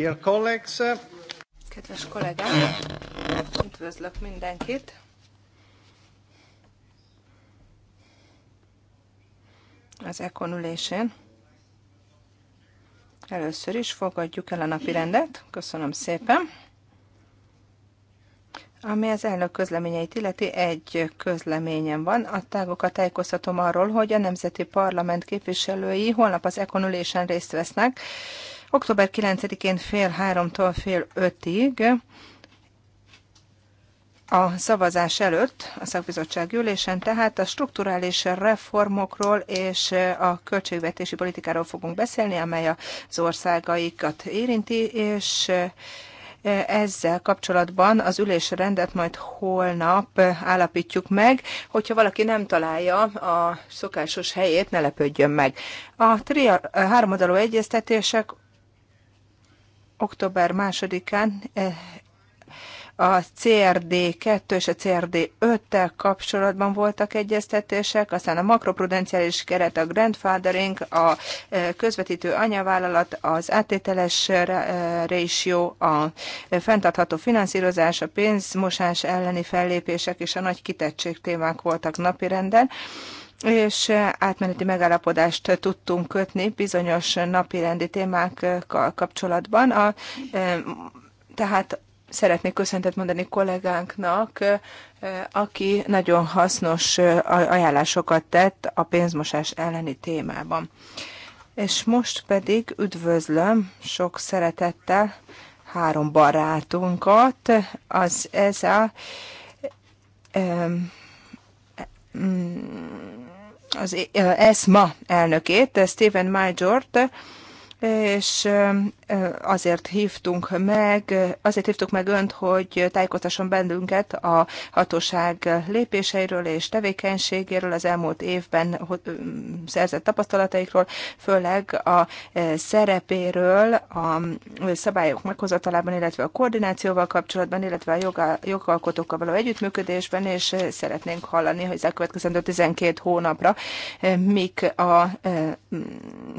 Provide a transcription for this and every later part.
Dear colleagues. Uh, Kedves kollégák, üdvözlök mindenkit. Az Ekon ülésén. Először is fogadjuk el a napi rendet. Köszönöm szépen. Ami az elnök közleményeit illeti, egy közleményem van. A tágokat tájékoztatom arról, hogy a Nemzeti Parlament képviselői holnap az ekonülésen részt vesznek, Október 9-én fél háromtól fél ötig a szavazás előtt a szakbizottság ülésen, tehát a strukturális reformokról és a költségvetési politikáról fogunk beszélni, amely az országaikat érinti, és ezzel kapcsolatban az ülésrendet rendet majd holnap állapítjuk meg. Hogyha valaki nem találja a szokásos helyét, ne lepődjön meg. A tria, háromadaló egyeztetések október másodikán eh, a CRD 2 és a CRD 5-tel kapcsolatban voltak egyeztetések, aztán a makroprudenciális keret, a grandfathering, a eh, közvetítő anyavállalat, az áttételes ratio, eh, a fenntartható finanszírozás, a pénzmosás elleni fellépések és a nagy kitettség témák voltak napirenden és eh, átmeneti megállapodást tudtunk kötni bizonyos napi rendi témákkal kapcsolatban. A, eh, tehát szeretnék köszöntet mondani kollégánknak, eh, aki nagyon hasznos ajánlásokat tett a pénzmosás elleni témában. És most pedig üdvözlöm sok szeretettel három barátunkat, az ez a mm, az ESMA elnökét, Stephen Majort, és azért hívtunk meg, azért hívtuk meg önt, hogy tájékoztasson bennünket a hatóság lépéseiről és tevékenységéről, az elmúlt évben szerzett tapasztalataikról, főleg a szerepéről, a szabályok meghozatalában, illetve a koordinációval kapcsolatban, illetve a jogalkotókkal való együttműködésben, és szeretnénk hallani, hogy az elkövetkezendő 12 hónapra mik a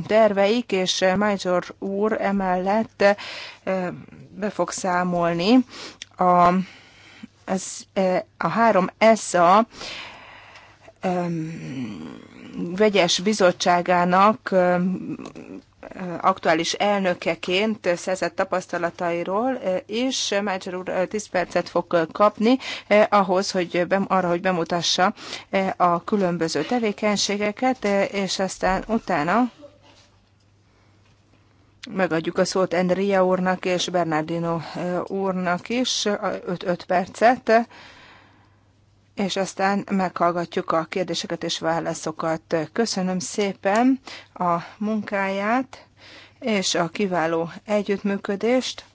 terveik, és majd Major úr emellett be fog számolni a, az, a három ESA vegyes bizottságának aktuális elnökeként szerzett tapasztalatairól, és Mácsor úr 10 percet fog kapni ahhoz, hogy arra, hogy bemutassa a különböző tevékenységeket, és aztán utána megadjuk a szót Andrea úrnak és Bernardino úrnak is, 5-5 percet, és aztán meghallgatjuk a kérdéseket és válaszokat. Köszönöm szépen a munkáját és a kiváló együttműködést,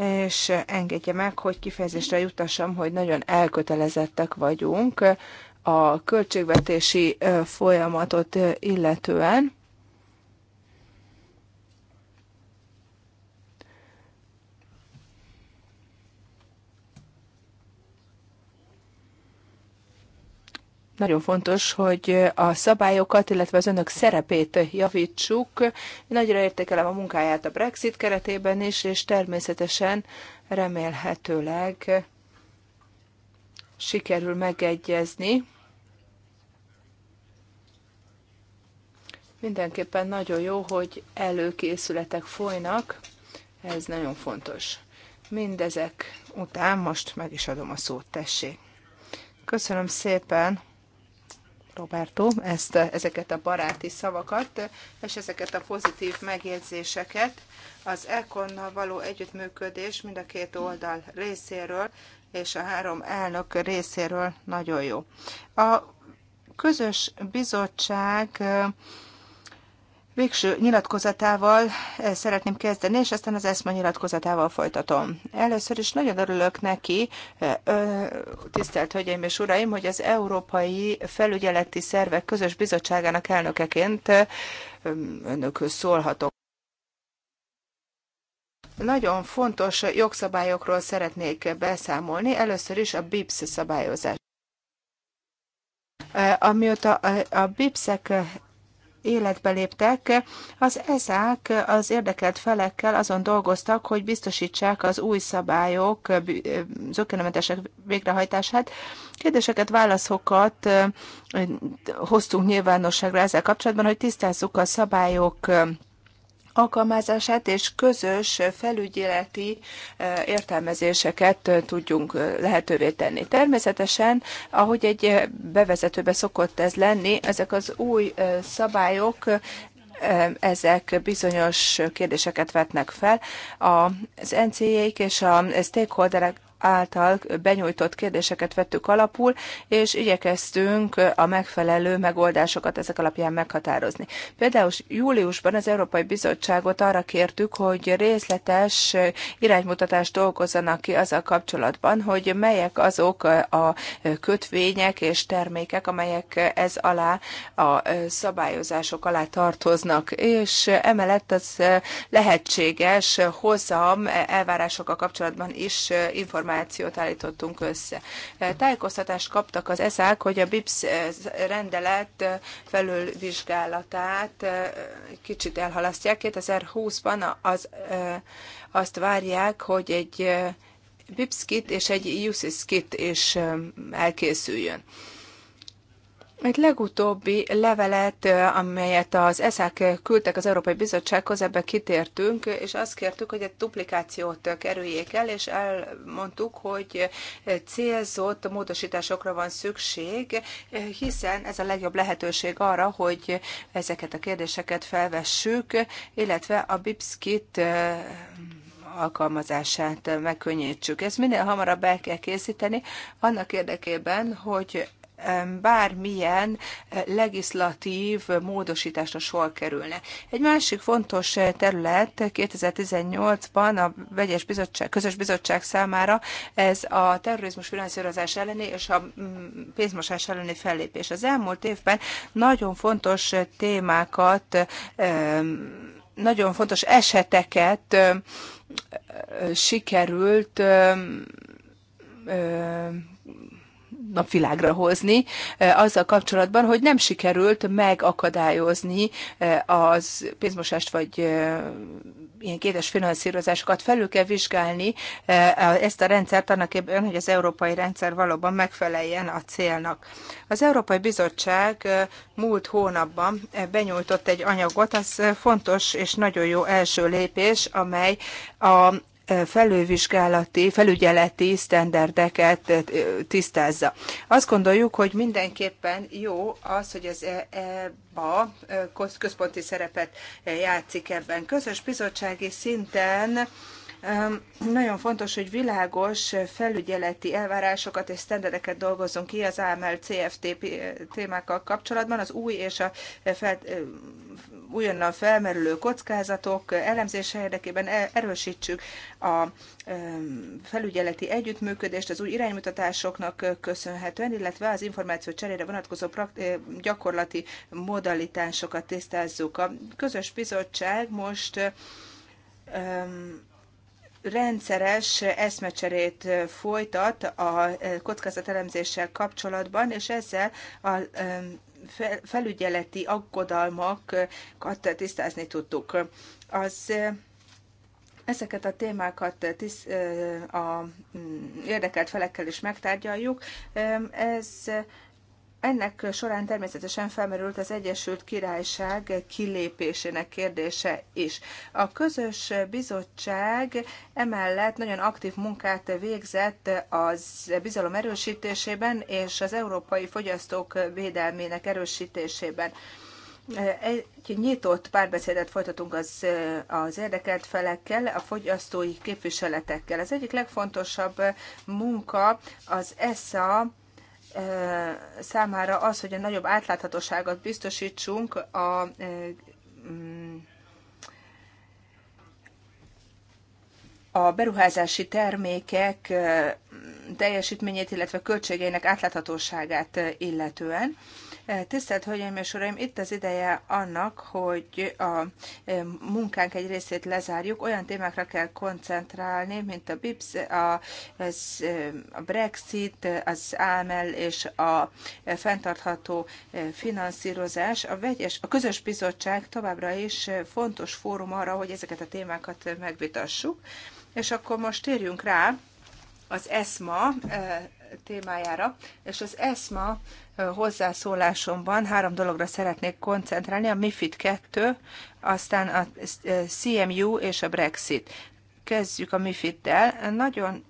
és engedje meg, hogy kifejezésre jutassam, hogy nagyon elkötelezettek vagyunk a költségvetési folyamatot illetően Nagyon fontos, hogy a szabályokat, illetve az önök szerepét javítsuk. Nagyra értékelem a munkáját a Brexit keretében is, és természetesen remélhetőleg sikerül megegyezni. Mindenképpen nagyon jó, hogy előkészületek folynak, ez nagyon fontos. Mindezek után most meg is adom a szót, tessék. Köszönöm szépen! Roberto, ezt, ezeket a baráti szavakat, és ezeket a pozitív megjegyzéseket az Econnal való együttműködés mind a két oldal részéről, és a három elnök részéről nagyon jó. A közös bizottság végső nyilatkozatával eh, szeretném kezdeni, és aztán az eszma nyilatkozatával folytatom. Először is nagyon örülök neki, eh, tisztelt Hölgyeim és Uraim, hogy az Európai Felügyeleti Szervek Közös Bizottságának elnökeként eh, önökhöz szólhatok. Nagyon fontos jogszabályokról szeretnék beszámolni, először is a BIPS szabályozás. Amióta a BIPS-ek életbe léptek, az ezák az érdekelt felekkel azon dolgoztak, hogy biztosítsák az új szabályok zökkenőmentesek végrehajtását. Kérdéseket, válaszokat hoztunk nyilvánosságra ezzel kapcsolatban, hogy tisztázzuk a szabályok alkalmazását és közös felügyeleti értelmezéseket tudjunk lehetővé tenni. Természetesen, ahogy egy bevezetőbe szokott ez lenni, ezek az új szabályok ezek bizonyos kérdéseket vetnek fel. Az NCA-k és a stakeholderek által benyújtott kérdéseket vettük alapul, és igyekeztünk a megfelelő megoldásokat ezek alapján meghatározni. Például júliusban az Európai Bizottságot arra kértük, hogy részletes iránymutatást dolgozzanak ki azzal kapcsolatban, hogy melyek azok a kötvények és termékek, amelyek ez alá a szabályozások alá tartoznak, és emellett az lehetséges hozam elvárásokkal kapcsolatban is információt információt állítottunk össze. E, tájékoztatást kaptak az ESZÁK, hogy a BIPS e, rendelet e, felülvizsgálatát kicsit elhalasztják. 2020-ban az, azt várják, hogy egy BIPS kit és egy UCIS kit is elkészüljön. Egy legutóbbi levelet, amelyet az ESZÁK küldtek az Európai Bizottsághoz, ebbe kitértünk, és azt kértük, hogy egy duplikációt kerüljék el, és elmondtuk, hogy célzott módosításokra van szükség, hiszen ez a legjobb lehetőség arra, hogy ezeket a kérdéseket felvessük, illetve a BIPSKIT alkalmazását megkönnyítsük. Ezt minél hamarabb el kell készíteni, annak érdekében, hogy bármilyen eh, legislatív módosításra sor kerülne. Egy másik fontos eh, terület 2018-ban a vegyes bizottság, közös bizottság számára ez a terrorizmus finanszírozás elleni és a mm, pénzmosás elleni fellépés. Az elmúlt évben nagyon fontos eh, témákat nagyon fontos eseteket sikerült napvilágra hozni e, azzal kapcsolatban, hogy nem sikerült megakadályozni e, az pénzmosást vagy e, ilyen kétes finanszírozásokat. Felül kell vizsgálni ezt a rendszert annak érdekében, hogy az európai rendszer valóban megfeleljen a célnak. Az Európai Bizottság múlt hónapban benyújtott egy anyagot, az fontos és nagyon jó első lépés, amely a felővizsgálati, felügyeleti sztenderdeket eh, tisztázza. Azt gondoljuk, hogy mindenképpen jó az, hogy az EBA eh, központi szerepet eh, játszik ebben. Közös bizottsági szinten nagyon fontos, hogy világos felügyeleti elvárásokat és sztenderdeket dolgozzunk ki az AML CFT témákkal kapcsolatban, az új és a fel, újonnan felmerülő kockázatok elemzése érdekében e- erősítsük a felügyeleti együttműködést az új iránymutatásoknak köszönhetően, illetve az információ cserére vonatkozó gyakorlati modalitásokat tisztázzuk. A közös bizottság most rendszeres eszmecserét folytat a kockázatelemzéssel kapcsolatban, és ezzel a felügyeleti aggodalmakat tisztázni tudtuk. Az Ezeket a témákat tisz, a érdekelt felekkel is megtárgyaljuk. Ez ennek során természetesen felmerült az Egyesült Királyság kilépésének kérdése is. A közös bizottság emellett nagyon aktív munkát végzett az bizalom erősítésében és az európai fogyasztók védelmének erősítésében. Egy nyitott párbeszédet folytatunk az, az érdekelt felekkel, a fogyasztói képviseletekkel. Az egyik legfontosabb munka az ESA számára az, hogy a nagyobb átláthatóságot biztosítsunk a mm, a beruházási termékek teljesítményét, illetve költségeinek átláthatóságát illetően. Eh, tisztelt Hölgyeim és Uraim, itt az ideje annak, hogy a eh, munkánk egy részét lezárjuk. Olyan témákra kell koncentrálni, mint a BIPS, a, eh, a Brexit, az AML és a fenntartható finanszírozás. A, vegyes, a közös bizottság továbbra is fontos fórum arra, hogy ezeket a témákat megvitassuk. És akkor most térjünk rá az ESMA témájára, és az ESMA hozzászólásomban három dologra szeretnék koncentrálni, a MIFID 2, aztán a CMU és a Brexit. Kezdjük a MIFID-del. Nagyon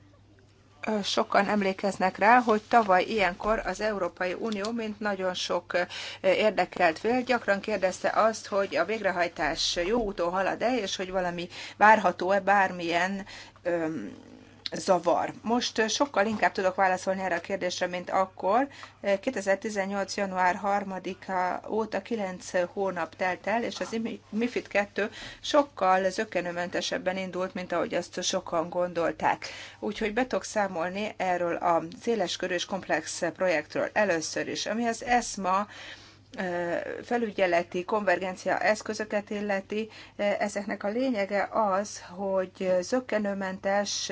sokan emlékeznek rá, hogy tavaly ilyenkor az Európai Unió, mint nagyon sok érdekelt fél, gyakran kérdezte azt, hogy a végrehajtás jó úton halad-e, és hogy valami várható-e bármilyen öm, zavar. Most sokkal inkább tudok válaszolni erre a kérdésre, mint akkor. 2018. január 3-a óta 9 hónap telt el, és az MIFID 2 sokkal zökkenőmentesebben indult, mint ahogy azt sokan gondolták. Úgyhogy be tudok számolni erről a széleskörös komplex projektről először is, ami az ESMA felügyeleti konvergencia eszközöket illeti, ezeknek a lényege az, hogy zöggenőmentes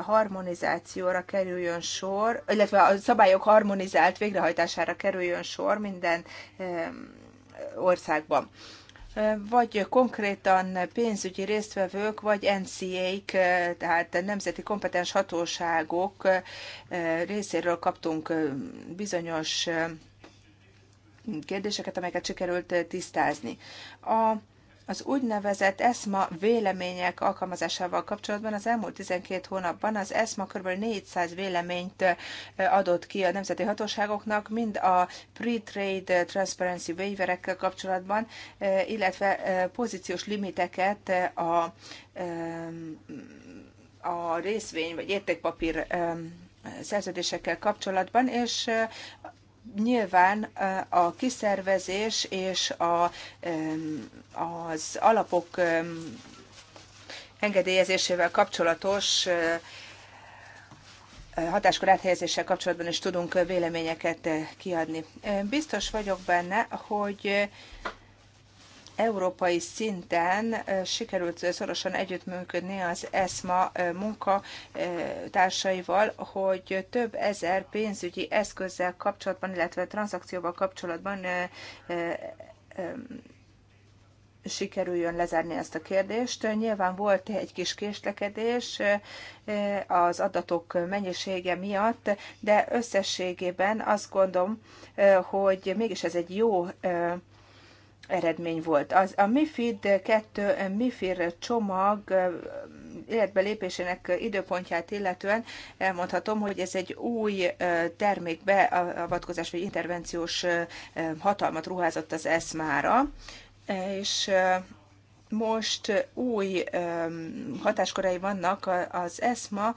harmonizációra kerüljön sor, illetve a szabályok harmonizált végrehajtására kerüljön sor minden országban vagy konkrétan pénzügyi résztvevők, vagy NCA-k, tehát nemzeti kompetens hatóságok részéről kaptunk bizonyos kérdéseket, amelyeket sikerült eh, tisztázni. A az úgynevezett ESMA vélemények alkalmazásával kapcsolatban az elmúlt 12 hónapban az ESMA kb. 400 véleményt eh, adott ki a nemzeti hatóságoknak, mind a pre-trade transparency waiverekkel kapcsolatban, eh, illetve pozíciós limiteket a, a részvény vagy értékpapír szerződésekkel kapcsolatban, és nyilván a kiszervezés és a, az alapok engedélyezésével kapcsolatos hatáskor áthelyezéssel kapcsolatban is tudunk véleményeket kiadni. Biztos vagyok benne, hogy európai szinten sikerült szorosan együttműködni az ESMA munkatársaival, hogy több ezer pénzügyi eszközzel kapcsolatban, illetve tranzakcióval kapcsolatban sikerüljön lezárni ezt a kérdést. Nyilván volt egy kis késlekedés az adatok mennyisége miatt, de összességében azt gondolom, hogy mégis ez egy jó eredmény volt. Az, a MIFID 2 eh, MIFIR csomag eh, életbe lépésének időpontját illetően elmondhatom, hogy ez egy új eh, termékbe avatkozás vagy intervenciós hatalmat ruházott az ESMA-ra, és most új hatáskorai vannak az ESMA,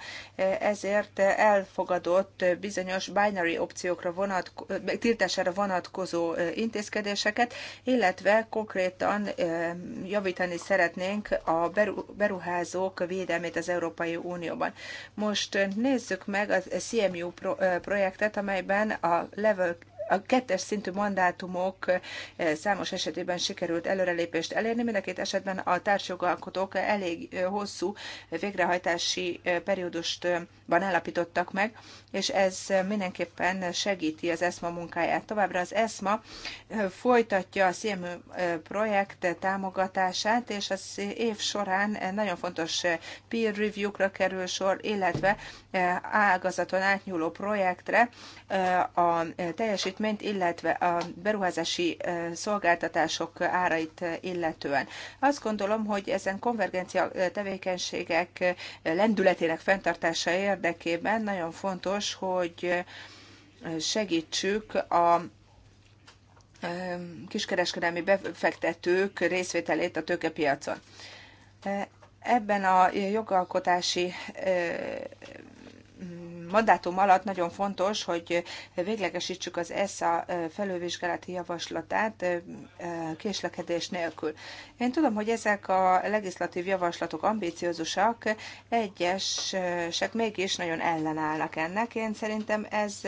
ezért elfogadott bizonyos binary opciókra vonat, tiltására vonatkozó intézkedéseket, illetve konkrétan javítani szeretnénk a beruházók védelmét az Európai Unióban. Most nézzük meg a CMU projektet, amelyben a level a kettes szintű mandátumok eh, számos esetében sikerült előrelépést elérni, mind a két esetben a társjogalkotók elég eh, hosszú eh, végrehajtási periódust van állapítottak meg, és ez mindenképpen segíti az ESMA munkáját. Továbbra az ESMA folytatja a CMU projekt támogatását, és az év során nagyon fontos peer review-kra kerül sor, illetve ágazaton átnyúló projektre a teljesítményt, illetve a beruházási szolgáltatások árait illetően. Azt gondolom, hogy ezen konvergencia tevékenységek lendületének fenntartása érdekében nagyon fontos, fontos, hogy segítsük a kiskereskedelmi befektetők részvételét a tőkepiacon. Ebben a jogalkotási mandátum alatt nagyon fontos, hogy véglegesítsük az ESZA felülvizsgálati javaslatát késlekedés nélkül. Én tudom, hogy ezek a legislatív javaslatok ambíciózusak, egyesek mégis nagyon ellenállnak ennek. Én szerintem ez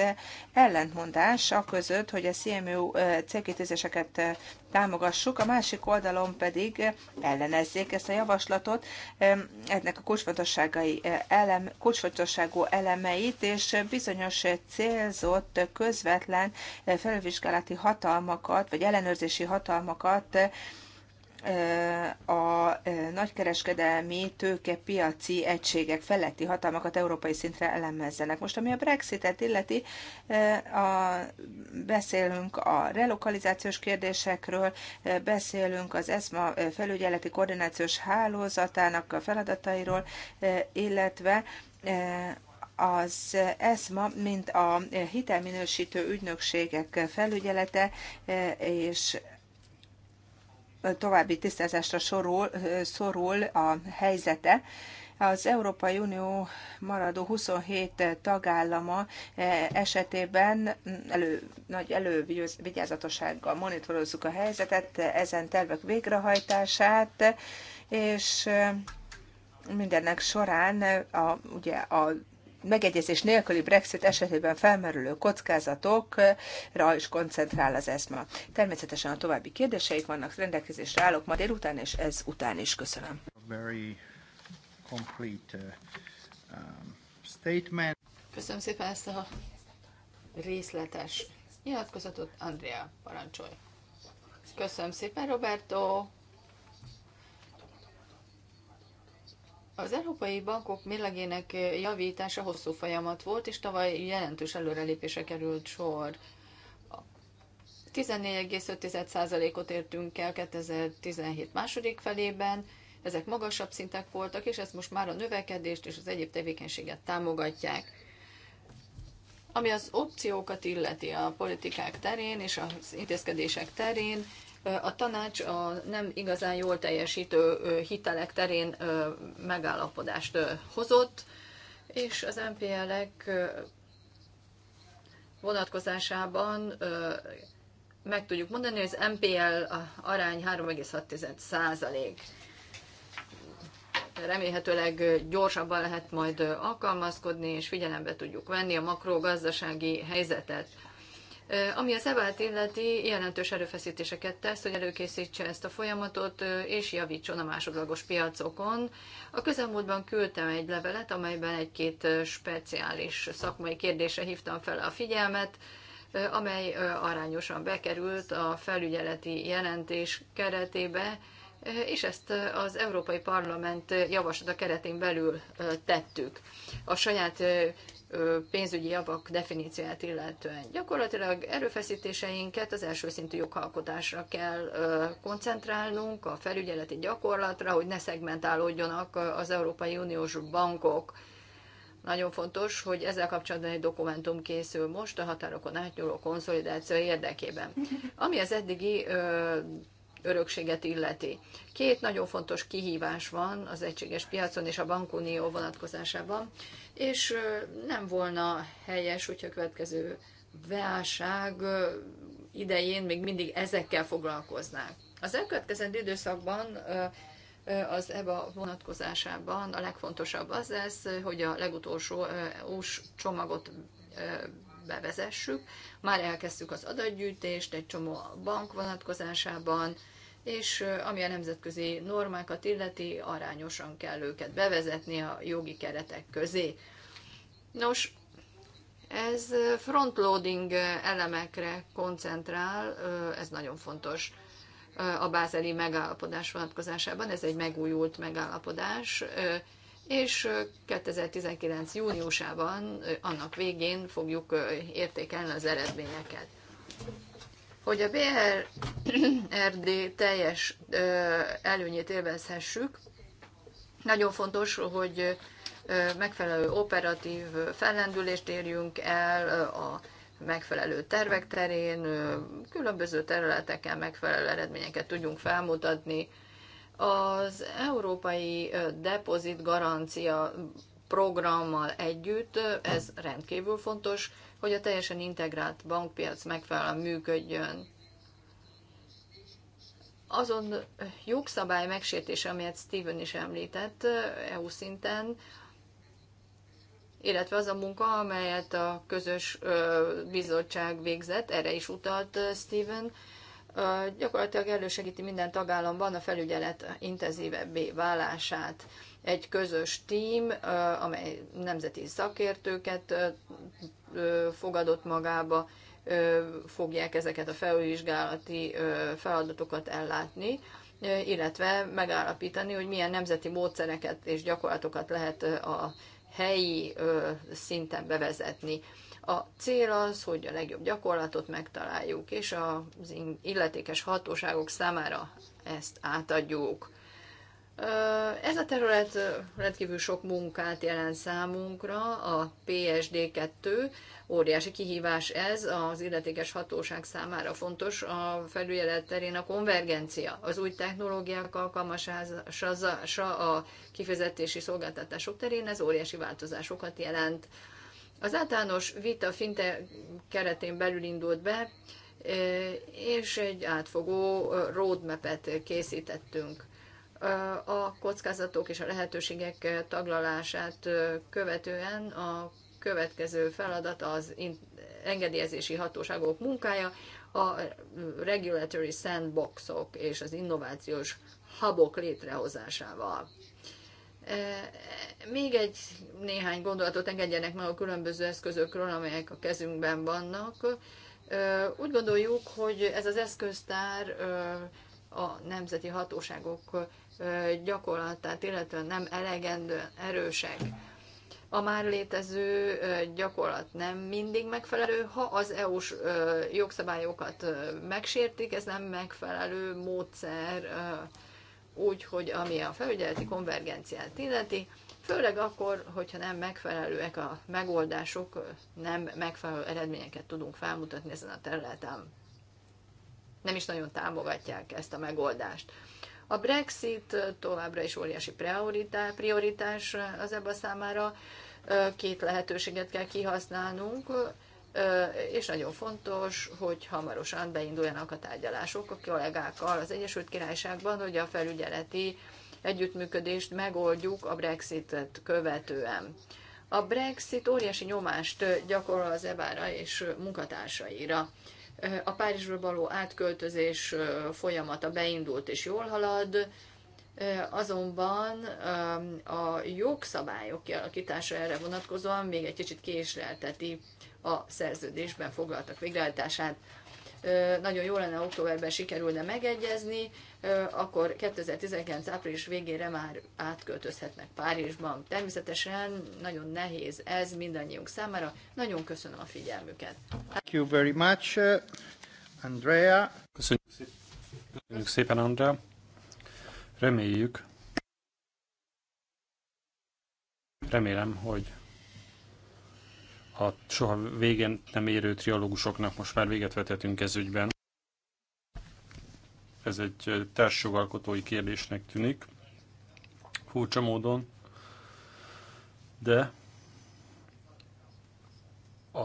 ellentmondás a között, hogy a CMU célkitűzéseket támogassuk, a másik oldalon pedig ellenezzék ezt a javaslatot, ennek a kulcsfontosságai eh, elem, kulcsfontosságú elemeit, és bizonyos célzott közvetlen eh, felvizsgálati hatalmakat, vagy ellenőrzési hatalmakat eh, a nagykereskedelmi tőkepiaci egységek feletti hatalmakat európai szintre elemezzenek. Most, ami a Brexitet illeti, a, beszélünk a relokalizációs kérdésekről, beszélünk az ESMA felügyeleti koordinációs hálózatának a feladatairól, illetve az ESMA, mint a hitelminősítő ügynökségek felügyelete és további tisztázásra sorul, szorul a helyzete. Az Európai Unió maradó 27 tagállama eh, esetében elő, nagy elővigyázatossággal monitorozzuk a helyzetet, ezen tervek végrehajtását, és eh, mindennek során eh, a, ugye a megegyezés nélküli Brexit esetében felmerülő kockázatokra is koncentrál az ESMA. Természetesen a további kérdéseik vannak, rendelkezésre állok ma délután, és ez után is köszönöm. Uh, um, köszönöm szépen ezt a részletes nyilatkozatot. Andrea, parancsolj! Köszönöm szépen, Roberto! Az európai bankok mérlegének javítása hosszú folyamat volt, és tavaly jelentős előrelépése került sor. 14,5%-ot értünk el 2017 második felében, ezek magasabb szintek voltak, és ezt most már a növekedést és az egyéb tevékenységet támogatják. Ami az opciókat illeti a politikák terén és az intézkedések terén, a tanács a nem igazán jól teljesítő hitelek terén megállapodást hozott, és az MPL-ek vonatkozásában meg tudjuk mondani, hogy az MPL arány 3,6 Remélhetőleg gyorsabban lehet majd alkalmazkodni, és figyelembe tudjuk venni a makrogazdasági helyzetet. Ami a szabát illeti, jelentős erőfeszítéseket tesz, hogy előkészítse ezt a folyamatot, és javítson a másodlagos piacokon. A közelmúltban küldtem egy levelet, amelyben egy-két speciális szakmai kérdésre hívtam fel a figyelmet, amely arányosan bekerült a felügyeleti jelentés keretébe, és ezt az Európai Parlament javaslata keretén belül tettük. A saját pénzügyi javak definícióját illetően. Gyakorlatilag erőfeszítéseinket az első szintű jogalkotásra kell koncentrálnunk, a felügyeleti gyakorlatra, hogy ne szegmentálódjanak az Európai Uniós bankok. Nagyon fontos, hogy ezzel kapcsolatban egy dokumentum készül most a határokon átnyúló konszolidáció érdekében. Ami az eddigi örökséget illeti. Két nagyon fontos kihívás van az egységes piacon és a bankunió vonatkozásában és nem volna helyes, hogyha a következő válság idején még mindig ezekkel foglalkoznánk. Az elkövetkezendő időszakban az EBA vonatkozásában a legfontosabb az lesz, hogy a legutolsó ús csomagot bevezessük. Már elkezdtük az adatgyűjtést egy csomó bank vonatkozásában, és ami a nemzetközi normákat illeti, arányosan kell őket bevezetni a jogi keretek közé. Nos, ez frontloading elemekre koncentrál, ez nagyon fontos a bázeli megállapodás vonatkozásában, ez egy megújult megállapodás, és 2019. júniusában, annak végén fogjuk értékelni az eredményeket. Hogy a BRD teljes előnyét élvezhessük, nagyon fontos, hogy megfelelő operatív fellendülést érjünk el a megfelelő tervek terén, különböző területeken megfelelő eredményeket tudjunk felmutatni. Az Európai Depozit Garancia programmal együtt ez rendkívül fontos, hogy a teljesen integrált bankpiac megfelelően működjön. Azon jogszabály megsértése, amelyet Steven is említett EU szinten, illetve az a munka, amelyet a közös bizottság végzett, erre is utalt Steven, gyakorlatilag elősegíti minden tagállamban a felügyelet intenzívebbé válását. Egy közös tím, amely nemzeti szakértőket fogadott magába, fogják ezeket a felvizsgálati feladatokat ellátni, illetve megállapítani, hogy milyen nemzeti módszereket és gyakorlatokat lehet a helyi szinten bevezetni. A cél az, hogy a legjobb gyakorlatot megtaláljuk, és az illetékes hatóságok számára ezt átadjuk. Ez a terület rendkívül sok munkát jelent számunkra, a PSD2, óriási kihívás ez, az illetékes hatóság számára fontos a felügyelet terén a konvergencia, az új technológiák alkalmazása a kifizetési szolgáltatások terén, ez óriási változásokat jelent. Az általános vita finte keretén belül indult be, és egy átfogó roadmap-et készítettünk a kockázatok és a lehetőségek taglalását követően a következő feladat az engedélyezési hatóságok munkája, a regulatory sandboxok és az innovációs habok létrehozásával. Még egy néhány gondolatot engedjenek meg a különböző eszközökről, amelyek a kezünkben vannak. Úgy gondoljuk, hogy ez az eszköztár a nemzeti hatóságok gyakorlatát, illetve nem elegendően erősek. A már létező gyakorlat nem mindig megfelelő, ha az EU-s jogszabályokat megsértik, ez nem megfelelő módszer úgy, hogy ami a felügyeleti konvergenciát illeti, főleg akkor, hogyha nem megfelelőek a megoldások, nem megfelelő eredményeket tudunk felmutatni ezen a területen. Nem is nagyon támogatják ezt a megoldást. A Brexit továbbra is óriási prioritás az ebben számára. Két lehetőséget kell kihasználnunk, és nagyon fontos, hogy hamarosan beinduljanak a tárgyalások a kollégákkal az Egyesült Királyságban, hogy a felügyeleti együttműködést megoldjuk a Brexitet követően. A Brexit óriási nyomást gyakorol az Evára és munkatársaira. A Párizsról való átköltözés folyamata beindult és jól halad, azonban a jogszabályok kialakítása erre vonatkozóan még egy kicsit késlelteti a szerződésben foglaltak végrehajtását nagyon jó lenne, októberben sikerülne megegyezni, akkor 2019 április végére már átköltözhetnek Párizsban. Természetesen nagyon nehéz ez mindannyiunk számára. Nagyon köszönöm a figyelmüket. Thank you very much, uh, Andrea. Köszönjük szépen, szépen Andrea. Reméljük, remélem, hogy a soha végén nem érő trialógusoknak most már véget vetetünk ez ügyben. Ez egy társjogalkotói kérdésnek tűnik, furcsa módon, de a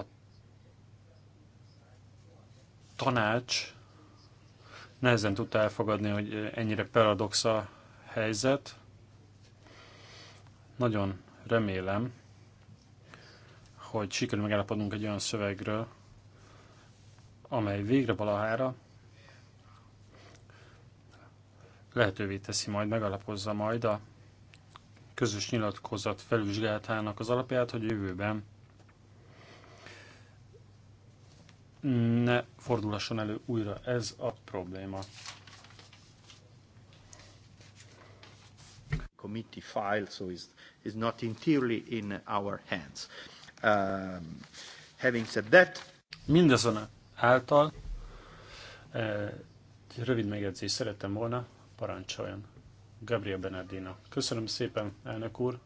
tanács nehezen tudta elfogadni, hogy ennyire paradox a helyzet. Nagyon remélem, hogy sikerül megállapodnunk egy olyan szövegről, amely végre valahára lehetővé teszi majd, megalapozza majd a közös nyilatkozat felvizsgálatának az alapját, hogy jövőben ne fordulhasson elő újra ez a probléma. Committee file, so is is not entirely in our hands. Um, having said that, Mindazon által eh, egy rövid megjegyzést szerettem volna, parancsoljon. Gabriel Bernardino. Köszönöm szépen, elnök úr.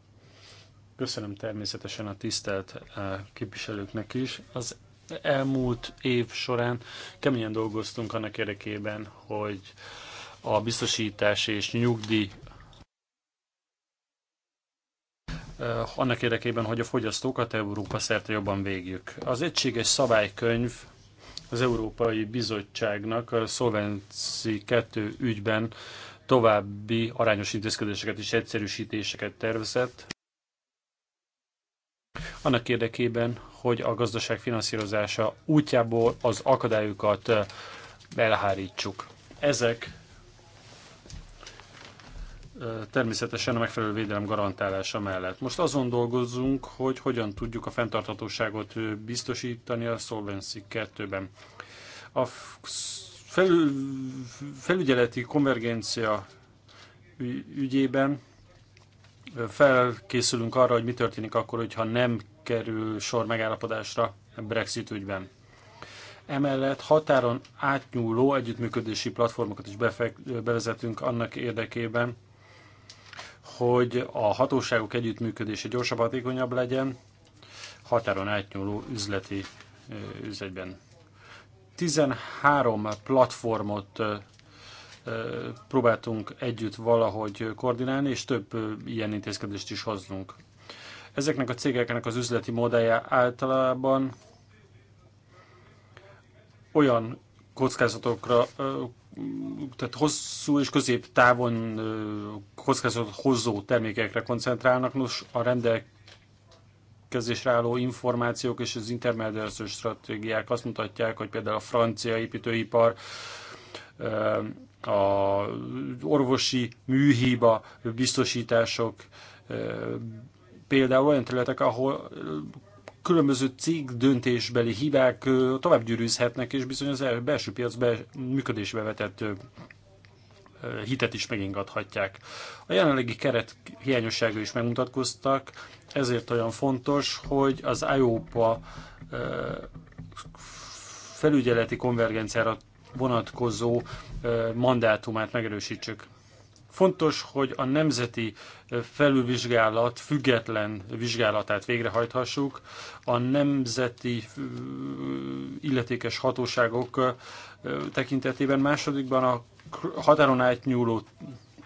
Köszönöm természetesen a tisztelt eh, képviselőknek is. Az elmúlt év során keményen dolgoztunk annak érdekében, hogy a biztosítás és nyugdíj Eh, annak érdekében, hogy a fogyasztókat Európa szerte jobban végjük. Az egységes szabálykönyv az Európai Bizottságnak a Szolvenci 2 ügyben további arányos intézkedéseket és egyszerűsítéseket tervezett. Annak érdekében, hogy a gazdaság finanszírozása útjából az akadályokat eh, elhárítsuk. Ezek természetesen a megfelelő védelem garantálása mellett. Most azon dolgozzunk, hogy hogyan tudjuk a fenntarthatóságot biztosítani a Solvency 2-ben. A felügyeleti konvergencia ügyében felkészülünk arra, hogy mi történik akkor, hogyha nem kerül sor megállapodásra Brexit ügyben. Emellett határon átnyúló együttműködési platformokat is bevezetünk annak érdekében, hogy a hatóságok együttműködése gyorsabb, hatékonyabb legyen, határon átnyúló üzleti üzletben. 13 platformot próbáltunk együtt valahogy koordinálni, és több ilyen intézkedést is hoznunk. Ezeknek a cégeknek az üzleti modellje általában olyan kockázatokra, tehát hosszú és középtávon kockázatot hozó termékekre koncentrálnak. Nos, a rendelkezésre álló információk és az intermediációs stratégiák azt mutatják, hogy például a francia építőipar a orvosi műhiba biztosítások például olyan területek, ahol különböző cég döntésbeli hibák tovább gyűrűzhetnek, és bizony az belső piac be, működésbe vetett hitet is megingathatják. A jelenlegi keret hiányossága is megmutatkoztak, ezért olyan fontos, hogy az IOPA felügyeleti konvergenciára vonatkozó mandátumát megerősítsük. Fontos, hogy a nemzeti felülvizsgálat független vizsgálatát végrehajthassuk. A nemzeti illetékes hatóságok tekintetében másodikban a határon átnyúló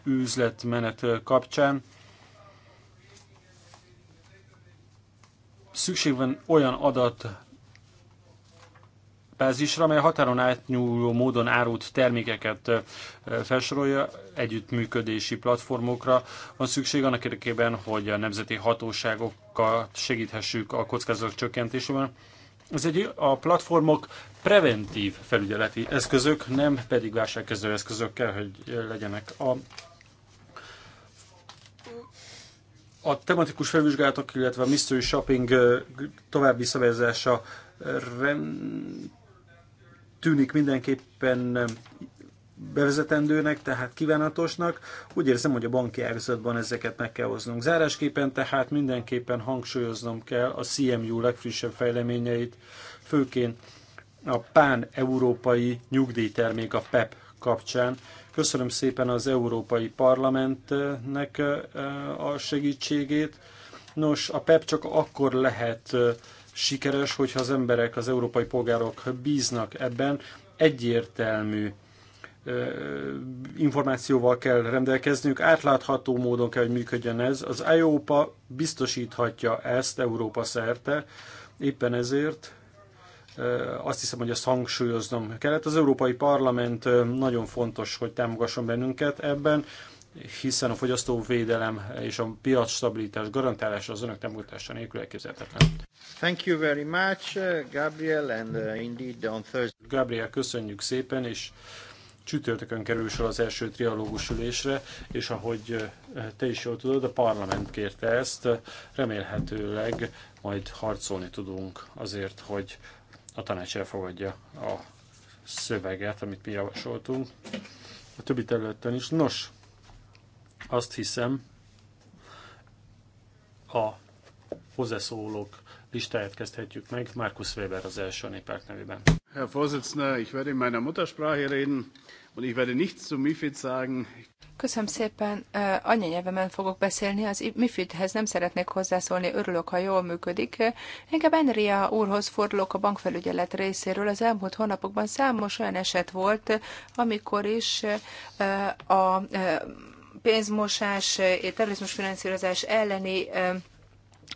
üzletmenet kapcsán szükség van olyan adat bázisra, amely határon átnyúló módon árult termékeket felsorolja, együttműködési platformokra van szükség annak érdekében, hogy a nemzeti hatóságokat segíthessük a kockázatok csökkentésében. Ez egy a platformok preventív felügyeleti eszközök, nem pedig válságkezelő kell hogy legyenek a a tematikus felvizsgálatok, illetve a mystery shopping további szabályozása rend, tűnik mindenképpen bevezetendőnek, tehát kívánatosnak. Úgy érzem, hogy a banki ágazatban ezeket meg kell hoznunk. Zárásképpen tehát mindenképpen hangsúlyoznom kell a CMU legfrissebb fejleményeit, főként a pán-európai nyugdíjtermék, a PEP e kapcsán. Köszönöm szépen az Európai Parlamentnek eh, a segítségét. Nos, a PEP e csak akkor lehet eh, sikeres, hogyha az emberek, az európai polgárok bíznak ebben, egyértelmű információval kell rendelkeznünk, átlátható módon kell, hogy működjön ez. Az IOPA biztosíthatja ezt Európa szerte, éppen ezért azt hiszem, hogy ezt hangsúlyoznom kellett. Az Európai Parlament nagyon fontos, hogy támogasson bennünket ebben hiszen a fogyasztóvédelem és a piac stabilitás garantálása az önök támogatása nélkül elképzelhetetlen. Thank you very much, uh, Gabriel, and uh, indeed on Thursday. Gabriel, köszönjük szépen, és csütörtökön kerül sor az első trialógus ülésre, és ahogy uh, te is jól tudod, a parlament kérte ezt, remélhetőleg majd harcolni tudunk azért, hogy a tanács elfogadja a szöveget, amit mi javasoltunk a többi területen is. Nos, azt hiszem, a hozzászólók listáját kezdhetjük meg. Markus Weber az első néppárt nevében. Herr Vorsitzender, ich werde in meiner Muttersprache reden und ich werde nichts zu MIFID sagen. Köszönöm szépen, anyanyelvemen fogok beszélni, az MIFID-hez nem szeretnék hozzászólni, örülök, ha jól működik. Inkább Enria úrhoz fordulok a bankfelügyelet részéről. Az elmúlt hónapokban számos olyan eset volt, amikor is a pénzmosás, terrorizmus finanszírozás elleni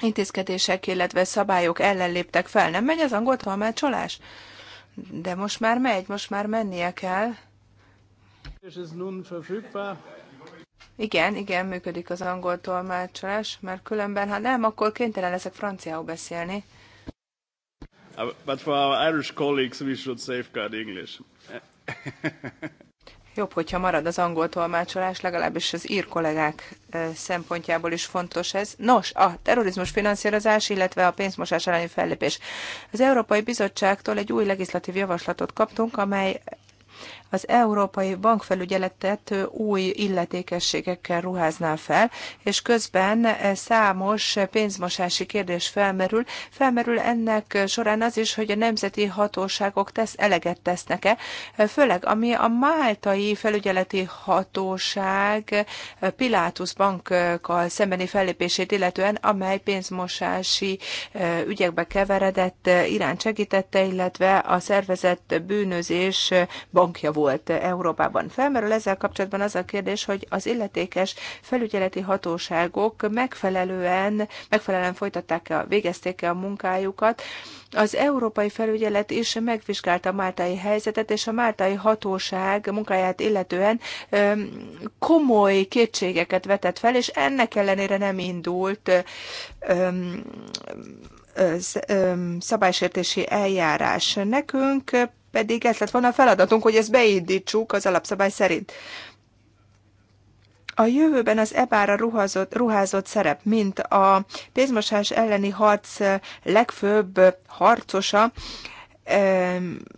intézkedések, illetve szabályok ellen léptek fel. Nem megy az angol tolmácsolás? De most már megy, most már mennie kell. Igen, igen, működik az angol tolmácsolás, mert különben, ha nem, akkor kénytelen leszek franciául beszélni. But for our Irish colleagues, we should safeguard English. jobb, hogyha marad az angol tolmácsolás, legalábbis az ír kollégák szempontjából is fontos ez. Nos, a terrorizmus finanszírozás, illetve a pénzmosás elleni fellépés. Az Európai Bizottságtól egy új legislatív javaslatot kaptunk, amely az Európai Bankfelügyeletet új illetékességekkel ruházná fel, és közben számos pénzmosási kérdés felmerül. Felmerül ennek során az is, hogy a nemzeti hatóságok tesz, eleget tesznek-e, főleg ami a máltai felügyeleti hatóság Pilátus bankkal szembeni fellépését illetően, amely pénzmosási ügyekbe keveredett, iránt segítette, illetve a szervezett bűnözés bankja volt Európában. Felmerül ezzel kapcsolatban az a kérdés, hogy az illetékes felügyeleti hatóságok megfelelően, megfelelően folytatták-e, végezték-e a munkájukat. Az Európai Felügyelet is megvizsgálta a máltai helyzetet, és a máltai hatóság munkáját illetően komoly kétségeket vetett fel, és ennek ellenére nem indult szabálysértési eljárás. Nekünk pedig ez lett volna a feladatunk, hogy ezt beindítsuk az alapszabály szerint. A jövőben az ebára ruházott, ruházott szerep, mint a pénzmosás elleni harc legfőbb harcosa,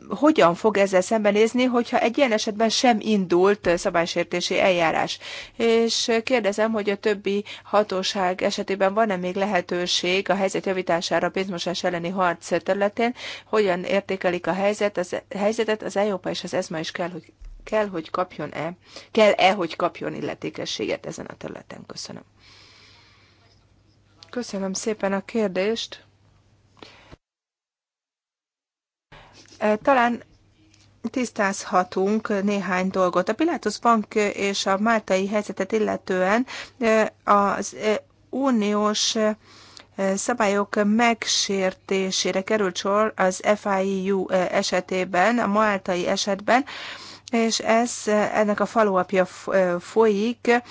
hogyan fog ezzel szembenézni, hogyha egy ilyen esetben sem indult szabálysértési eljárás. És kérdezem, hogy a többi hatóság esetében van-e még lehetőség a helyzet javítására a pénzmosás elleni harc területén, hogyan értékelik a helyzet, az, helyzetet, az EIOPA és az ESMA is kell, hogy kell, hogy kapjon-e, kell-e, hogy kapjon illetékességet ezen a területen. Köszönöm. Köszönöm szépen a kérdést. Talán tisztázhatunk néhány dolgot. A Pilatus Bank és a máltai helyzetet illetően az uniós szabályok megsértésére került sor az FIU esetében, a máltai esetben, és ez ennek a faluapja folyik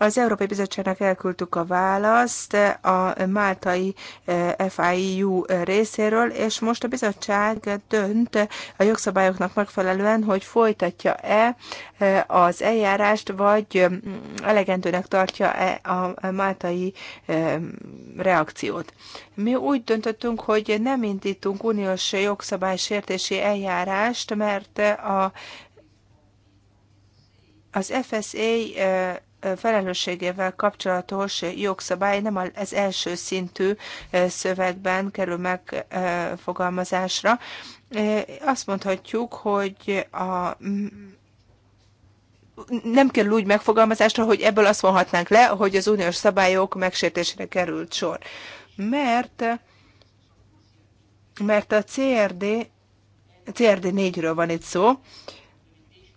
az Európai Bizottságnak elküldtük a választ a máltai eh, FIU részéről, és most a bizottság dönt a jogszabályoknak megfelelően, hogy folytatja-e eh, az eljárást, vagy mm, elegendőnek tartja-e a máltai eh, reakciót. Mi úgy döntöttünk, hogy nem indítunk uniós jogszabálysértési eljárást, mert a az FSA felelősségével kapcsolatos jogszabály nem az első szintű szövegben kerül megfogalmazásra. Azt mondhatjuk, hogy a nem kell úgy megfogalmazásra, hogy ebből azt vonhatnánk le, hogy az uniós szabályok megsértésére került sor. Mert, mert a CRD, CRD 4-ről van itt szó,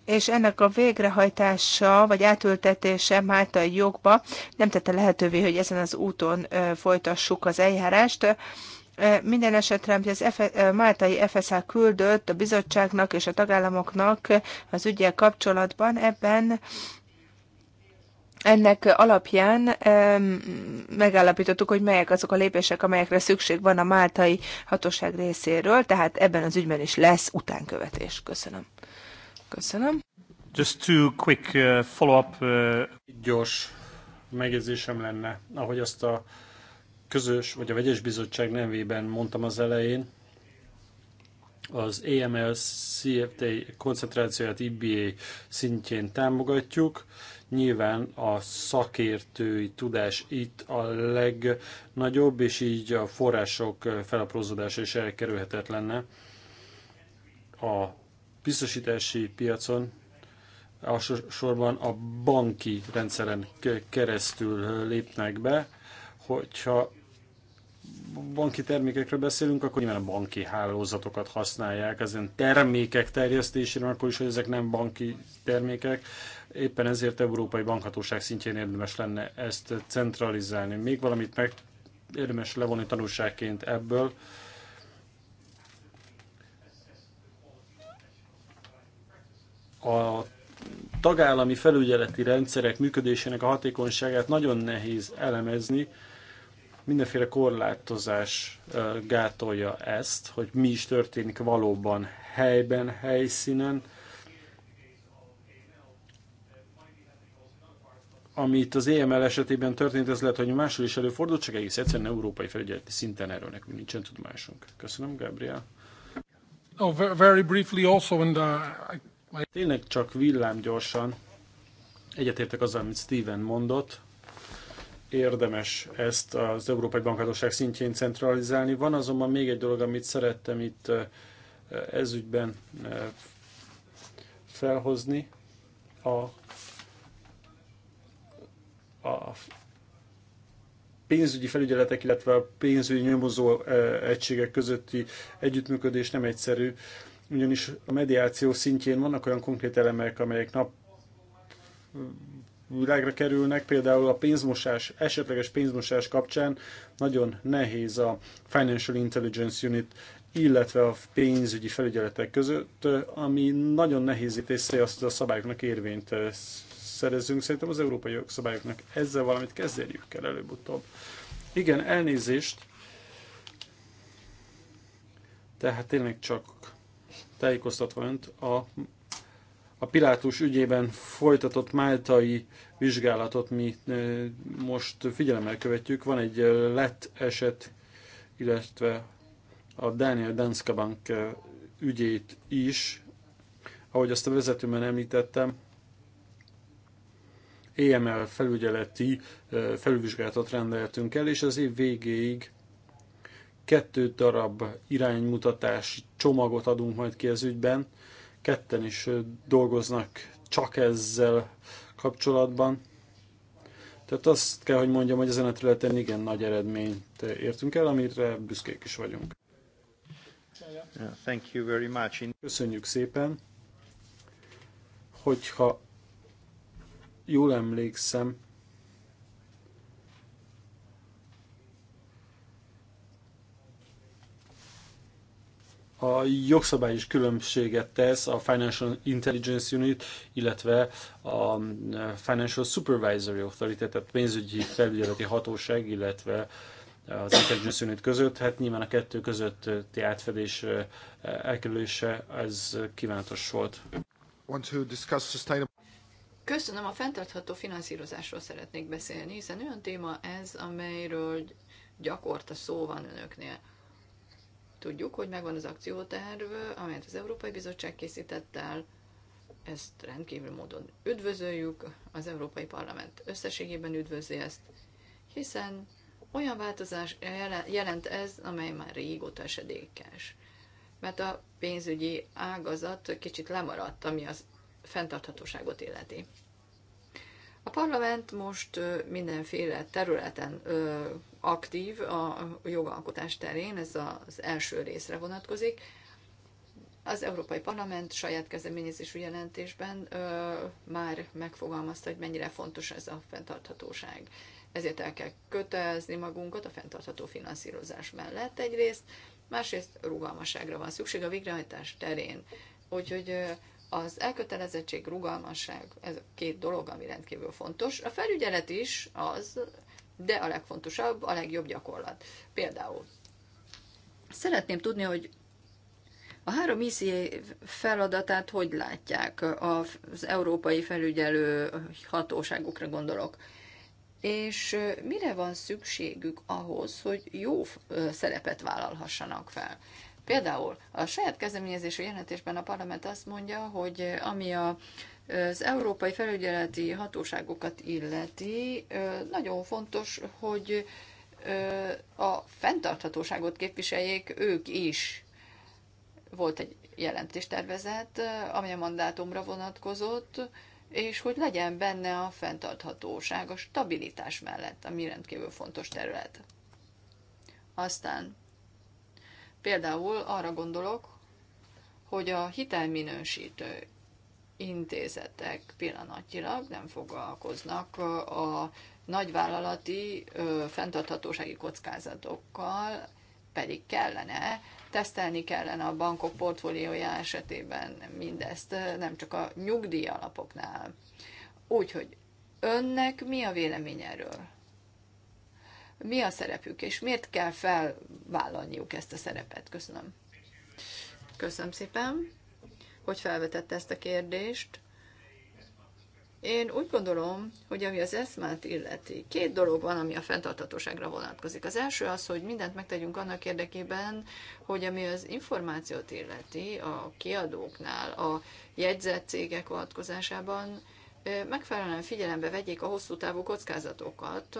és ennek a végrehajtása vagy átültetése Málta jogba nem tette lehetővé, hogy ezen az úton folytassuk az eljárást. Minden esetre, hogy az Efe, Máltai FSA küldött a bizottságnak és a tagállamoknak az ügyel kapcsolatban, ebben ennek alapján megállapítottuk, hogy melyek azok a lépések, amelyekre szükség van a máltai hatóság részéről, tehát ebben az ügyben is lesz utánkövetés. Köszönöm. Köszönöm. Just two quick uh, follow-up. Uh, Gyors megjegyzésem lenne, ahogy azt a közös vagy a vegyes bizottság nevében mondtam az elején, az AML CFT koncentrációját IBA szintjén támogatjuk. Nyilván a szakértői tudás itt a legnagyobb, és így a források felaprózódása is elkerülhetetlenne. A biztosítási piacon elsősorban a banki rendszeren keresztül lépnek be, hogyha banki termékekről beszélünk, akkor nyilván a banki hálózatokat használják ezen termékek terjesztésére, akkor is, hogy ezek nem banki termékek. Éppen ezért Európai Bankhatóság szintjén érdemes lenne ezt centralizálni. Még valamit meg érdemes levonni tanulságként ebből, a tagállami felügyeleti rendszerek működésének a hatékonyságát nagyon nehéz elemezni, mindenféle korlátozás gátolja ezt, hogy mi is történik valóban helyben, helyszínen. Ami itt az EML esetében történt, ez lehet, hogy máshol is előfordult, csak egész egyszerűen európai felügyeleti szinten erről nekünk nincsen tudomásunk. Köszönöm, Gabriel. Oh, very briefly also, and uh, I Tényleg csak gyorsan egyetértek azzal, amit Steven mondott, érdemes ezt az Európai bankadóság szintjén centralizálni. Van azonban még egy dolog, amit szerettem itt ezügyben felhozni. A, a pénzügyi felügyeletek, illetve a pénzügyi nyomozó egységek közötti együttműködés nem egyszerű ugyanis a mediáció szintjén vannak olyan konkrét elemek, amelyek nap világra kerülnek, például a pénzmosás, esetleges pénzmosás kapcsán nagyon nehéz a Financial Intelligence Unit, illetve a pénzügyi felügyeletek között, ami nagyon nehéz teszi azt, hogy a szabályoknak érvényt eh, szerezzünk. Szerintem az európai jogszabályoknak ezzel valamit kezdeniük kell előbb-utóbb. Igen, elnézést. Tehát tényleg csak tájékoztatva önt a, a Pilátus ügyében folytatott máltai vizsgálatot mi most figyelemmel követjük. Van egy lett eset, illetve a Daniel Danske Bank ügyét is, ahogy azt a vezetőben említettem, EML felügyeleti felülvizsgálatot rendeltünk el, és az év végéig Kettő darab iránymutatási csomagot adunk majd ki az ügyben. Ketten is dolgoznak csak ezzel kapcsolatban. Tehát azt kell, hogy mondjam, hogy ezen a területen igen nagy eredményt értünk el, amire büszkék is vagyunk. Thank you very much. Köszönjük szépen, hogyha jól emlékszem, a jogszabály is különbséget tesz a Financial Intelligence Unit, illetve a um, Financial Supervisory Authority, tehát pénzügyi felügyeleti hatóság, illetve az Intelligence Unit között. Hát nyilván a kettő közötti átfedés elkerülése, ez kívánatos volt. Köszönöm, a fenntartható finanszírozásról szeretnék beszélni, hiszen olyan téma ez, amelyről gyakorta szó van önöknél. Tudjuk, hogy megvan az akcióterv, amelyet az Európai Bizottság készített el, ezt rendkívül módon üdvözöljük, az Európai Parlament összességében üdvözli ezt, hiszen olyan változás jelent ez, amely már régóta esedékes. Mert a pénzügyi ágazat kicsit lemaradt, ami az fenntarthatóságot illeti. A parlament most mindenféle területen aktív a jogalkotás terén, ez az első részre vonatkozik. Az Európai Parlament saját kezdeményezésű jelentésben ö, már megfogalmazta, hogy mennyire fontos ez a fenntarthatóság. Ezért el kell kötelezni magunkat a fenntartható finanszírozás mellett egyrészt, másrészt rugalmasságra van szükség a végrehajtás terén. Úgyhogy az elkötelezettség, rugalmasság, ez a két dolog, ami rendkívül fontos. A felügyelet is az, de a legfontosabb, a legjobb gyakorlat. Például szeretném tudni, hogy a három ICA feladatát hogy látják az európai felügyelő hatóságokra gondolok? És mire van szükségük ahhoz, hogy jó szerepet vállalhassanak fel? Például a saját kezdeményezésű jelentésben a parlament azt mondja, hogy ami a az európai felügyeleti hatóságokat illeti, nagyon fontos, hogy a fenntarthatóságot képviseljék ők is. Volt egy jelentéstervezet, ami a mandátumra vonatkozott, és hogy legyen benne a fenntarthatóság, a stabilitás mellett, ami rendkívül fontos terület. Aztán Például arra gondolok, hogy a hitelminősítő intézetek pillanatnyilag nem foglalkoznak a nagyvállalati ö, fenntarthatósági kockázatokkal, pedig kellene, tesztelni kellene a bankok portfóliója esetében mindezt, nem csak a nyugdíj alapoknál. Úgyhogy önnek mi a vélemény erről? mi a szerepük, és miért kell felvállalniuk ezt a szerepet. Köszönöm. Köszönöm szépen, hogy felvetette ezt a kérdést. Én úgy gondolom, hogy ami az eszmát illeti, két dolog van, ami a fenntarthatóságra vonatkozik. Az első az, hogy mindent megtegyünk annak érdekében, hogy ami az információt illeti a kiadóknál, a jegyzett cégek vonatkozásában, eh, megfelelően figyelembe vegyék a hosszú távú kockázatokat,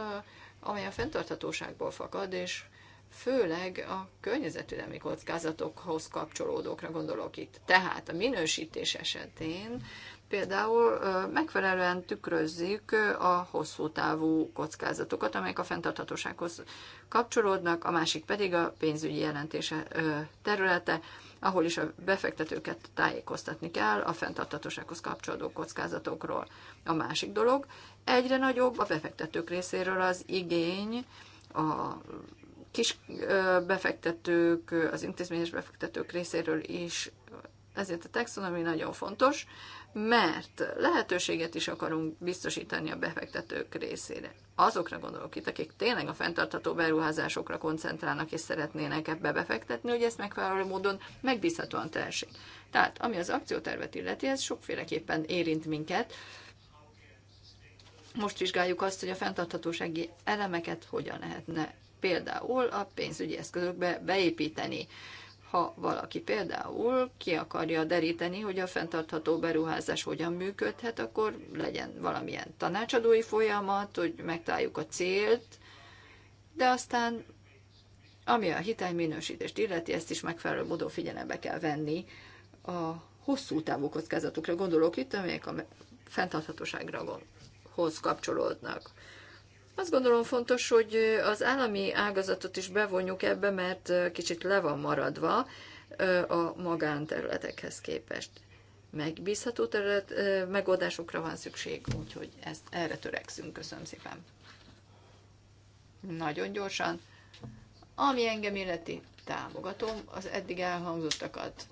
amely a fenntarthatóságból fakad, és főleg a környezetvédelmi kockázatokhoz kapcsolódókra gondolok itt. Tehát a minősítés esetén például megfelelően tükrözzük a hosszú távú kockázatokat, amelyek a fenntarthatósághoz kapcsolódnak, a másik pedig a pénzügyi jelentése területe, ahol is a befektetőket tájékoztatni kell a fenntarthatósághoz kapcsolódó kockázatokról. A másik dolog, egyre nagyobb a befektetők részéről az igény, a kis befektetők, az intézményes befektetők részéről is ezért a taxonomi nagyon fontos, mert lehetőséget is akarunk biztosítani a befektetők részére. Azokra gondolok itt, akik tényleg a fenntartható beruházásokra koncentrálnak és szeretnének ebbe befektetni, hogy ezt megfelelő módon megbízhatóan teljesít. Tehát, ami az akciótervet illeti, ez sokféleképpen érint minket. Most vizsgáljuk azt, hogy a fenntarthatósági elemeket hogyan lehetne például a pénzügyi eszközökbe beépíteni ha valaki például ki akarja deríteni, hogy a fenntartható beruházás hogyan működhet, akkor legyen valamilyen tanácsadói folyamat, hogy megtaláljuk a célt, de aztán, ami a hitelminősítést illeti, ezt is megfelelő módon figyelembe kell venni. A hosszú távú kockázatokra gondolok itt, amelyek a fenntarthatóságra hoz kapcsolódnak. Azt gondolom fontos, hogy az állami ágazatot is bevonjuk ebbe, mert kicsit le van maradva a magánterületekhez képest. Megbízható terület, megoldásokra van szükség, úgyhogy ezt erre törekszünk. Köszönöm szépen. Nagyon gyorsan. Ami engem illeti, támogatom az eddig elhangzottakat.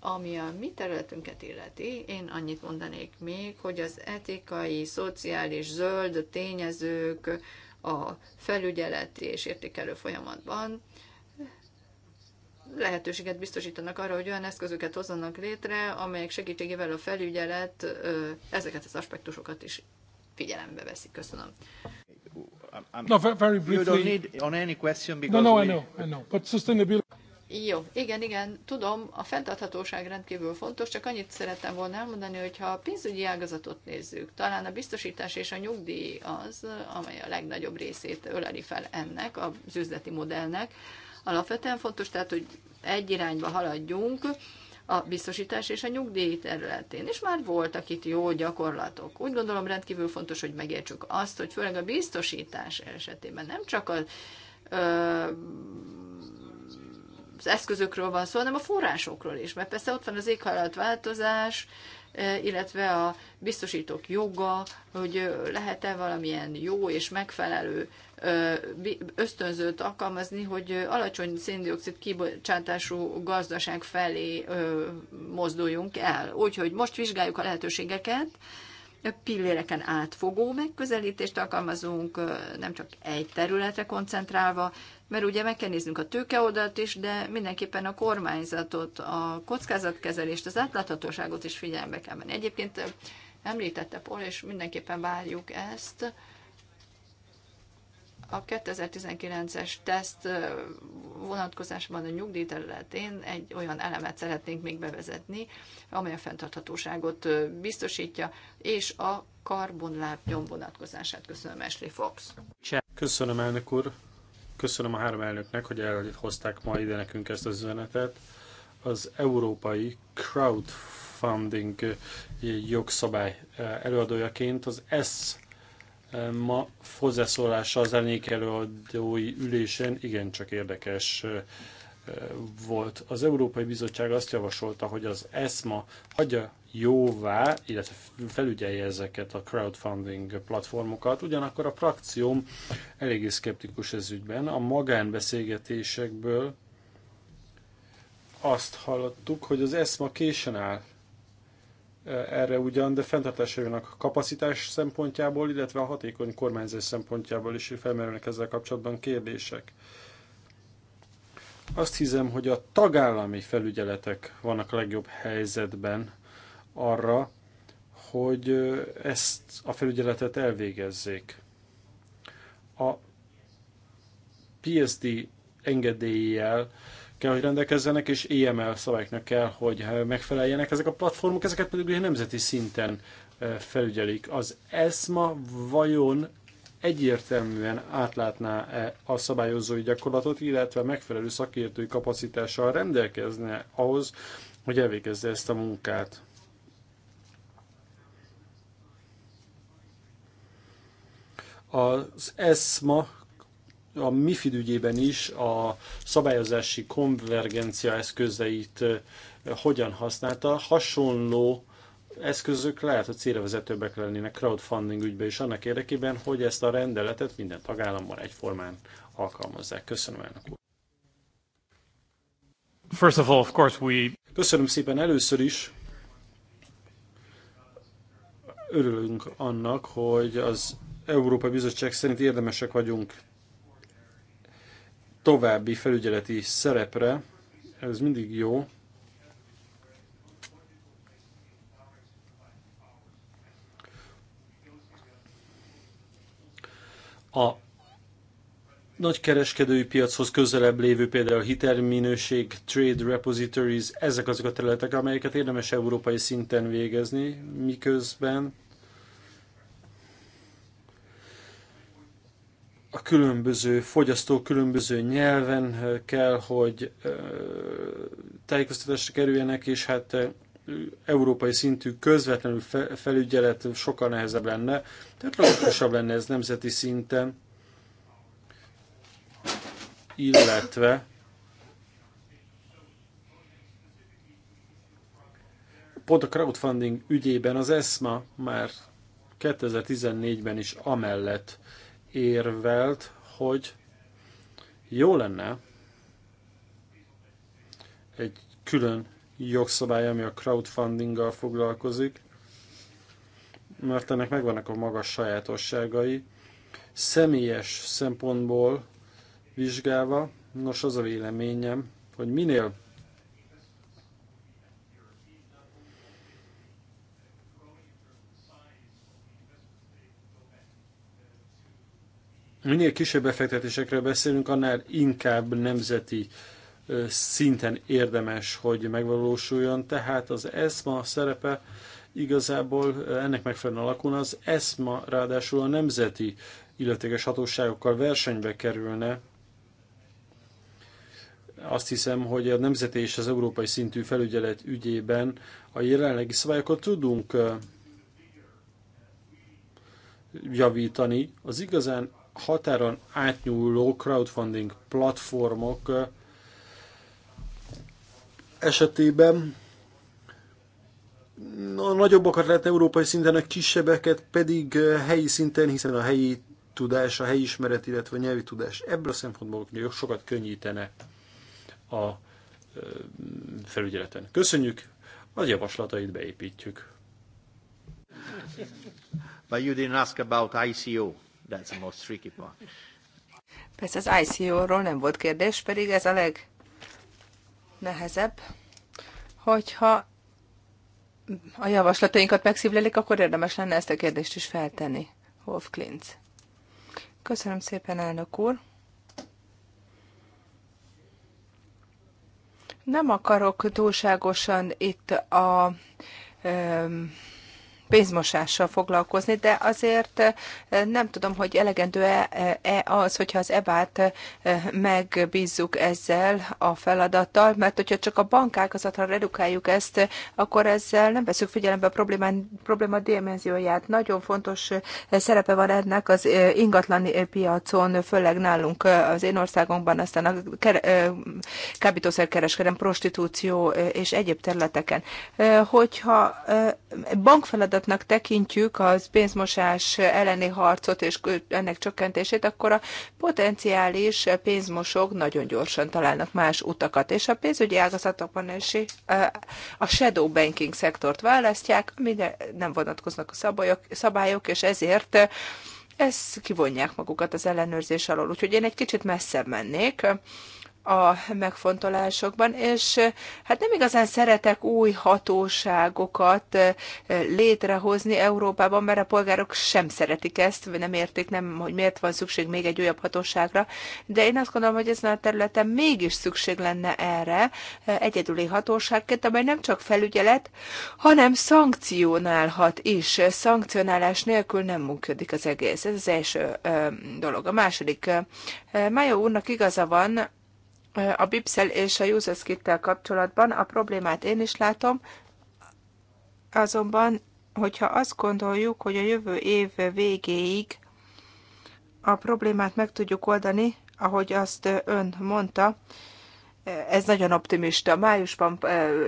Ami a mi területünket illeti, én annyit mondanék még, hogy az etikai, szociális, zöld tényezők a felügyeleti és értékelő folyamatban lehetőséget biztosítanak arra, hogy olyan eszközöket hozzanak létre, amelyek segítségével a felügyelet ezeket az aspektusokat is figyelembe veszik. Köszönöm. No, very briefly. You don't need on any question because no, no, we... I know, I know. But sustainability jó, igen, igen, tudom, a fenntarthatóság rendkívül fontos, csak annyit szerettem volna elmondani, hogy ha a pénzügyi ágazatot nézzük, talán a biztosítás és a nyugdíj az, amely a legnagyobb részét öleli fel ennek, az üzleti modellnek. Alapvetően fontos, tehát, hogy egy irányba haladjunk a biztosítás és a nyugdíj területén, és már voltak itt jó gyakorlatok. Úgy gondolom rendkívül fontos, hogy megértsük azt, hogy főleg a biztosítás esetében nem csak a ö, az eszközökről van szó, hanem a forrásokról is, mert persze ott van az éghajlatváltozás, e, illetve a biztosítók joga, hogy lehet-e valamilyen jó és megfelelő ösztönzőt alkalmazni, hogy alacsony széndiokszid kibocsátású gazdaság felé mozduljunk el. Úgyhogy most vizsgáljuk a lehetőségeket, pilléreken átfogó megközelítést alkalmazunk, nem csak egy területre koncentrálva, mert ugye meg kell néznünk a tőke oldalt is, de mindenképpen a kormányzatot, a kockázatkezelést, az átláthatóságot is figyelembe kell menni. Egyébként említette Paul, és mindenképpen várjuk ezt. A 2019-es teszt vonatkozásban a nyugdíj területén egy olyan elemet szeretnénk még bevezetni, amely a fenntarthatóságot biztosítja, és a karbonlábnyom vonatkozását. Köszönöm, Ashley Fox. Köszönöm, elnök úr. Köszönöm a három elnöknek, hogy elhozták ma ide nekünk ezt az üzenetet. Az európai crowdfunding jogszabály eh, előadójaként az S eh, ma hozzászólása az elnék előadói ülésen igencsak érdekes eh, volt. Az Európai Bizottság azt javasolta, hogy az ESMA hagyja jóvá, illetve felügyelje ezeket a crowdfunding platformokat. Ugyanakkor a frakcióm eléggé szkeptikus ez ügyben. A magánbeszélgetésekből azt hallottuk, hogy az ESMA készen áll eh, erre ugyan, de fenntartásainak kapacitás szempontjából, illetve a hatékony kormányzás szempontjából is felmerülnek ezzel kapcsolatban kérdések. Azt hiszem, hogy a tagállami felügyeletek vannak a legjobb helyzetben arra, hogy ezt a felügyeletet elvégezzék. A PSD engedélyjel kell, hogy rendelkezzenek, és EML szabályoknak kell, hogy megfeleljenek ezek a platformok, ezeket pedig ugye nemzeti szinten felügyelik. Az ESMA vajon egyértelműen átlátná -e a szabályozói gyakorlatot, illetve megfelelő szakértői kapacitással rendelkezne ahhoz, hogy elvégezze ezt a munkát. Az ESMA a MIFID ügyében is a szabályozási konvergencia eszközeit hogyan használta. Hasonló eszközök lehet, hogy célvezetőbbek lennének crowdfunding ügyben is annak érdekében, hogy ezt a rendeletet minden tagállamban egyformán alkalmazzák. Köszönöm elnök úr. First of all, of course we... Köszönöm szépen először is. Örülünk annak, hogy az Európai Bizottság szerint érdemesek vagyunk további felügyeleti szerepre. Ez mindig jó. A nagy kereskedői piachoz közelebb lévő például hitelminőség, trade repositories, ezek azok a területek, amelyeket érdemes európai szinten végezni, miközben a különböző fogyasztó különböző nyelven kell, hogy tájékoztatásra kerüljenek, és hát európai szintű közvetlenül felügyelet sokkal nehezebb lenne, tehát logikusabb lenne ez nemzeti szinten, illetve pont a crowdfunding ügyében az ESMA már 2014-ben is amellett érvelt, hogy jó lenne egy külön jogszabály, ami a crowdfundinggal foglalkozik, mert ennek megvannak a magas sajátosságai. Személyes szempontból vizsgálva, nos az a véleményem, hogy minél Minél kisebb befektetésekről beszélünk, annál inkább nemzeti szinten érdemes, hogy megvalósuljon. Tehát az ESMA szerepe igazából ennek megfelelően alakulna. Az ESMA ráadásul a nemzeti illetékes hatóságokkal versenybe kerülne. Azt hiszem, hogy a nemzeti és az európai szintű felügyelet ügyében a jelenlegi szabályokat tudunk javítani. Az igazán határon átnyúló crowdfunding platformok esetében a nagyobbakat lehet európai szinten, a kisebbeket pedig helyi szinten, hiszen a helyi tudás, a helyi ismeret, illetve a nyelvi tudás ebből a szempontból sokat könnyítene a felügyeleten. Köszönjük, az javaslatait beépítjük. But you didn't ask about ICO. That's the most tricky part. Persze az ICO-ról nem volt kérdés, pedig ez a legnehezebb, hogyha a javaslatainkat megszívlelik, akkor érdemes lenne ezt a kérdést is feltenni. Wolf Klintz. Köszönöm szépen, elnök úr. Nem akarok túlságosan itt a pénzmosással foglalkozni, de azért eh, nem tudom, hogy elegendő-e eh, eh, az, hogyha az EBÁ-t megbízzuk ezzel a feladattal, mert hogyha csak a bankákazatra redukáljuk ezt, akkor ezzel nem veszük figyelembe a problémán, probléma dimenzióját. Nagyon fontos szerepe van ennek az ingatlan piacon, főleg nálunk az én országunkban, aztán a kábítószerkereskedem, prostitúció és egyéb területeken. Hogyha bankfeladat feladatnak tekintjük az pénzmosás elleni harcot és ennek csökkentését, akkor a potenciális pénzmosók nagyon gyorsan találnak más utakat, és a pénzügyi ágazatokban is eh, a shadow banking szektort választják, amire nem vonatkoznak a szabályok, szabályok és ezért eh, ezt kivonják magukat az ellenőrzés alól. Úgyhogy én egy kicsit messzebb mennék a megfontolásokban, és hát nem igazán szeretek új hatóságokat eh, létrehozni Európában, mert a polgárok sem szeretik ezt, vagy nem értik, nem, hogy miért van szükség még egy újabb hatóságra, de én azt gondolom, hogy ezen a területen mégis szükség lenne erre eh, egyedüli hatóságként, amely nem csak felügyelet, hanem szankcionálhat is. Szankcionálás nélkül nem működik az egész. Ez az első eh, dolog. A második, Mája úrnak igaza van, a BIPSZEL és a Users kit kapcsolatban a problémát én is látom, azonban, hogyha azt gondoljuk, hogy a jövő év végéig a problémát meg tudjuk oldani, ahogy azt ön mondta, ez nagyon optimista. Májusban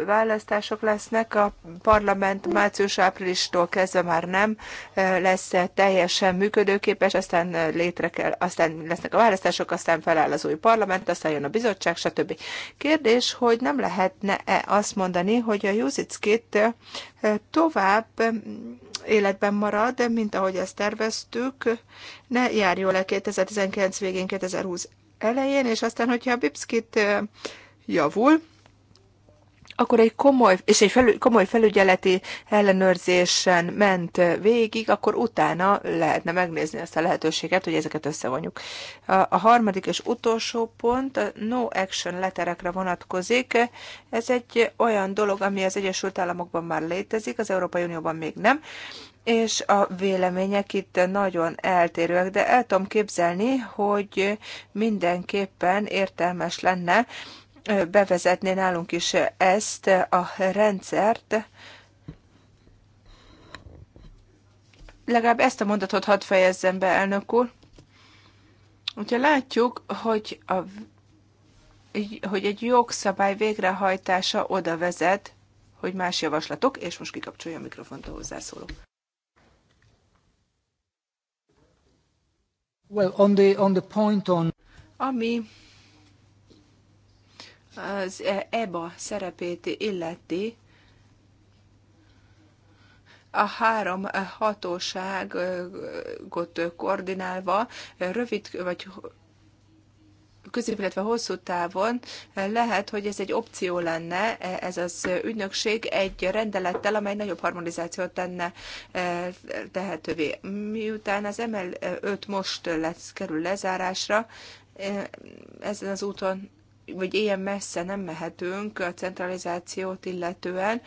választások lesznek, a parlament március-áprilistól kezdve már nem lesz teljesen működőképes, aztán létre kell, aztán lesznek a választások, aztán feláll az új parlament, aztán jön a bizottság, stb. Kérdés, hogy nem lehetne-e azt mondani, hogy a Juzickit tovább életben marad, mint ahogy ezt terveztük, ne járjon le 2019 végén, 2020 elején, és aztán, hogyha a Bipskit javul, akkor egy komoly, és egy felü, komoly felügyeleti ellenőrzésen ment végig, akkor utána lehetne megnézni ezt a lehetőséget, hogy ezeket összevonjuk. A harmadik és utolsó pont a no action letterekre vonatkozik. Ez egy olyan dolog, ami az Egyesült Államokban már létezik, az Európai Unióban még nem és a vélemények itt nagyon eltérőek, de el tudom képzelni, hogy mindenképpen értelmes lenne bevezetni nálunk is ezt a rendszert, legalább ezt a mondatot hadd fejezzem be, elnök úr. Ugye látjuk, hogy, a, hogy egy jogszabály végrehajtása oda vezet, hogy más javaslatok, és most kikapcsolja a mikrofont a hozzászóló. Well, on the, on the point on... Ami az EBA szerepét illeti, a három hatóságot koordinálva rövid vagy közép, illetve hosszú távon eh, lehet, hogy ez egy opció lenne, eh, ez az eh, ügynökség egy rendelettel, amely nagyobb harmonizációt tenne tehetővé. Miután az ML5 most lesz, kerül lezárásra, ezen az úton, vagy ilyen messze nem mehetünk a centralizációt illetően,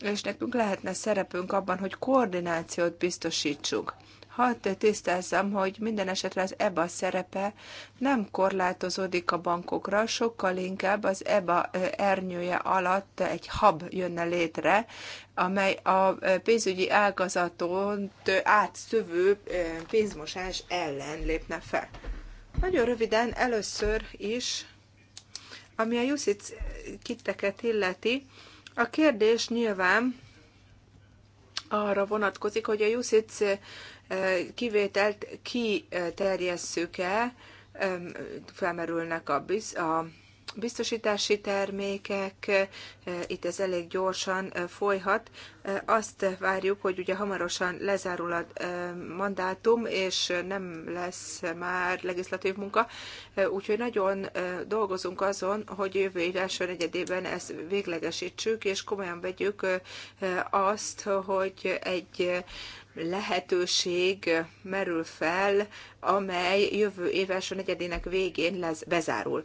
és nekünk lehetne szerepünk abban, hogy koordinációt biztosítsunk. Hadd tisztázzam, hogy minden esetre az EBA szerepe nem korlátozódik a bankokra, sokkal inkább az EBA ernyője alatt egy hub jönne létre, amely a pénzügyi ágazaton átszövő pénzmosás ellen lépne fel. Nagyon röviden először is, ami a Jusic kitteket illeti, a kérdés nyilván arra vonatkozik, hogy a Jusic kivételt kiterjesszük-e, felmerülnek a, biz, a biztosítási termékek, itt ez elég gyorsan folyhat. Azt várjuk, hogy ugye hamarosan lezárul a mandátum, és nem lesz már legislatív munka, úgyhogy nagyon dolgozunk azon, hogy jövő év első negyedében ezt véglegesítsük, és komolyan vegyük azt, hogy egy lehetőség merül fel, amely jövő év a negyedének végén lesz, bezárul.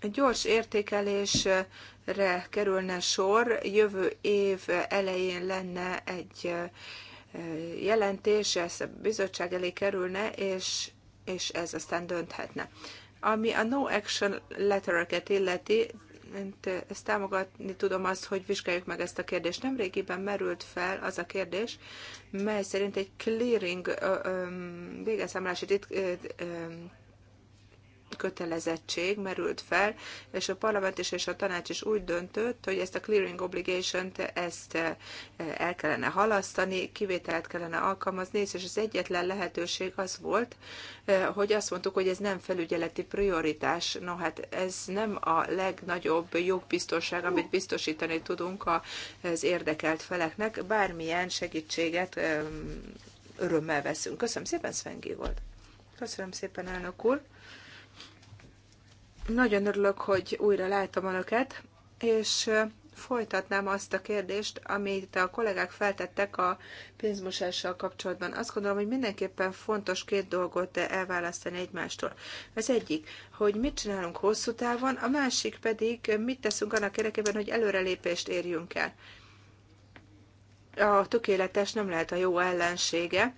Egy gyors értékelésre kerülne sor, jövő év elején lenne egy jelentés, ez a bizottság elé kerülne, és, és ez aztán dönthetne. Ami a no action lettereket illeti, ezt támogatni tudom azt, hogy vizsgáljuk meg ezt a kérdést. Nemrégiben merült fel az a kérdés, mely szerint egy clearing végelszámlási kötelezettség merült fel, és a parlament is és a tanács is úgy döntött, hogy ezt a clearing obligation-t ezt eh, el kellene halasztani, kivételt kellene alkalmazni, és az egyetlen lehetőség az volt, eh, hogy azt mondtuk, hogy ez nem felügyeleti prioritás. No, hát ez nem a legnagyobb jogbiztonság, amit biztosítani tudunk az érdekelt feleknek, bármilyen segítséget örömmel veszünk. Köszönöm szépen, Sven Gigold. Köszönöm szépen, elnök úr. Nagyon örülök, hogy újra látom Önöket, és folytatnám azt a kérdést, amit a kollégák feltettek a pénzmosással kapcsolatban. Azt gondolom, hogy mindenképpen fontos két dolgot elválasztani egymástól. Az egyik, hogy mit csinálunk hosszú távon, a másik pedig mit teszünk annak érdekében, hogy előrelépést érjünk el. A tökéletes nem lehet a jó ellensége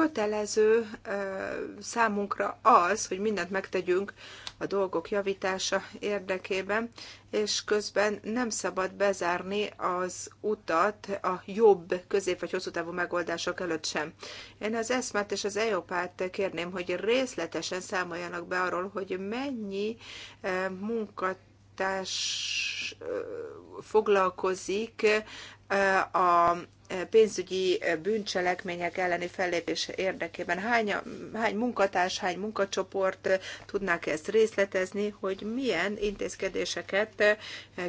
kötelező számunkra az, hogy mindent megtegyünk a dolgok javítása érdekében, és közben nem szabad bezárni az utat a jobb közép- vagy hosszú távú megoldások előtt sem. Én az ESMAT és az EOPÁT kérném, hogy részletesen számoljanak be arról, hogy mennyi munkat kutatás foglalkozik a pénzügyi bűncselekmények elleni fellépés érdekében. Hány, hány munkatárs, hány munkacsoport tudnák ezt részletezni, hogy milyen intézkedéseket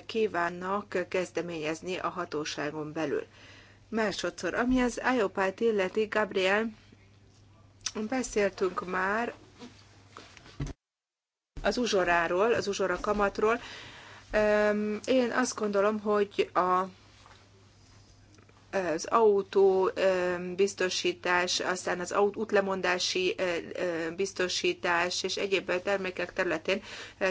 kívánnak kezdeményezni a hatóságon belül. Másodszor, ami az IOPÁT illeti, Gabriel, beszéltünk már az uzsoráról, az uzsora kamatról. Én azt gondolom, hogy a az autó biztosítás, aztán az útlemondási biztosítás és egyéb termékek területén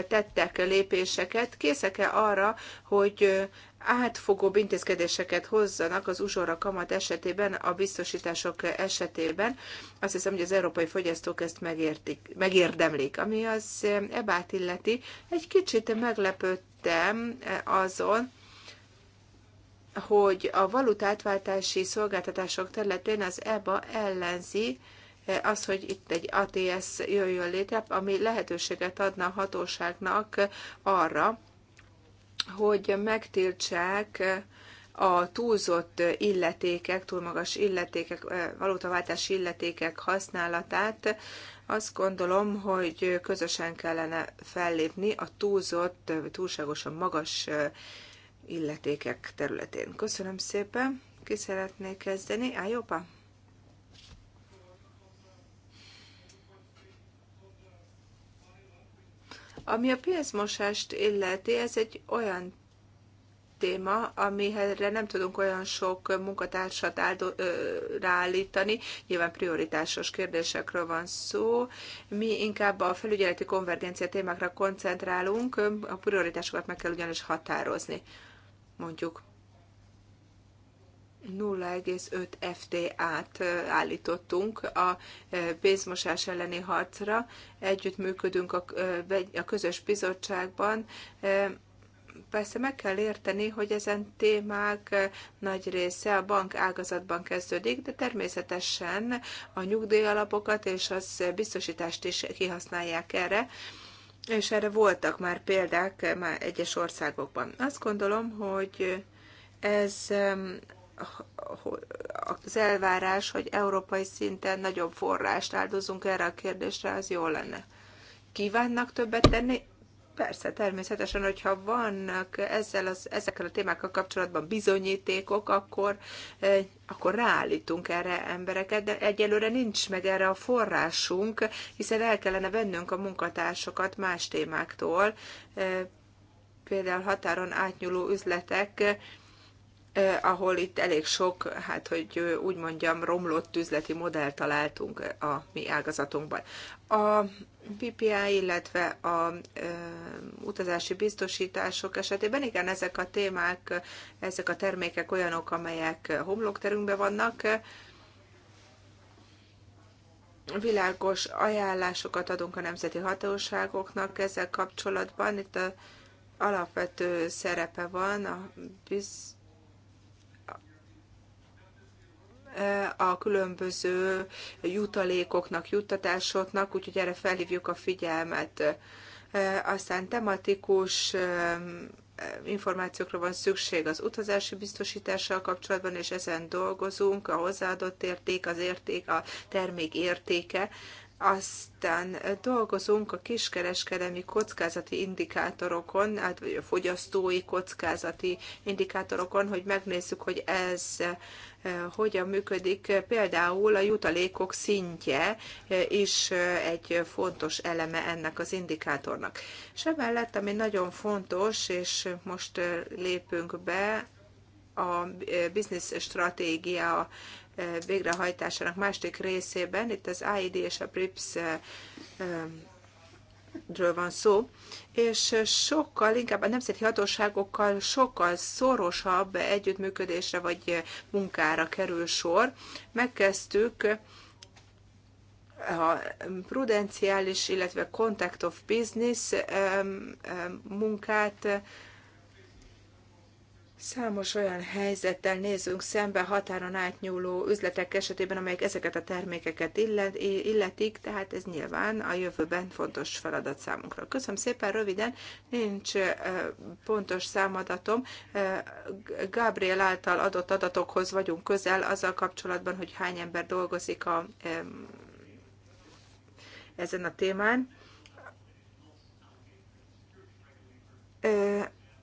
tettek lépéseket. Készek-e arra, hogy átfogóbb intézkedéseket hozzanak az uzsora kamat esetében, a biztosítások esetében. Azt hiszem, hogy az európai fogyasztók ezt megértik, megérdemlik. Ami az ebát illeti, egy kicsit meglepődtem azon, hogy a valutátváltási szolgáltatások területén az EBA ellenzi az, hogy itt egy ATS jöjjön létre, ami lehetőséget adna a hatóságnak arra, hogy megtiltsák a túlzott illetékek, túl magas illetékek, valótaváltási illetékek használatát, azt gondolom, hogy közösen kellene fellépni a túlzott, túlságosan magas illetékek területén. Köszönöm szépen! Ki szeretné kezdeni? Ájópa? Ami a pénzmosást illeti, ez egy olyan téma, amire nem tudunk olyan sok munkatársat áldo, ö, ráállítani. Nyilván prioritásos kérdésekről van szó. Mi inkább a felügyeleti konvergencia témákra koncentrálunk, a prioritásokat meg kell ugyanis határozni. Mondjuk 0,5 FTA-t állítottunk a pénzmosás elleni harcra. Együtt működünk a, közös bizottságban. Persze meg kell érteni, hogy ezen témák nagy része a bank ágazatban kezdődik, de természetesen a nyugdíjalapokat és az biztosítást is kihasználják erre. És erre voltak már példák már egyes országokban. Azt gondolom, hogy ez az elvárás, hogy európai szinten nagyobb forrást áldozunk erre a kérdésre, az jó lenne. Kívánnak többet tenni? Persze, természetesen, hogyha vannak ezzel az, ezekkel a témákkal kapcsolatban bizonyítékok, akkor, eh, akkor ráállítunk erre embereket, de egyelőre nincs meg erre a forrásunk, hiszen el kellene vennünk a munkatársokat más témáktól, eh, például határon átnyúló üzletek, ahol itt elég sok, hát hogy úgy mondjam, romlott üzleti modellt találtunk a mi ágazatunkban. A PPI, illetve a ö, utazási biztosítások esetében igen, ezek a témák, ezek a termékek olyanok, amelyek homlokterünkben vannak, világos ajánlásokat adunk a nemzeti hatóságoknak ezzel kapcsolatban. Itt a alapvető szerepe van a biz, a különböző jutalékoknak, juttatásoknak, úgyhogy erre felhívjuk a figyelmet. Aztán tematikus információkra van szükség az utazási biztosítással kapcsolatban, és ezen dolgozunk, a hozzáadott érték, az érték, a termék értéke aztán dolgozunk a kiskereskedelmi kockázati indikátorokon, hát vagy a fogyasztói kockázati indikátorokon, hogy megnézzük, hogy ez hogyan működik. Például a jutalékok szintje is egy fontos eleme ennek az indikátornak. És emellett, ami nagyon fontos, és most lépünk be a business stratégia végrehajtásának második részében, itt az AID és a BRIPS ről van szó, és sokkal inkább a nemzeti hatóságokkal sokkal szorosabb együttműködésre vagy munkára kerül sor. Megkezdtük a prudenciális, illetve contact of business munkát, Számos olyan helyzettel nézünk szembe határon átnyúló üzletek esetében, amelyek ezeket a termékeket illetik, tehát ez nyilván a jövőben fontos feladat számunkra. Köszönöm szépen, röviden, nincs pontos számadatom. Gabriel által adott adatokhoz vagyunk közel azzal kapcsolatban, hogy hány ember dolgozik a, ezen a témán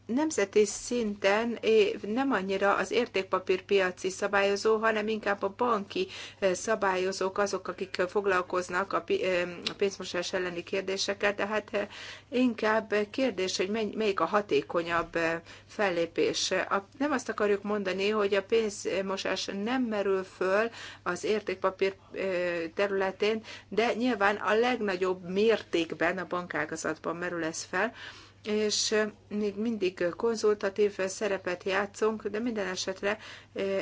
nemzeti szinten nem annyira az értékpapírpiaci szabályozó, hanem inkább a banki e, szabályozók azok, akik foglalkoznak a e, pénzmosás elleni kérdésekkel, tehát e, inkább kérdés, hogy melyik a hatékonyabb fellépés. Nem azt akarjuk mondani, hogy a pénzmosás nem merül föl az értékpapír területén, de nyilván a legnagyobb mértékben a bankágazatban merül ez fel, és még mindig konzultatív szerepet játszunk, de minden esetre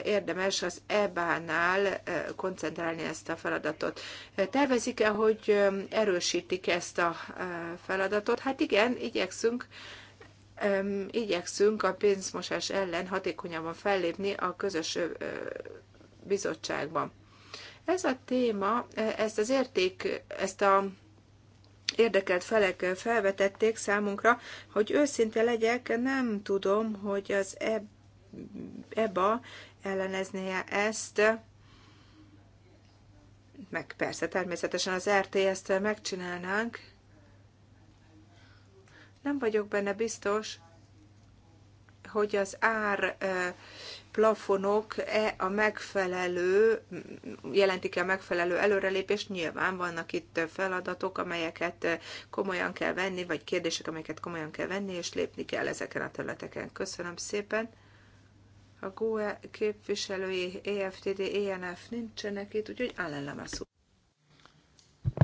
érdemes az EBA-nál koncentrálni ezt a feladatot. Tervezik-e, hogy erősítik ezt a feladatot? Hát igen, igyekszünk igyekszünk a pénzmosás ellen hatékonyabban fellépni a közös bizottságban. Ez a téma, ezt az érték, ezt a érdekelt felek felvetették számunkra, hogy őszinte legyek, nem tudom, hogy az EBA e elleneznie ezt, meg persze természetesen az RT ezt megcsinálnánk. Nem vagyok benne biztos, hogy az ár plafonok-e a megfelelő, jelentik-e a megfelelő előrelépést? Nyilván vannak itt feladatok, amelyeket komolyan kell venni, vagy kérdések, amelyeket komolyan kell venni, és lépni kell ezeken a területeken. Köszönöm szépen! A GUE képviselői EFTD, ENF nincsenek itt, úgyhogy Allen szó.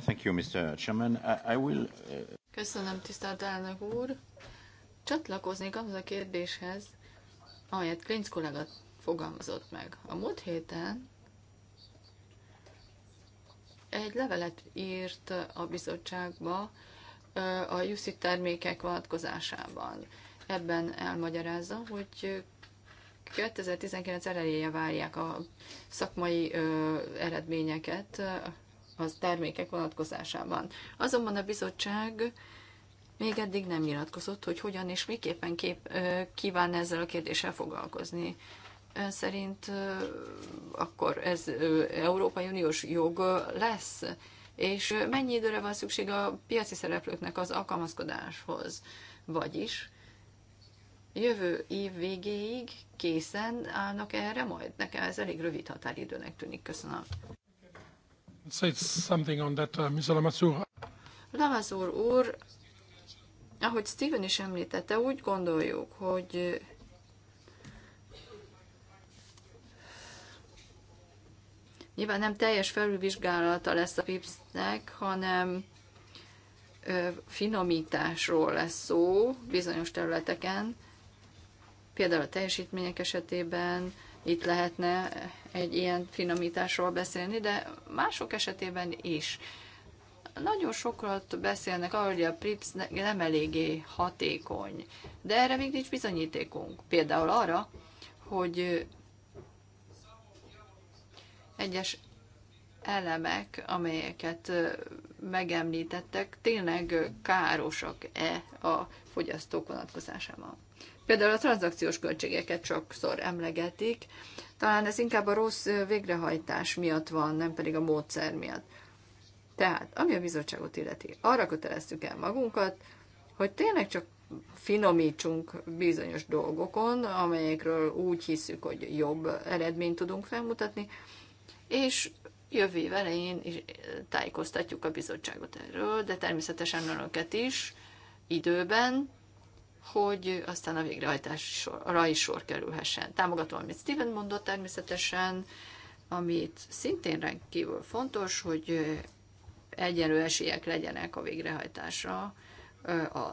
Thank you, Mr. Chairman. I, I will... Uh, Köszönöm, tisztelt elnök úr! Csatlakoznék az a kérdéshez, amelyet Klinc kollega fogalmazott meg. A múlt héten egy levelet írt a bizottságba a Jussi termékek vonatkozásában. Ebben elmagyarázza, hogy 2019 elejéje várják a szakmai eredményeket az termékek vonatkozásában. Azonban a bizottság még eddig nem nyilatkozott, hogy hogyan és miképpen kép, kíván ezzel a kérdéssel foglalkozni. Ön szerint akkor ez Európai Uniós jog lesz, és mennyi időre van szükség a piaci szereplőknek az alkalmazkodáshoz? Vagyis jövő év végéig készen állnak erre majd? Nekem ez elég rövid határidőnek tűnik. Köszönöm. Say something on that, uh, Mr. úr, ahogy Steven is említette, úgy gondoljuk, hogy nyilván nem teljes felülvizsgálata lesz a PIPS-nek, hanem finomításról lesz szó bizonyos területeken, például a teljesítmények esetében itt lehetne egy ilyen finomításról beszélni, de mások esetében is. Nagyon sokat beszélnek arról, hogy a PRIPS nem eléggé hatékony, de erre még nincs bizonyítékunk. Például arra, hogy egyes elemek, amelyeket megemlítettek, tényleg károsak-e a fogyasztók vonatkozásában. Például a tranzakciós költségeket sokszor emlegetik, talán ez inkább a rossz végrehajtás miatt van, nem pedig a módszer miatt. Tehát, ami a bizottságot illeti, arra köteleztük el magunkat, hogy tényleg csak finomítsunk bizonyos dolgokon, amelyekről úgy hiszük, hogy jobb eredményt tudunk felmutatni, és jövő év elején is tájékoztatjuk a bizottságot erről, de természetesen önöket is időben, hogy aztán a végrehajtásra is sor kerülhessen. Támogatom, amit Steven mondott természetesen, amit szintén rendkívül fontos, hogy egyenlő esélyek legyenek a végrehajtásra, a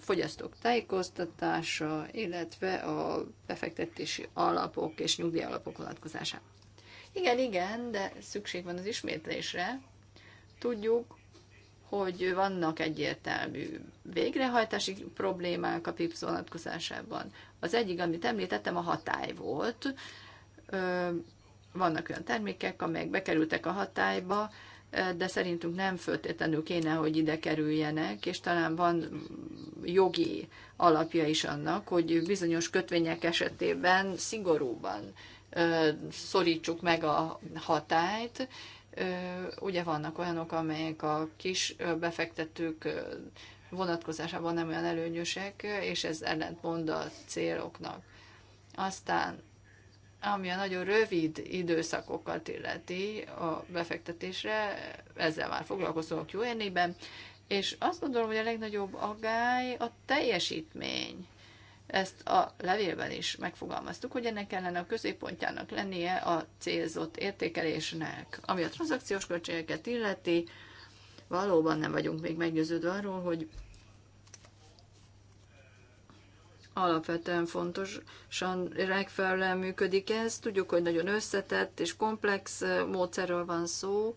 fogyasztók tájékoztatása, illetve a befektetési alapok és nyugdíjalapok vonatkozása. Igen, igen, de szükség van az ismétlésre. Tudjuk, hogy vannak egyértelmű végrehajtási problémák a PIPS vonatkozásában. Az egyik, amit említettem, a hatály volt. Vannak olyan termékek, amelyek bekerültek a hatályba, de szerintünk nem föltétlenül kéne, hogy ide kerüljenek, és talán van jogi alapja is annak, hogy bizonyos kötvények esetében szigorúban szorítsuk meg a hatályt. Ugye vannak olyanok, amelyek a kis befektetők vonatkozásában nem olyan előnyösek, és ez ellentmond a céloknak. Aztán ami a nagyon rövid időszakokat illeti a befektetésre, ezzel már foglalkozom a Q&A-ben, és azt gondolom, hogy a legnagyobb aggály a teljesítmény. Ezt a levélben is megfogalmaztuk, hogy ennek kellene a középpontjának lennie a célzott értékelésnek. Ami a tranzakciós költségeket illeti, valóban nem vagyunk még meggyőződve arról, hogy alapvetően fontosan megfelelően működik ez. Tudjuk, hogy nagyon összetett és komplex módszerről van szó,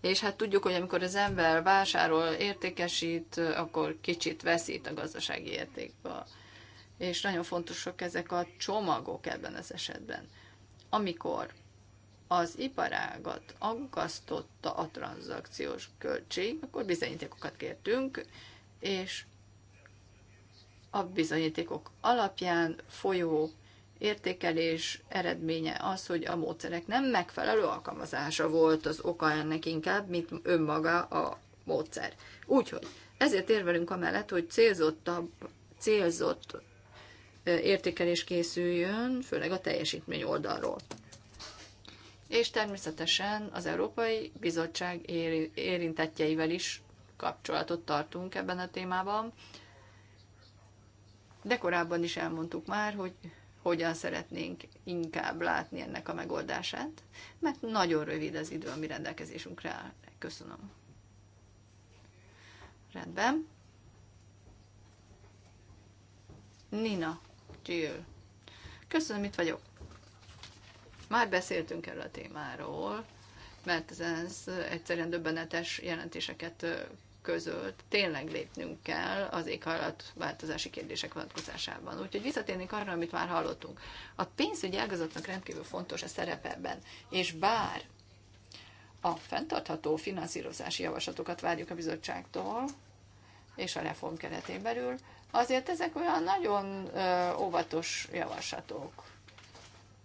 és hát tudjuk, hogy amikor az ember vásárol, értékesít, akkor kicsit veszít a gazdasági értékből. És nagyon fontosak ezek a csomagok ebben az esetben. Amikor az iparágat aggasztotta a tranzakciós költség, akkor bizonyítékokat kértünk, és a bizonyítékok alapján folyó értékelés eredménye az, hogy a módszerek nem megfelelő alkalmazása volt az oka ennek inkább, mint önmaga a módszer. Úgyhogy ezért érvelünk amellett, hogy célzottabb, célzott értékelés készüljön, főleg a teljesítmény oldalról. És természetesen az Európai Bizottság érintettjeivel is kapcsolatot tartunk ebben a témában, de korábban is elmondtuk már, hogy hogyan szeretnénk inkább látni ennek a megoldását, mert nagyon rövid az idő, ami rendelkezésünkre áll. Köszönöm. Rendben. Nina, Jill. Köszönöm, itt vagyok. Már beszéltünk erről a témáról, mert az egyszerűen döbbenetes jelentéseket közölt, tényleg lépnünk kell az éghajlatváltozási kérdések vonatkozásában. Úgyhogy visszatérnénk arra, amit már hallottunk. A pénzügyi ágazatnak rendkívül fontos a szerepe ebben, és bár a fenntartható finanszírozási javaslatokat várjuk a bizottságtól, és a reform keretén belül, azért ezek olyan nagyon óvatos javaslatok.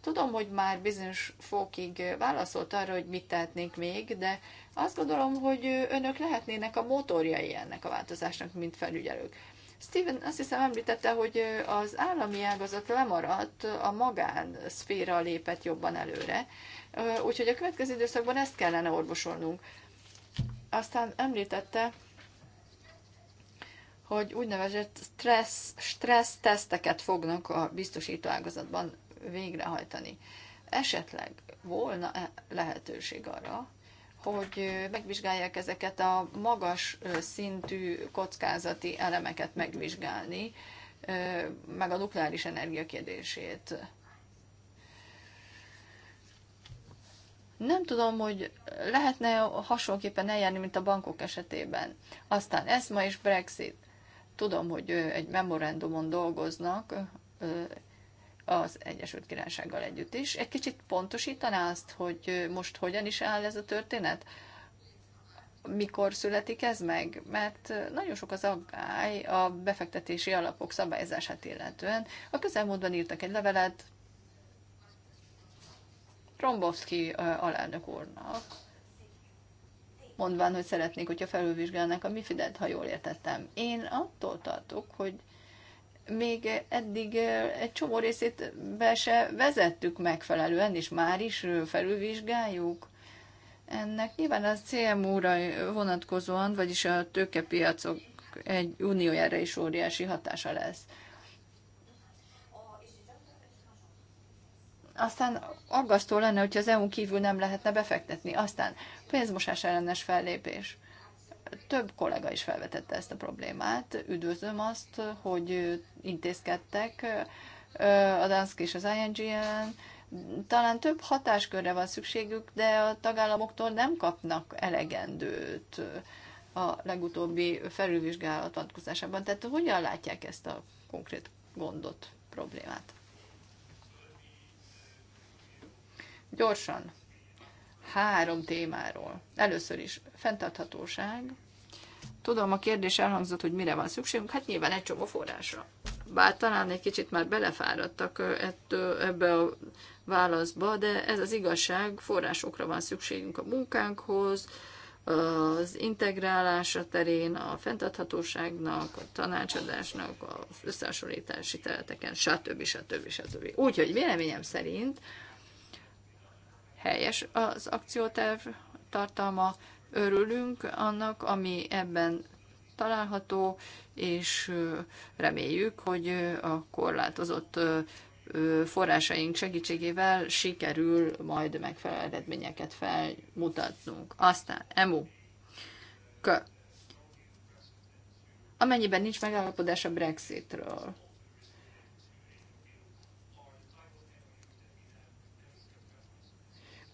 Tudom, hogy már bizonyos fokig válaszolt arra, hogy mit tehetnénk még, de azt gondolom, hogy önök lehetnének a motorjai ennek a változásnak, mint felügyelők. Steven azt hiszem említette, hogy az állami ágazat lemaradt, a magán szféra lépett jobban előre, úgyhogy a következő időszakban ezt kellene orvosolnunk. Aztán említette, hogy úgynevezett stressz, stressz teszteket fognak a biztosító ágazatban végrehajtani. Esetleg volna -e lehetőség arra, hogy megvizsgálják ezeket a magas szintű kockázati elemeket megvizsgálni, meg a nukleáris energia kérdését. Nem tudom, hogy lehetne hasonlóképpen eljárni, mint a bankok esetében. Aztán ESMA és Brexit. Tudom, hogy egy memorandumon dolgoznak, az Egyesült Királysággal együtt is. Egy kicsit pontosítaná azt, hogy most hogyan is áll ez a történet? Mikor születik ez meg? Mert nagyon sok az aggály a befektetési alapok szabályzását illetően. A közelmúltban írtak egy levelet Trombovszki alelnök úrnak, mondván, hogy szeretnék, hogyha felülvizsgálnák a Mifidet, ha jól értettem. Én attól tartok, hogy még eddig egy csomó részét be se vezettük megfelelően, és már is felülvizsgáljuk. Ennek nyilván a CMU-ra vonatkozóan, vagyis a tőkepiacok egy uniójára is óriási hatása lesz. Aztán aggasztó lenne, hogyha az EU kívül nem lehetne befektetni. Aztán pénzmosás ellenes fellépés több kollega is felvetette ezt a problémát. Üdvözlöm azt, hogy intézkedtek a Dansk és az ing -en. Talán több hatáskörre van szükségük, de a tagállamoktól nem kapnak elegendőt a legutóbbi felülvizsgálat vonatkozásában. Tehát hogyan látják ezt a konkrét gondot, problémát? Gyorsan. Három témáról. Először is fenntarthatóság, Tudom, a kérdés elhangzott, hogy mire van szükségünk, hát nyilván egy csomó forrásra. Bár talán egy kicsit már belefáradtak ettől, ebbe a válaszba, de ez az igazság, forrásokra van szükségünk a munkánkhoz, az integrálása terén, a fenntarthatóságnak, a tanácsadásnak, az összehasonlítási területeken, stb. stb. stb. Úgyhogy véleményem szerint helyes az akcióterv tartalma, Örülünk annak, ami ebben található, és reméljük, hogy a korlátozott forrásaink segítségével sikerül majd megfelelő eredményeket felmutatnunk. Aztán EMU. Kö. Amennyiben nincs megállapodás a Brexitről.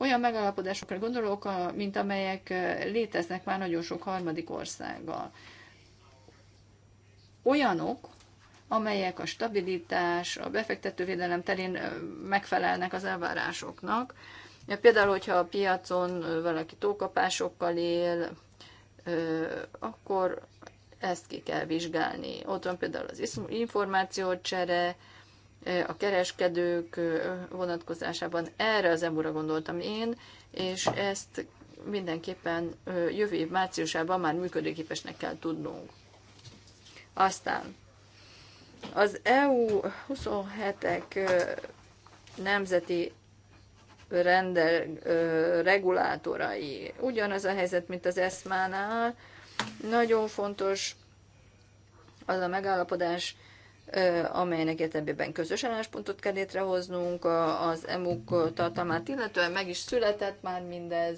Olyan megállapodásokra gondolok, mint amelyek léteznek már nagyon sok harmadik országgal. Olyanok, amelyek a stabilitás, a befektetővédelem terén megfelelnek az elvárásoknak. például, hogyha a piacon valaki tókapásokkal él, akkor ezt ki kell vizsgálni. Ott van például az információcsere, a kereskedők vonatkozásában. Erre az emura gondoltam én, és ezt mindenképpen jövő év márciusában már működőképesnek kell tudnunk. Aztán az EU 27-ek nemzeti rendel, regulátorai. Ugyanaz a helyzet, mint az ESMA-nál. Nagyon fontos az a megállapodás, amelynek értelmében közös álláspontot kell létrehoznunk az EMUK tartalmát, illetően meg is született már mindez,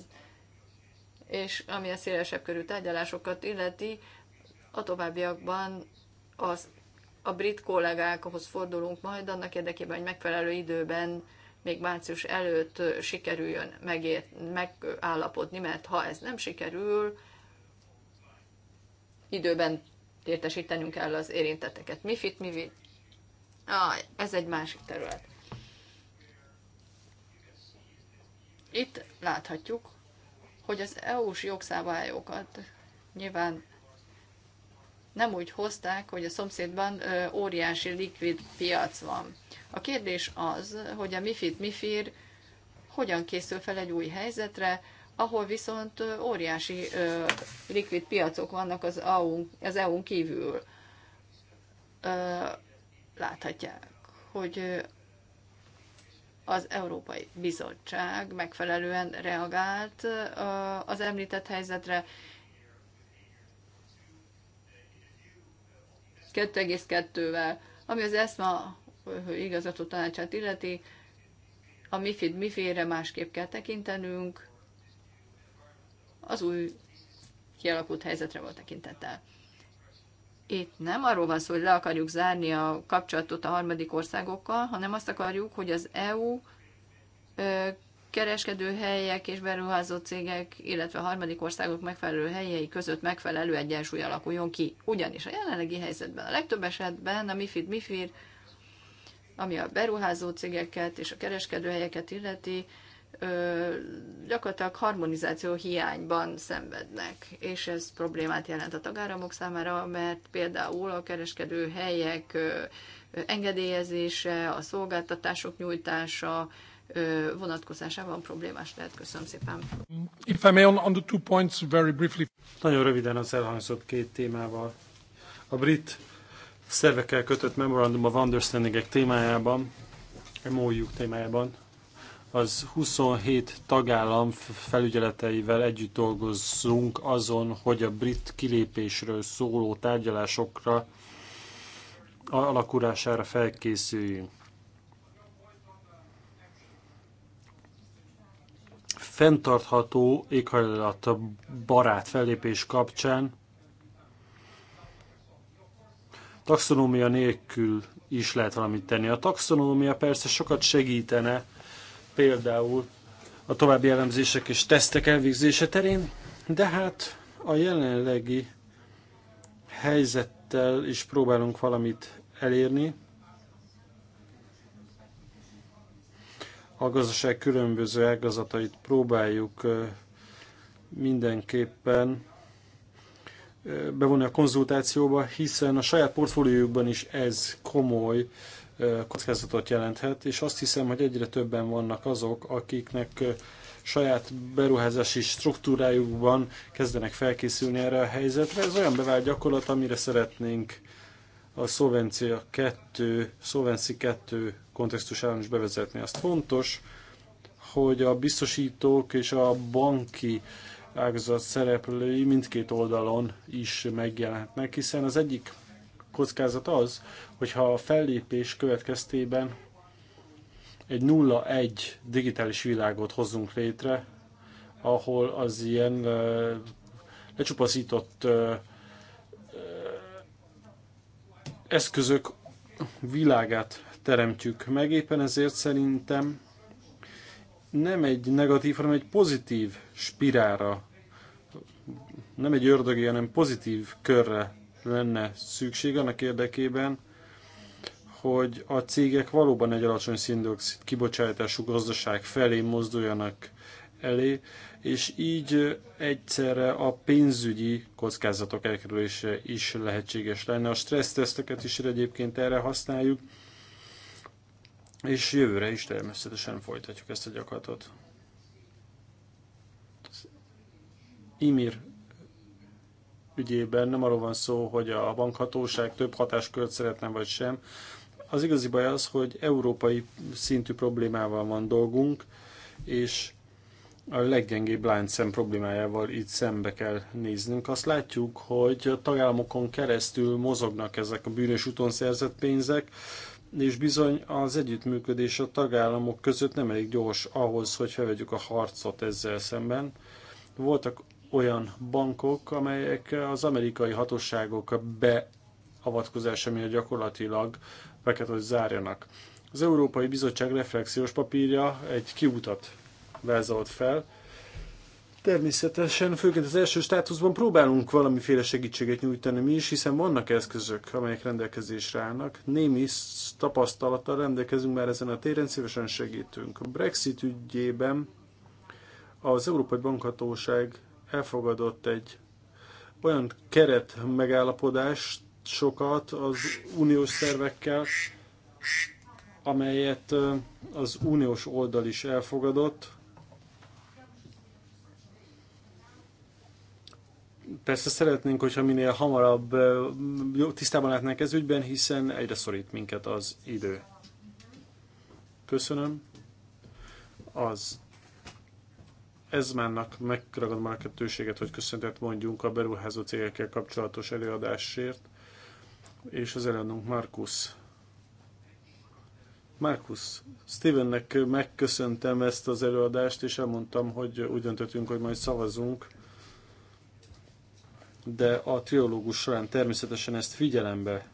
és ami a szélesebb körű tárgyalásokat illeti, a továbbiakban az, a brit kollégákhoz fordulunk majd annak érdekében, hogy megfelelő időben még március előtt sikerüljön megért, megállapodni, mert ha ez nem sikerül, időben értesítenünk kell az érintetteket. mi mivit? Ah, ez egy másik terület. Itt láthatjuk, hogy az EU-s jogszabályokat nyilván nem úgy hozták, hogy a szomszédban óriási likvid piac van. A kérdés az, hogy a MIFID MIFIR hogyan készül fel egy új helyzetre, ahol viszont óriási likvid piacok vannak az EU-n, az EU-n kívül. Láthatják, hogy az Európai Bizottság megfelelően reagált az említett helyzetre. 2,2-vel, ami az ESMA igazgató tanácsát illeti, a MIFID re másképp kell tekintenünk, az új kialakult helyzetre volt tekintettel. Itt nem arról van szó, hogy le akarjuk zárni a kapcsolatot a harmadik országokkal, hanem azt akarjuk, hogy az EU kereskedőhelyek és beruházó cégek, illetve a harmadik országok megfelelő helyei között megfelelő egyensúly alakuljon ki. Ugyanis a jelenlegi helyzetben, a legtöbb esetben a MIFID MIFIR, ami a beruházó cégeket és a kereskedőhelyeket illeti, gyakorlatilag harmonizáció hiányban szenvednek, és ez problémát jelent a tagáramok számára, mert például a kereskedő helyek engedélyezése, a szolgáltatások nyújtása vonatkozásában problémás lehet. Köszönöm szépen. If I may on, on the two points very briefly. Nagyon röviden az elhangzott két témával. A brit szervekkel kötött memorandum a understandingek témájában, MOU témájában az 27 tagállam felügyeleteivel együtt dolgozzunk azon, hogy a brit kilépésről szóló tárgyalásokra alakulására felkészüljünk. Fenntartható éghajlat barát fellépés kapcsán taxonómia nélkül is lehet valamit tenni. A taxonómia persze sokat segítene, például a további elemzések és tesztek elvégzése terén, de hát a jelenlegi helyzettel is próbálunk valamit elérni. A gazdaság különböző ágazatait próbáljuk mindenképpen bevonni a konzultációba, hiszen a saját portfóliójukban is ez komoly kockázatot jelenthet, és azt hiszem, hogy egyre többen vannak azok, akiknek saját beruházási struktúrájukban kezdenek felkészülni erre a helyzetre. Ez olyan bevált gyakorlat, amire szeretnénk a Szolvencia 2, Szolvenci 2 kontextusában is bevezetni. Azt fontos, hogy a biztosítók és a banki ágazat szereplői mindkét oldalon is megjelentnek, hiszen az egyik kockázat az, hogyha a fellépés következtében egy 0-1 digitális világot hozzunk létre, ahol az ilyen lecsupaszított eszközök világát teremtjük meg. Éppen ezért szerintem nem egy negatív, hanem egy pozitív spirára, nem egy ördögi, hanem pozitív körre lenne szükség annak érdekében, hogy a cégek valóban egy alacsony széndiokszid kibocsátású gazdaság felé mozduljanak elé, és így egyszerre a pénzügyi kockázatok elkerülése is lehetséges lenne. A stresszteszteket is egyébként erre használjuk, és jövőre is természetesen folytatjuk ezt a gyakorlatot. Imir ügyében nem arról van szó, hogy a bankhatóság több hatáskört szeretne vagy sem. Az igazi baj az, hogy európai szintű problémával van dolgunk, és a leggyengébb láncszem problémájával itt szembe kell néznünk. Azt látjuk, hogy a tagállamokon keresztül mozognak ezek a bűnös úton szerzett pénzek, és bizony az együttműködés a tagállamok között nem elég gyors ahhoz, hogy felvegyük a harcot ezzel szemben. Voltak olyan bankok, amelyek az amerikai hatóságok beavatkozása miatt gyakorlatilag be kell, hogy zárjanak. Az Európai Bizottság reflexiós papírja egy kiutat vázolt fel. Természetesen, főként az első státuszban próbálunk valamiféle segítséget nyújtani mi is, hiszen vannak eszközök, amelyek rendelkezésre állnak. Némi tapasztalattal rendelkezünk már ezen a téren, szívesen segítünk. A Brexit ügyében az Európai Bankhatóság elfogadott egy olyan keret megállapodást sokat az uniós szervekkel, amelyet az uniós oldal is elfogadott. Persze szeretnénk, hogyha minél hamarabb tisztában látnánk ez ügyben, hiszen egyre szorít minket az idő. Köszönöm. Az ez márnak megragadom a kettőséget, hogy köszöntet mondjunk a beruházó cégekkel kapcsolatos előadásért, és az előadónk Markus. Markus, Stevennek megköszöntem ezt az előadást, és elmondtam, hogy úgy döntöttünk, hogy majd szavazunk, de a triológus során természetesen ezt figyelembe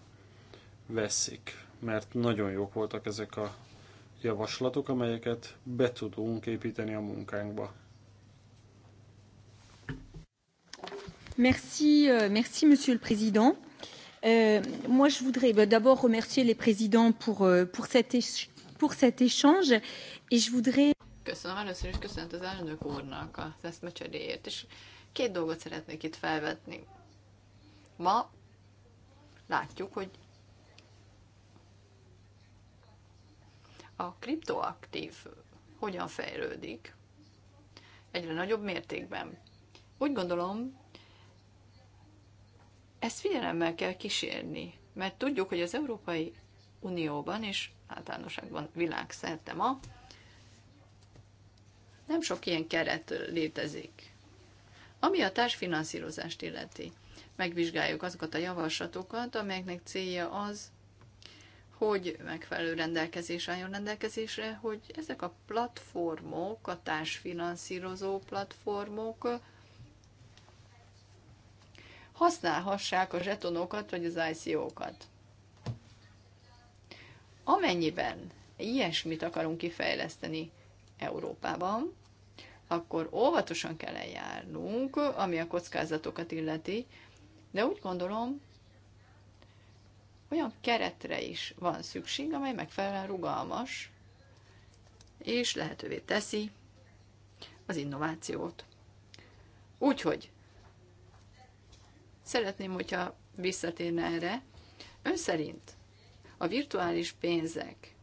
veszik, mert nagyon jók voltak ezek a javaslatok, amelyeket be tudunk építeni a munkánkba. Merci, euh, merci Monsieur le Président. Euh, moi, je voudrais bah, d'abord remercier les présidents pour, euh, pour, cet pour cet échange, et je voudrais... Köszönöm először is, köszönet az elnök úrnak a eszmecseréért, és két dolgot szeretnék itt felvetni. Ma látjuk, hogy a kriptoaktív hogyan fejlődik egyre nagyobb mértékben. Úgy gondolom, ezt figyelemmel kell kísérni, mert tudjuk, hogy az Európai Unióban és általánosságban világszerte ma nem sok ilyen keret létezik. Ami a társfinanszírozást illeti, megvizsgáljuk azokat a javaslatokat, amelyeknek célja az, hogy megfelelő rendelkezés álljon rendelkezésre, hogy ezek a platformok, a társfinanszírozó platformok használhassák a zsetonokat vagy az ICO-kat. Amennyiben ilyesmit akarunk kifejleszteni Európában, akkor óvatosan kell eljárnunk, ami a kockázatokat illeti, de úgy gondolom, olyan keretre is van szükség, amely megfelelően rugalmas, és lehetővé teszi az innovációt. Úgyhogy Szeretném, hogyha visszatérne erre. Ön szerint a virtuális pénzek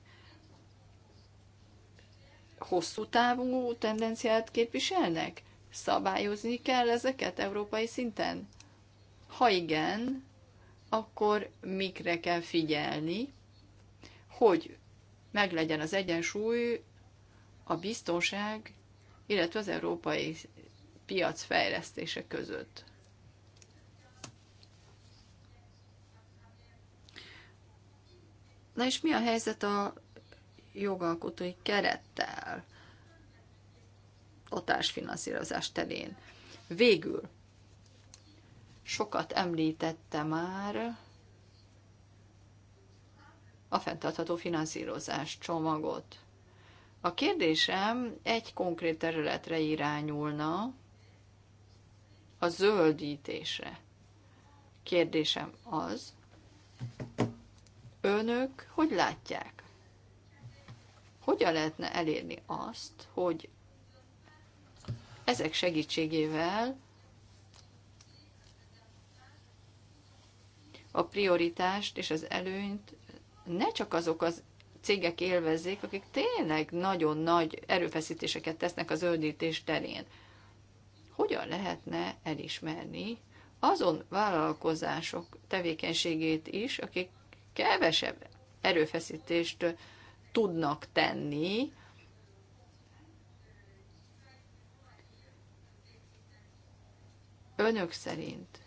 hosszú távú tendenciát képviselnek? Szabályozni kell ezeket európai szinten? Ha igen, akkor mikre kell figyelni, hogy meglegyen az egyensúly, a biztonság, illetve az európai piac fejlesztése között. Na és mi a helyzet a jogalkotói kerettel a finanszírozás terén? Végül, sokat említette már a fenntartható finanszírozás csomagot. A kérdésem egy konkrét területre irányulna, a zöldítésre. Kérdésem az, önök hogy látják? Hogyan lehetne elérni azt, hogy ezek segítségével a prioritást és az előnyt ne csak azok az cégek élvezzék, akik tényleg nagyon nagy erőfeszítéseket tesznek az öldítés terén. Hogyan lehetne elismerni azon vállalkozások tevékenységét is, akik kevesebb erőfeszítést tudnak tenni, önök szerint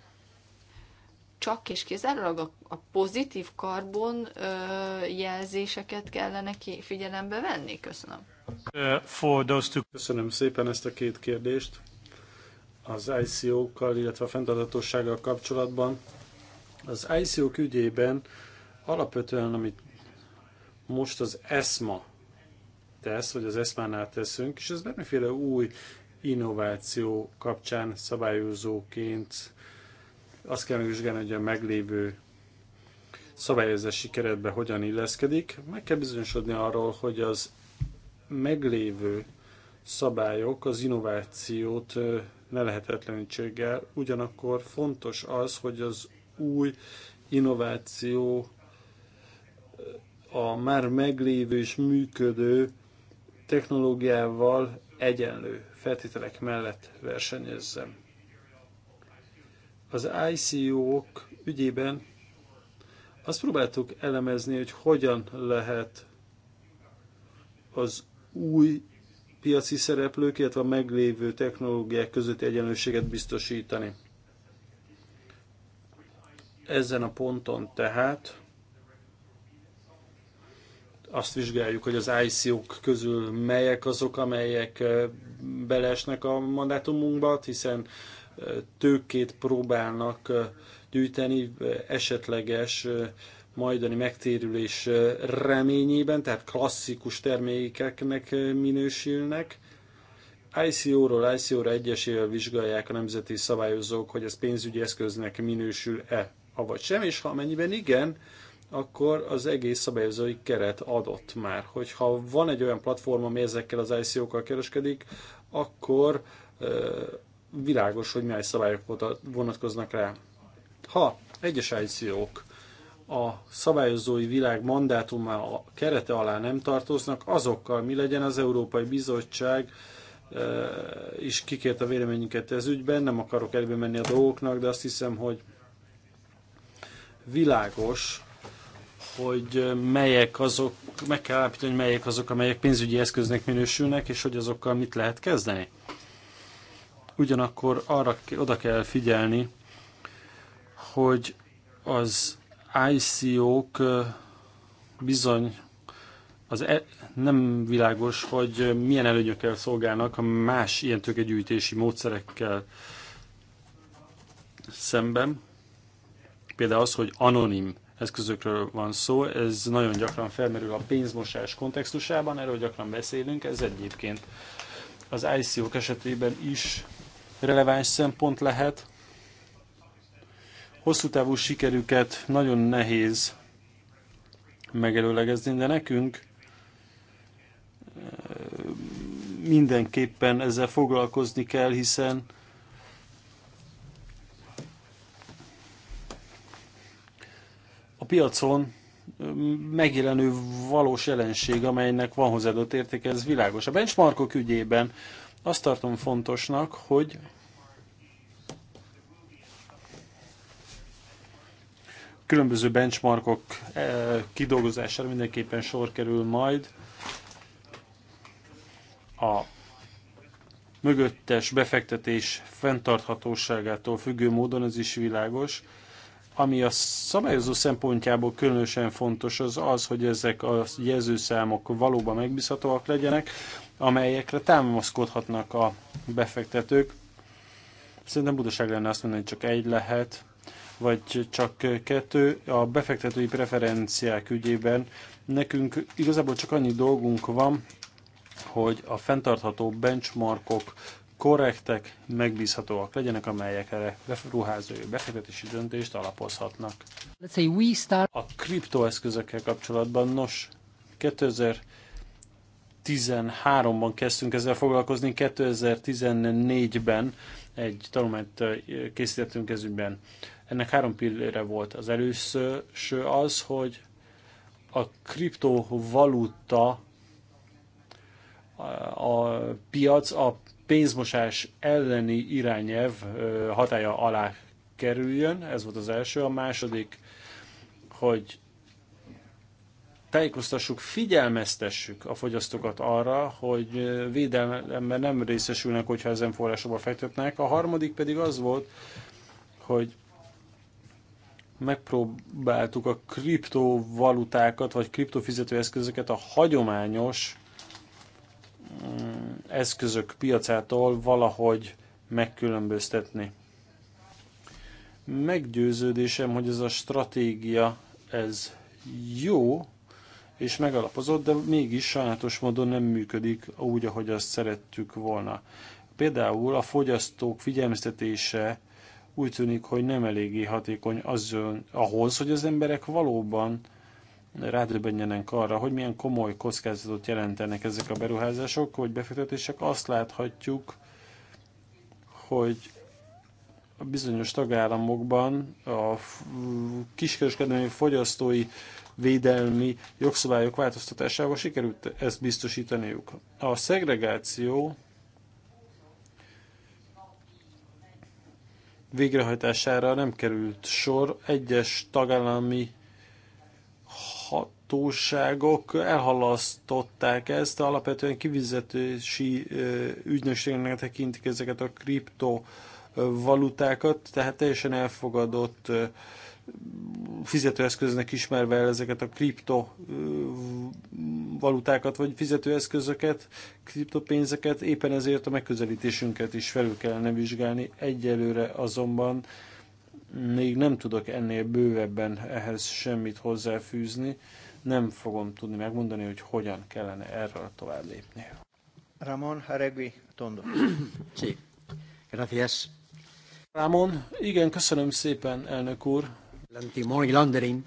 csak és kizárólag a, a pozitív karbon ö, jelzéseket kellene ki, figyelembe venni? Köszönöm. Uh, for Köszönöm szépen ezt a két kérdést. Az ICO-kkal, illetve a fenntartatossággal kapcsolatban. Az ICO-k ügyében Alapvetően, amit most az ESMA tesz, vagy az ESMA-nál teszünk, és ez bármiféle új innováció kapcsán szabályozóként azt kell megvizsgálni, hogy a meglévő szabályozási keretbe hogyan illeszkedik. Meg kell bizonyosodni arról, hogy az meglévő szabályok az innovációt ne lehetetlenítséggel, ugyanakkor fontos az, hogy az új innováció a már meglévő és működő technológiával egyenlő feltételek mellett versenyezzen. Az ICO-k ügyében azt próbáltuk elemezni, hogy hogyan lehet az új piaci szereplők, illetve a meglévő technológiák közötti egyenlőséget biztosítani. Ezen a ponton tehát azt vizsgáljuk, hogy az ICO-k közül melyek azok, amelyek belesnek a mandátumunkba, hiszen tőkét próbálnak gyűjteni esetleges majdani megtérülés reményében, tehát klasszikus termékeknek minősülnek. ICO-ról ICO-ra egyesével vizsgálják a nemzeti szabályozók, hogy ez pénzügyi eszköznek minősül-e, avagy sem, és ha amennyiben igen, akkor az egész szabályozói keret adott már. Hogyha van egy olyan platform, ami ezekkel az ICO-kkal kereskedik, akkor világos, hogy milyen szabályok vonatkoznak rá. Ha egyes ICO-k a szabályozói világ mandátuma a kerete alá nem tartoznak, azokkal mi legyen az Európai Bizottság is kikért a véleményünket ez ügyben, nem akarok elbe menni a dolgoknak, de azt hiszem, hogy világos, hogy melyek azok, meg kell állapítani, hogy melyek azok, amelyek pénzügyi eszköznek minősülnek, és hogy azokkal mit lehet kezdeni. Ugyanakkor arra oda kell figyelni, hogy az ICO-k bizony az e, nem világos, hogy milyen előnyökkel szolgálnak a más ilyen tőkegyűjtési módszerekkel szemben. Például az, hogy anonim eszközökről van szó. Ez nagyon gyakran felmerül a pénzmosás kontextusában, erről gyakran beszélünk. Ez egyébként az ICO-k esetében is releváns szempont lehet. Hosszú távú sikerüket nagyon nehéz megelőlegezni, de nekünk eh, mindenképpen ezzel foglalkozni kell, hiszen piacon mm, megjelenő valós jelenség, amelynek van hozzáadott értéke, ez világos. A benchmarkok ügyében azt tartom fontosnak, hogy különböző benchmarkok eh, kidolgozására mindenképpen sor kerül majd. A mögöttes befektetés fenntarthatóságától függő módon ez is világos. Ami a szabályozó szempontjából különösen fontos az az, hogy ezek a jelzőszámok valóban megbízhatóak legyenek, amelyekre támaszkodhatnak a befektetők. Szerintem budaság lenne azt mondani, hogy csak egy lehet, vagy csak kettő. A befektetői preferenciák ügyében nekünk igazából csak annyi dolgunk van, hogy a fenntartható benchmarkok korrektek, megbízhatóak legyenek, amelyek erre ruházói befektetési döntést alapozhatnak. A kriptoeszközökkel kapcsolatban, nos, 2013-ban kezdtünk ezzel foglalkozni, 2014-ben egy tanulmányt készítettünk ezügyben. Ennek három pillére volt. Az először az, hogy a kriptovaluta a piac, a pénzmosás elleni irányelv hatája alá kerüljön, ez volt az első. A második, hogy tájékoztassuk, figyelmeztessük a fogyasztókat arra, hogy védelemben nem részesülnek, hogyha ezen forrásokba fektetnek. A harmadik pedig az volt, hogy megpróbáltuk a kriptovalutákat, vagy kriptofizetőeszközöket a hagyományos eszközök piacától valahogy megkülönböztetni. Meggyőződésem, hogy ez a stratégia, ez jó és megalapozott, de mégis sajátos módon nem működik úgy, ahogy azt szerettük volna. Például a fogyasztók figyelmeztetése úgy tűnik, hogy nem eléggé hatékony azon, ahhoz, hogy az emberek valóban rádöbbenjenek arra, hogy milyen komoly kockázatot jelentenek ezek a beruházások, vagy befektetések, azt láthatjuk, hogy a bizonyos tagállamokban a kiskereskedelmi fogyasztói védelmi jogszabályok változtatásával sikerült ezt biztosítaniuk. A szegregáció végrehajtására nem került sor. Egyes tagállami hatóságok elhalasztották ezt, alapvetően kivizetési ügynökségnek tekintik ezeket a kriptovalutákat, tehát teljesen elfogadott fizetőeszköznek ismerve el ezeket a kriptovalutákat, vagy fizetőeszközöket, kriptopénzeket, éppen ezért a megközelítésünket is felül kellene vizsgálni. Egyelőre azonban még nem tudok ennél bővebben ehhez semmit hozzáfűzni nem fogom tudni megmondani, hogy hogyan kellene erről tovább lépni. Ramon Haregui Tondo. sí. Gracias. Ramon, igen, köszönöm szépen, elnök úr. anti laundering.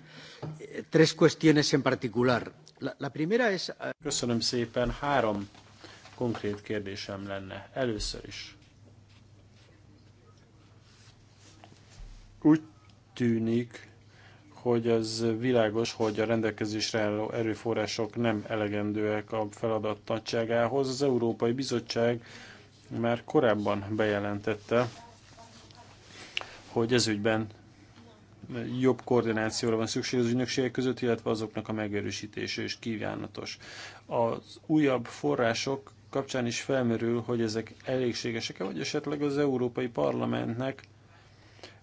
Tres cuestiones en particular. La, la primera es... Eh, köszönöm szépen, három konkrét kérdésem lenne. Először is. Úgy tűnik, hogy az világos, hogy a rendelkezésre álló erőforrások nem elegendőek a feladat nagyságához. Az Európai Bizottság már korábban bejelentette, hogy ezügyben jobb koordinációra van szükség az ügynökségek között, illetve azoknak a megerősítése is kívánatos. Az újabb források kapcsán is felmerül, hogy ezek elégségesek-e, vagy esetleg az Európai Parlamentnek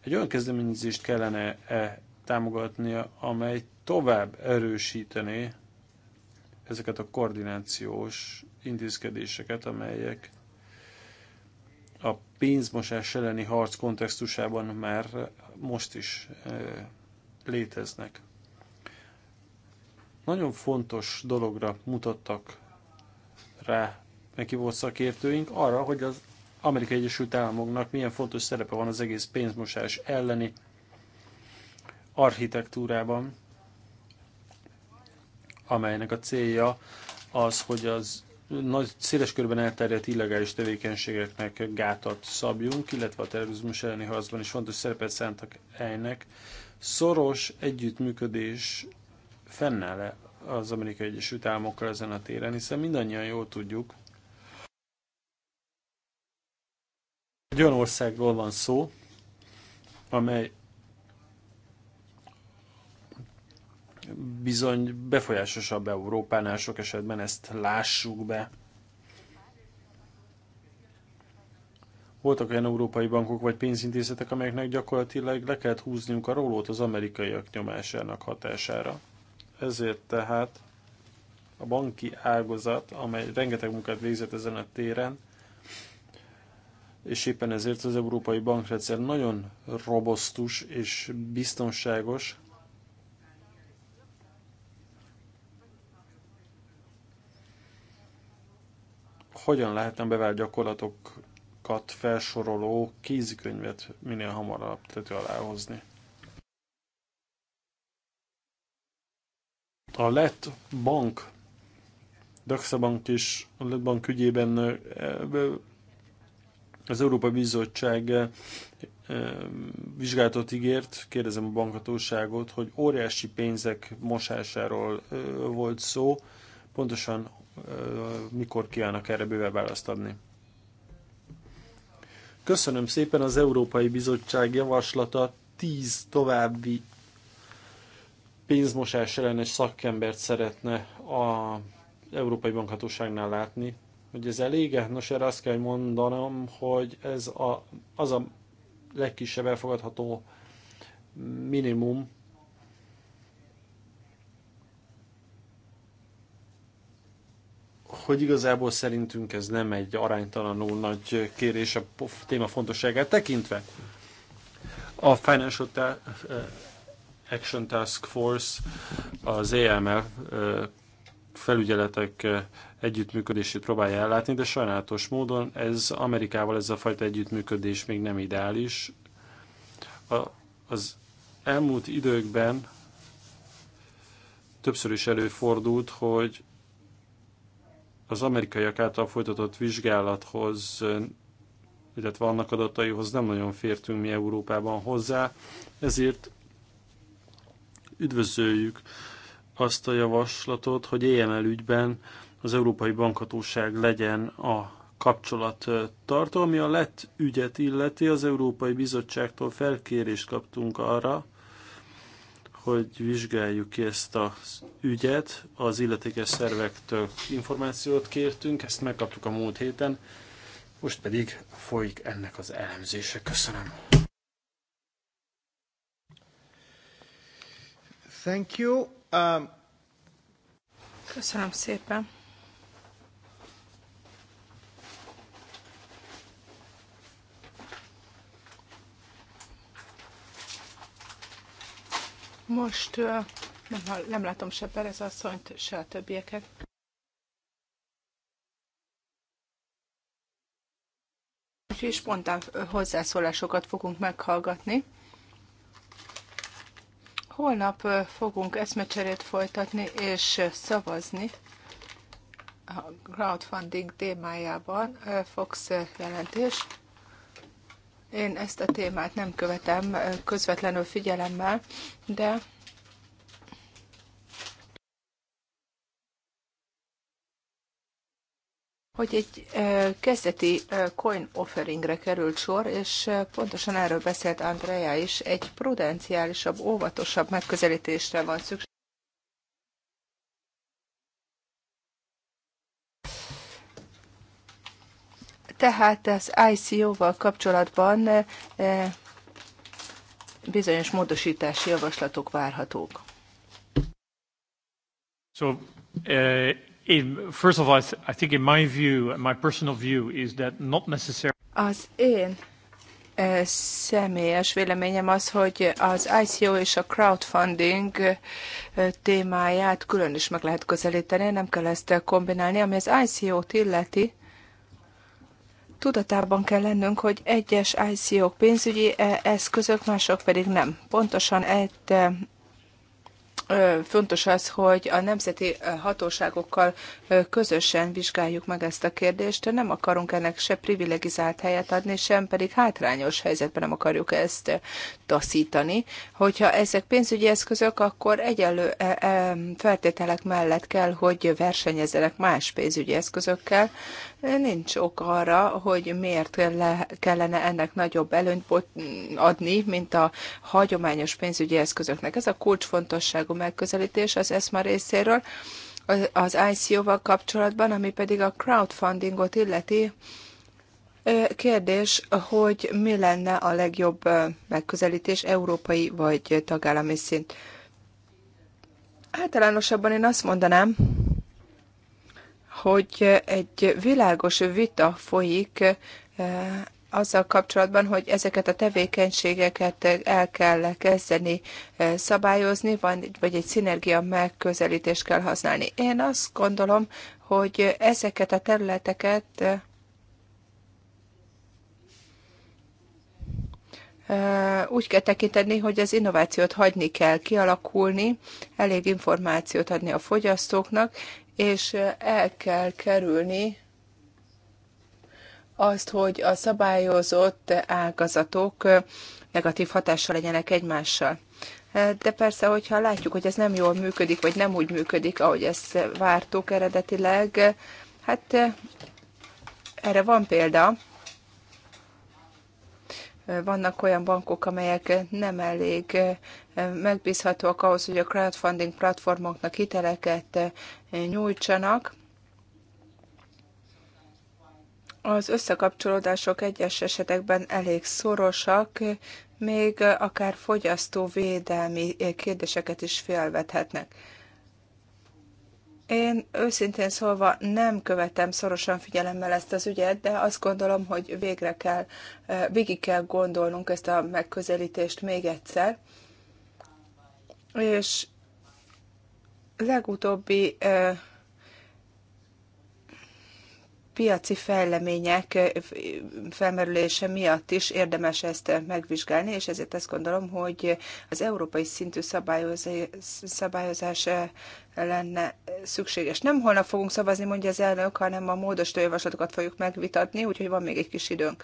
egy olyan kezdeményezést kellene -e támogatnia, amely tovább erősítené ezeket a koordinációs intézkedéseket, amelyek a pénzmosás elleni harc kontextusában már most is e, léteznek. Nagyon fontos dologra mutattak rá, neki volt szakértőink, arra, hogy az Amerikai Egyesült Államoknak milyen fontos szerepe van az egész pénzmosás elleni architektúrában, amelynek a célja az, hogy az nagy, széles körben elterjedt illegális tevékenységeknek gátat szabjunk, illetve a terrorizmus elleni harcban is fontos szerepet szántak ennek. Szoros együttműködés fennáll-e az Amerikai Egyesült Államokkal ezen a téren, hiszen mindannyian jól tudjuk, egy olyan országról van szó, amely bizony befolyásosabb Európánál sok esetben, ezt lássuk be. Voltak olyan európai bankok vagy pénzintézetek, amelyeknek gyakorlatilag le kellett húzniuk a rólót az amerikaiak nyomásának hatására. Ezért tehát a banki ágazat, amely rengeteg munkát végzett ezen a téren, és éppen ezért az európai bankrendszer nagyon robosztus és biztonságos, hogyan lehetne bevált gyakorlatokat felsoroló kézikönyvet minél hamarabb tető alá hozni. A lett bank, Daxa Bank is, a lett bank ügyében az Európai Bizottság vizsgálatot ígért, kérdezem a bankatóságot, hogy óriási pénzek mosásáról volt szó, pontosan mikor kívánnak erre bőve választ adni. Köszönöm szépen az Európai Bizottság javaslata 10 további pénzmosás ellenes szakembert szeretne a Európai Bankhatóságnál látni. Hogy ez elég. Nos, erre azt kell mondanom, hogy ez a, az a legkisebb elfogadható minimum, hogy igazából szerintünk ez nem egy aránytalanul nagy kérés a téma fontosságát tekintve. A Financial eh, Action Task Force az EML eh, felügyeletek eh, együttműködését próbálja ellátni, de sajnálatos módon ez Amerikával ez a fajta együttműködés még nem ideális. A, az elmúlt időkben többször is előfordult, hogy az amerikaiak által folytatott vizsgálathoz, illetve annak adataihoz nem nagyon fértünk mi Európában hozzá, ezért üdvözöljük azt a javaslatot, hogy EML ügyben az Európai Bankhatóság legyen a kapcsolat tartó, ami a lett ügyet illeti, az Európai Bizottságtól felkérést kaptunk arra, hogy vizsgáljuk ki ezt az ügyet. Az illetékes szervektől információt kértünk, ezt megkaptuk a múlt héten, most pedig folyik ennek az elemzése. Köszönöm. Thank you. Um... Köszönöm szépen. Most nem, nem látom se Perez asszonyt, se a többieket. Úgyhogy spontán hozzászólásokat fogunk meghallgatni. Holnap fogunk eszmecserét folytatni és szavazni a crowdfunding témájában Fox jelentés. Én ezt a témát nem követem közvetlenül figyelemmel, de hogy egy kezdeti coin offeringre került sor, és pontosan erről beszélt Andrea is, egy prudenciálisabb, óvatosabb megközelítésre van szükség. Tehát az ICO-val kapcsolatban eh, bizonyos módosítási javaslatok várhatók. So, uh, in, first of all, I think in my view, my personal view is that not necessarily. Az én eh, személyes véleményem az, hogy az ICO és a crowdfunding témáját külön is meg lehet közelíteni, nem kell ezt kombinálni. Ami az ICO-t illeti, Tudatában kell lennünk, hogy egyes ICO-k pénzügyi eh, eszközök, mások pedig nem. Pontosan egy eh, fontos az, hogy a nemzeti eh, hatóságokkal közösen vizsgáljuk meg ezt a kérdést. Nem akarunk ennek se privilegizált helyet adni, sem pedig hátrányos helyzetben nem akarjuk ezt taszítani. Hogyha ezek pénzügyi eszközök, akkor egyenlő feltételek mellett kell, hogy versenyezzenek más pénzügyi eszközökkel, Nincs ok arra, hogy miért kellene ennek nagyobb előnyt adni, mint a hagyományos pénzügyi eszközöknek. Ez a kulcsfontosságú megközelítés az ESMA részéről az ICO-val e kapcsolatban, ami pedig a crowdfundingot illeti. Kérdés, hogy mi lenne a legjobb megközelítés, európai vagy tagállami szint? Általánosabban én azt mondanám, hogy egy világos vita folyik eh, azzal kapcsolatban, hogy ezeket a tevékenységeket el kell kezdeni eh, szabályozni, vagy egy szinergia megközelítést kell használni. Én azt gondolom, hogy ezeket a területeket eh, úgy kell tekinteni, hogy az innovációt hagyni kell kialakulni, elég információt adni a fogyasztóknak, és el kell kerülni azt, hogy a szabályozott ágazatok negatív hatással legyenek egymással. De persze, hogyha látjuk, hogy ez nem jól működik, vagy nem úgy működik, ahogy ezt vártuk eredetileg, hát erre van példa. Vannak olyan bankok, amelyek nem elég eh, megbízhatóak ahhoz, hogy a crowdfunding platformoknak hiteleket eh, nyújtsanak. Az összekapcsolódások egyes esetekben elég szorosak, még akár fogyasztóvédelmi eh, kérdéseket is felvethetnek. Én őszintén szólva nem követem szorosan figyelemmel ezt az ügyet, de azt gondolom, hogy végre kell, végig kell gondolnunk ezt a megközelítést még egyszer. És legutóbbi piaci fejlemények felmerülése miatt is érdemes ezt megvizsgálni, és ezért azt gondolom, hogy az európai szintű szabályozás lenne szükséges. Nem holnap fogunk szavazni, mondja az elnök, hanem a módosító javaslatokat fogjuk megvitatni, úgyhogy van még egy kis időnk.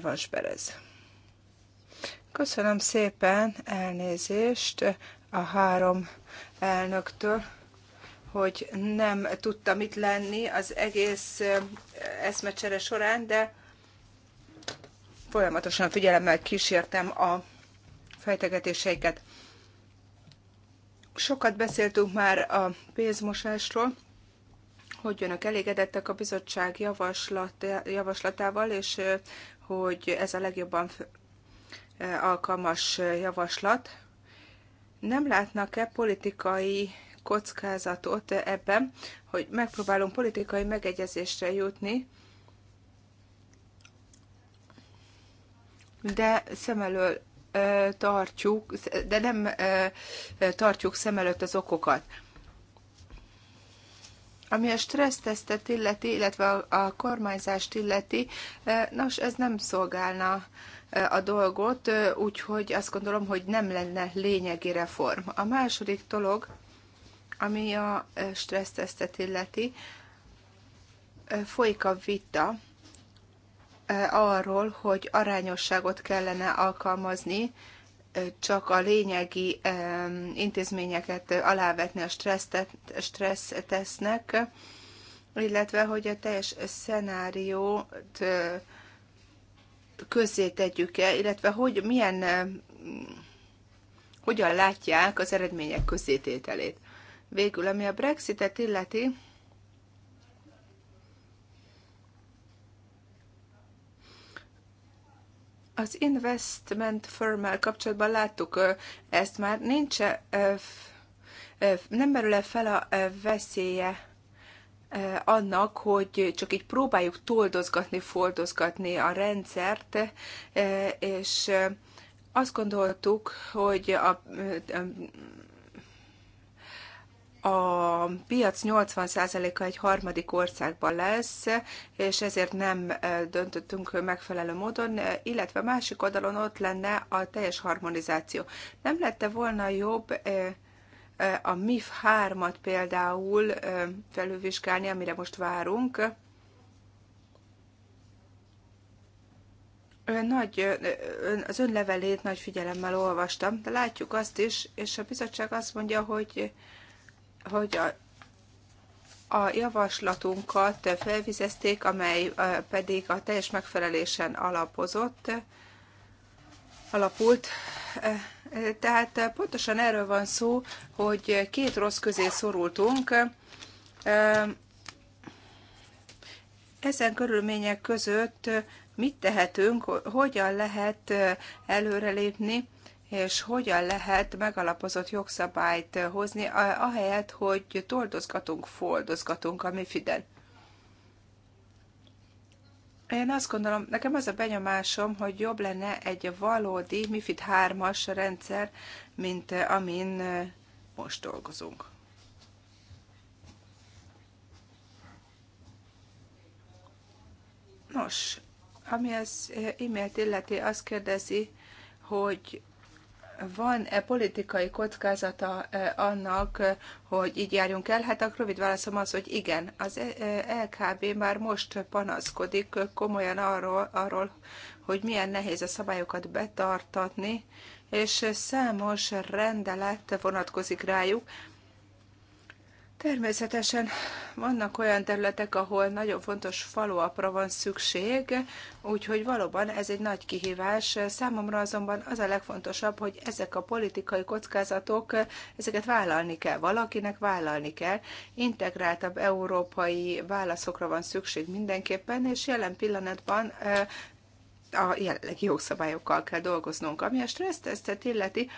van Sperez. Köszönöm szépen elnézést a három elnöktől hogy nem tudtam itt lenni az egész eh, eszmecsere során, de folyamatosan figyelemmel kísértem a fejtegetéseiket. Sokat beszéltünk már a pénzmosásról, hogy önök elégedettek a bizottság javaslat, javaslatával, és eh, hogy ez a legjobban eh, alkalmas javaslat. Nem látnak-e politikai kockázatot ebben, hogy megpróbálunk politikai megegyezésre jutni, de szem elől tartjuk, de nem tartjuk szem előtt az okokat. Ami a stressztesztet illeti, illetve a kormányzást illeti, nos, ez nem szolgálna a dolgot, úgyhogy azt gondolom, hogy nem lenne lényegi reform. A második dolog, ami a stressztesztet illeti, folyik a vita arról, hogy arányosságot kellene alkalmazni, csak a lényegi intézményeket alávetni a stressz illetve hogy a teljes szenáriót közzé tegyük-e, illetve hogy milyen, hogyan látják az eredmények közzétételét. Végül, ami a Brexitet illeti, az investment firm-mel kapcsolatban láttuk ezt már, nincs -e, nem merül -e fel a veszélye annak, hogy csak így próbáljuk toldozgatni, foldozgatni a rendszert, és azt gondoltuk, hogy a a piac 80%-a egy harmadik országban lesz, és ezért nem döntöttünk megfelelő módon, illetve másik oldalon ott lenne a teljes harmonizáció. Nem lette volna jobb a MIF 3-at például felülvizsgálni, amire most várunk, Nagy nagy, ön, az önlevelét nagy figyelemmel olvastam, de látjuk azt is, és a bizottság azt mondja, hogy hogy a, a javaslatunkat felvizezték, amely pedig a teljes megfelelésen alapozott, alapult. Tehát pontosan erről van szó, hogy két rossz közé szorultunk. Ezen körülmények között mit tehetünk, hogyan lehet előrelépni, és hogyan lehet megalapozott jogszabályt hozni, ahelyett, hogy toldozgatunk, foldozgatunk a MIFID-en. Én azt gondolom, nekem az a benyomásom, hogy jobb lenne egy valódi MIFID 3-as rendszer, mint amin most dolgozunk. Nos, ami az e-mailt illeti, azt kérdezi, hogy van-e politikai kockázata eh, annak, eh, hogy így járjunk el? Hát a rövid válaszom az, hogy igen. Az eh, LKB már most panaszkodik komolyan arról, arról hogy milyen nehéz a szabályokat betartatni, és számos rendelet vonatkozik rájuk, Természetesen vannak olyan területek, ahol nagyon fontos faluapra van szükség, úgyhogy valóban ez egy nagy kihívás. Számomra azonban az a legfontosabb, hogy ezek a politikai kockázatok, ezeket vállalni kell, valakinek vállalni kell. Integráltabb európai válaszokra van szükség mindenképpen, és jelen pillanatban a jelenlegi jogszabályokkal kell dolgoznunk. Ami a stressztesztet illeti,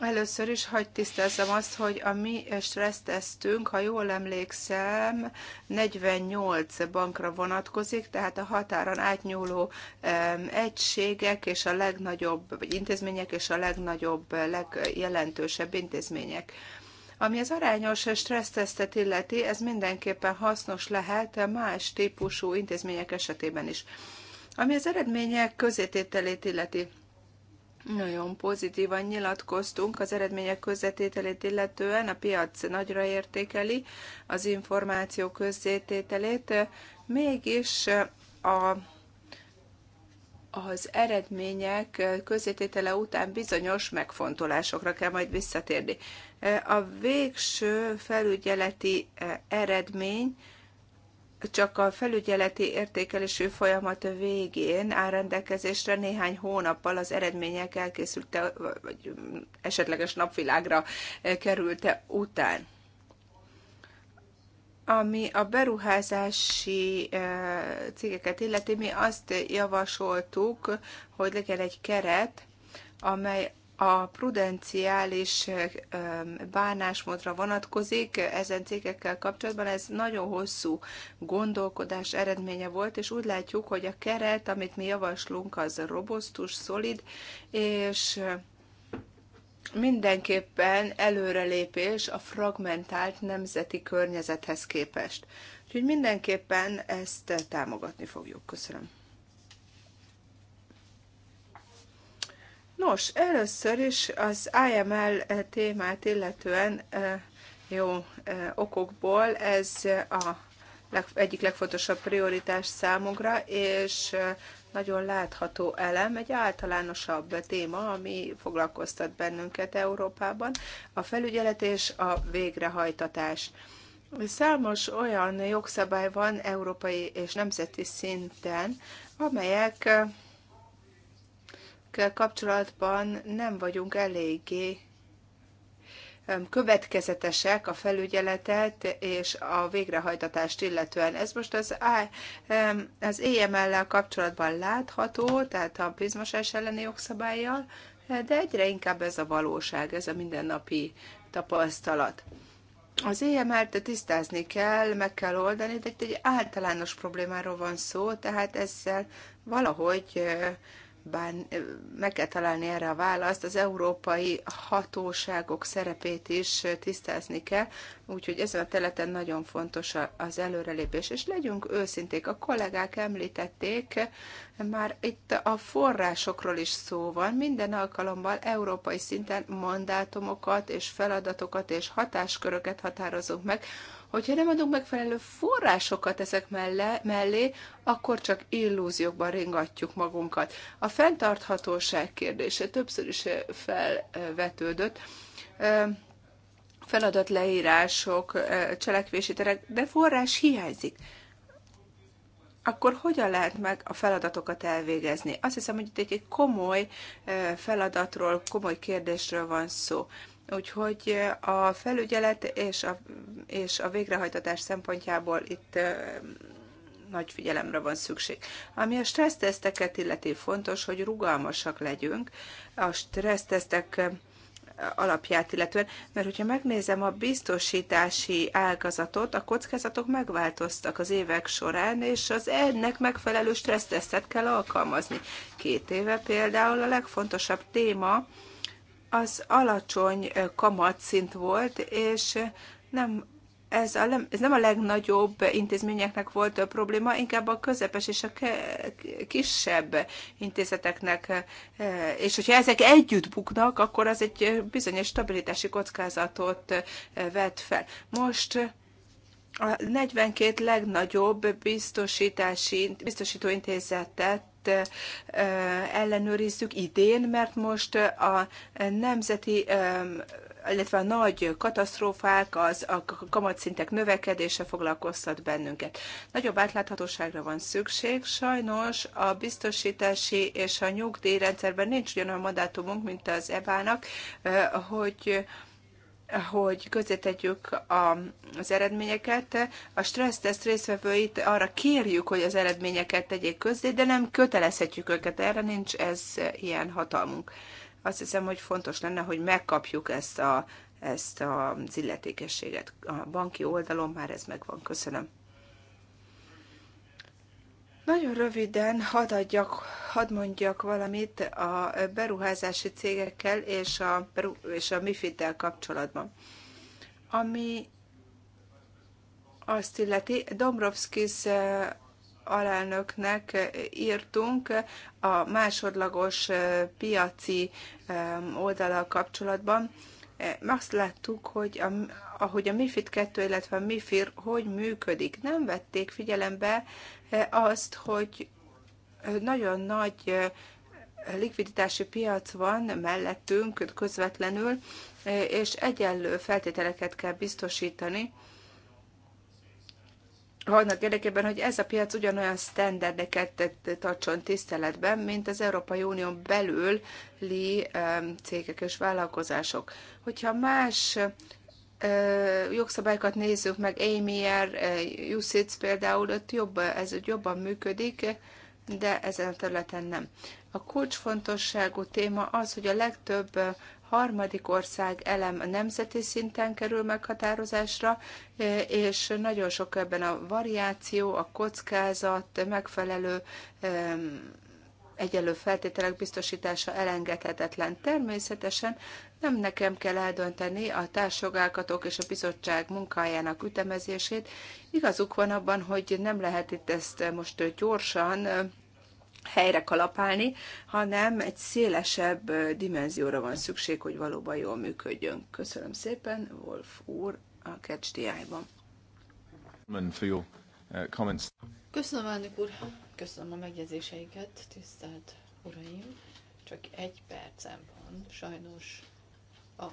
Először is hagyd tisztázzam azt, hogy a mi stressztesztünk, ha jól emlékszem, 48 bankra vonatkozik, tehát a határon átnyúló egységek és a legnagyobb, vagy intézmények és a legnagyobb, legjelentősebb intézmények. Ami az arányos stressztesztet illeti, ez mindenképpen hasznos lehet más típusú intézmények esetében is. Ami az eredmények közétételét illeti, nagyon pozitívan nyilatkoztunk az eredmények közzetételét illetően, a piac nagyra értékeli az információ közzétételét, mégis a az eredmények közzététele után bizonyos megfontolásokra kell majd visszatérni. A végső felügyeleti eredmény csak a felügyeleti értékelésű folyamat végén áll rendelkezésre néhány hónappal az eredmények elkészülte, vagy esetleges napvilágra eh, kerülte után. Ami a beruházási eh, cégeket illeti, mi azt javasoltuk, hogy legyen egy keret, amely a prudenciális bánásmódra vonatkozik ezen cégekkel kapcsolatban. Ez nagyon hosszú gondolkodás eredménye volt, és úgy látjuk, hogy a keret, amit mi javaslunk, az robosztus, szolid, és mindenképpen előrelépés a fragmentált nemzeti környezethez képest. Úgyhogy mindenképpen ezt támogatni fogjuk. Köszönöm. Nos, először is az IML eh, témát illetően eh, jó eh, okokból ez a leg, egyik legfontosabb prioritás számunkra, és nagyon látható elem, egy általánosabb téma, ami foglalkoztat bennünket Európában, a felügyelet és a végrehajtatás. Számos olyan jogszabály van európai és nemzeti szinten, amelyek ezekkel kapcsolatban nem vagyunk eléggé következetesek a felügyeletet és a végrehajtatást illetően. Ez most az, az EML-lel kapcsolatban látható, tehát a pénzmosás elleni jogszabályjal, de egyre inkább ez a valóság, ez a mindennapi tapasztalat. Az EML-t tisztázni kell, meg kell oldani, de itt egy általános problémáról van szó, tehát ezzel valahogy bár meg kell találni erre a választ, az európai hatóságok szerepét is tisztázni kell, úgyhogy ezen a területen nagyon fontos az előrelépés. És legyünk őszinték, a kollégák említették, már itt a forrásokról is szó van, minden alkalommal európai szinten mandátumokat és feladatokat és hatásköröket határozunk meg, Hogyha nem adunk megfelelő forrásokat ezek mellé, mellé akkor csak illúziókban ringatjuk magunkat. A fenntarthatóság kérdése többször is felvetődött feladatleírások, cselekvési terek, de forrás hiányzik. Akkor hogyan lehet meg a feladatokat elvégezni? Azt hiszem, hogy itt egy komoly feladatról, komoly kérdésről van szó. Úgyhogy a felügyelet és a, és a végrehajtatás szempontjából itt nagy figyelemre van szükség. Ami a stresszteszteket illeti fontos, hogy rugalmasak legyünk. A stressztesztek alapját illetően, mert hogyha megnézem a biztosítási ágazatot, a kockázatok megváltoztak az évek során, és az ennek megfelelő stressztesztet kell alkalmazni. Két éve például a legfontosabb téma az alacsony kamatszint volt, és nem ez, a, ez nem a legnagyobb intézményeknek volt a probléma, inkább a közepes és a kisebb intézeteknek. És hogyha ezek együtt buknak, akkor az egy bizonyos stabilitási kockázatot vet fel. Most a 42 legnagyobb biztosítási, biztosító intézetet ellenőrizzük idén, mert most a nemzeti illetve a nagy katasztrófák, az a kamatszintek növekedése foglalkoztat bennünket. Nagyobb átláthatóságra van szükség. Sajnos a biztosítási és a nyugdíjrendszerben nincs ugyanolyan mandátumunk, mint az EBA-nak, hogy hogy közzétetjük az eredményeket. A stresszteszt részvevőit arra kérjük, hogy az eredményeket tegyék közzé, de nem kötelezhetjük őket erre, nincs ez ilyen hatalmunk. Azt hiszem, hogy fontos lenne, hogy megkapjuk ezt, a, ezt az illetékességet. A banki oldalon már ez megvan. Köszönöm. Nagyon röviden hadd, adjak, hadd mondjak valamit a beruházási cégekkel és a, és a MIFID-del kapcsolatban. Ami azt illeti, Dombrovskis eh, alelnöknek írtunk a másodlagos eh, piaci eh, oldalal kapcsolatban. Azt láttuk, hogy a, ahogy a MIFID 2, illetve a MIFIR hogy működik. Nem vették figyelembe E, azt, hogy e, nagyon nagy e, likviditási piac van mellettünk közvetlenül, és egyenlő feltételeket kell biztosítani annak érdekében, hogy ez a piac ugyanolyan sztenderdeket tartson tiszteletben, mint az Európai Unión belüli cégek és vállalkozások. Hogyha más jogszabályokat nézzük meg, AMR, USITS például, ott jobb, ez jobban működik, de ezen a területen nem. A kulcsfontosságú téma az, hogy a legtöbb harmadik ország elem nemzeti szinten kerül meghatározásra, és nagyon sok ebben a variáció, a kockázat, megfelelő egyenlő feltételek biztosítása elengedhetetlen. Természetesen nem nekem kell eldönteni a társjogálkatók és a bizottság munkájának ütemezését. Igazuk van abban, hogy nem lehet itt ezt most gyorsan helyre kalapálni, hanem egy szélesebb dimenzióra van szükség, hogy valóban jól működjön. Köszönöm szépen, Wolf úr, a Catch ban uh, Köszönöm, elnök úr. Köszönöm a megjegyzéseiket, tisztelt uraim. Csak egy percem van, sajnos a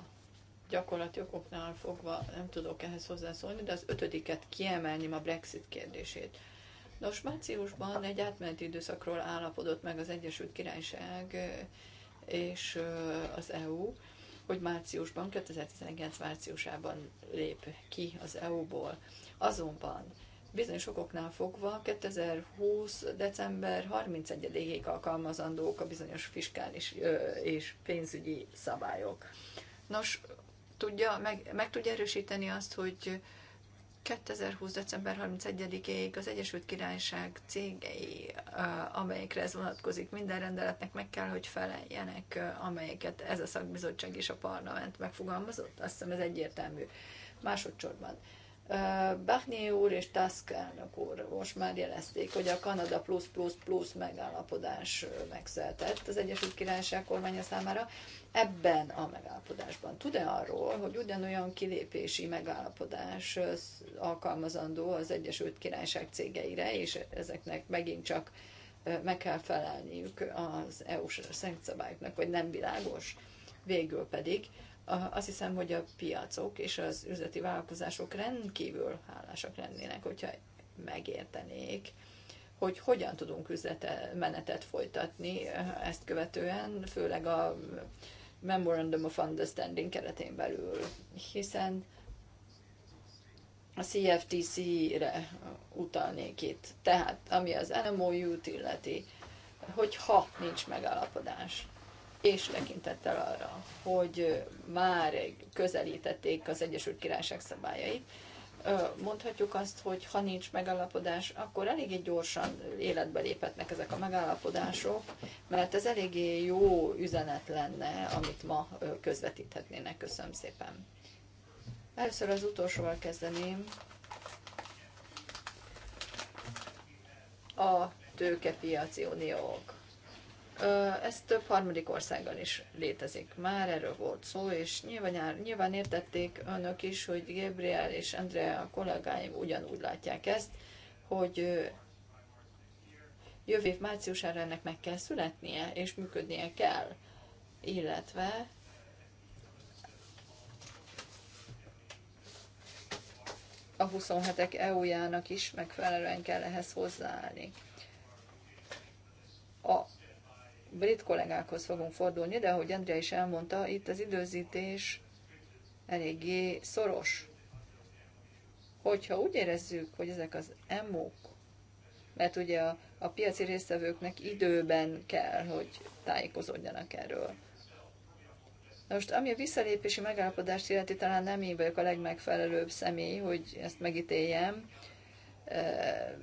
gyakorlati okoknál fogva nem tudok ehhez hozzászólni, de az ötödiket kiemelném a Brexit kérdését. Nos, márciusban egy átmeneti időszakról állapodott meg az Egyesült Királyság és az EU, hogy márciusban, 2019 márciusában lép ki az EU-ból. Azonban bizonyos okoknál fogva 2020. december 31-ig alkalmazandók a bizonyos fiskális és pénzügyi szabályok. Nos, tudja, meg, meg tudja erősíteni azt, hogy 2020. december 31-ig az Egyesült Királyság cégei, amelyekre ez vonatkozik, minden rendeletnek meg kell, hogy feleljenek, amelyeket ez a szakbizottság és a parlament megfogalmazott. Azt hiszem ez egyértelmű. Másodszorban Barnier úr és Tusk elnök úr most már jelezték, hogy a Kanada plusz plusz plusz megállapodás megszeltett az Egyesült Királyság kormánya számára. Ebben a megállapodásban tud-e arról, hogy ugyanolyan kilépési megállapodás alkalmazandó az Egyesült Királyság cégeire, és ezeknek megint csak meg kell felelniük az EU-s szenkszabályoknak, vagy nem világos? Végül pedig azt hiszem, hogy a piacok és az üzleti vállalkozások rendkívül hálásak lennének, hogyha megértenék, hogy hogyan tudunk menetet folytatni eh, ezt követően, főleg a Memorandum of Understanding keretén belül, hiszen a CFTC-re utalnék itt, tehát ami az NMOU-t illeti, hogyha nincs megállapodás és tekintettel arra, hogy már közelítették az Egyesült Királyság szabályait, mondhatjuk azt, hogy ha nincs megállapodás, akkor eléggé gyorsan életbe léphetnek ezek a megállapodások, mert ez eléggé jó üzenet lenne, amit ma közvetíthetnének. Köszönöm szépen. Először az utolsóval kezdeném. A tőkepiaci uniók ez több harmadik országban is létezik már, erről volt szó, és nyilván, nyilván értették önök is, hogy Gabriel és Andrea a kollégáim ugyanúgy látják ezt, hogy jövő év márciusára ennek meg kell születnie, és működnie kell, illetve a 27-ek EU-jának is megfelelően kell ehhez hozzáállni. A brit kollégákhoz fogunk fordulni, de ahogy Andrea is elmondta, itt az időzítés eléggé szoros. Hogyha úgy érezzük, hogy ezek az emók, mert ugye a, a piaci résztvevőknek időben kell, hogy tájékozódjanak erről. Na most, ami a visszalépési megállapodást illeti, talán nem én vagyok a legmegfelelőbb személy, hogy ezt megítéljem,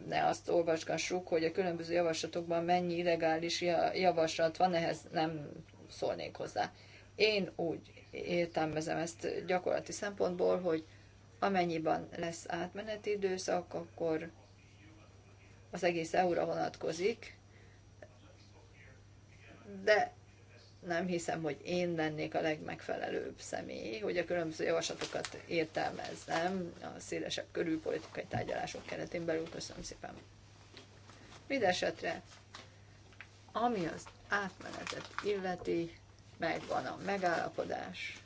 ne azt olvasgassuk, hogy a különböző javaslatokban mennyi illegális javaslat van, ehhez nem szólnék hozzá. Én úgy értelmezem ezt gyakorlati szempontból, hogy amennyiben lesz átmeneti időszak, akkor az egész EU-ra vonatkozik, de nem hiszem, hogy én lennék a legmegfelelőbb személy, hogy a különböző javaslatokat értelmeznem a szélesebb körű politikai tárgyalások keretén belül. Köszönöm szépen. Mindenesetre, ami az átmenetet illeti, megvan a megállapodás,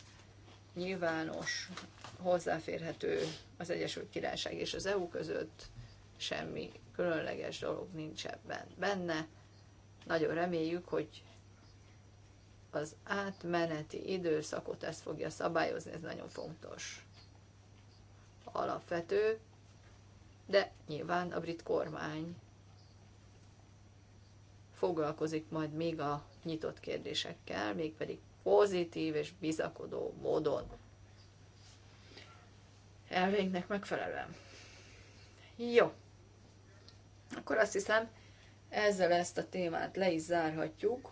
nyilvános, hozzáférhető az Egyesült Királyság és az EU között, semmi különleges dolog nincs ebben benne. Nagyon reméljük, hogy az átmeneti időszakot ezt fogja szabályozni, ez nagyon fontos. Alapvető, de nyilván a brit kormány foglalkozik majd még a nyitott kérdésekkel, mégpedig pozitív és bizakodó módon. Elvégnek megfelelően. Jó. Akkor azt hiszem, ezzel ezt a témát le is zárhatjuk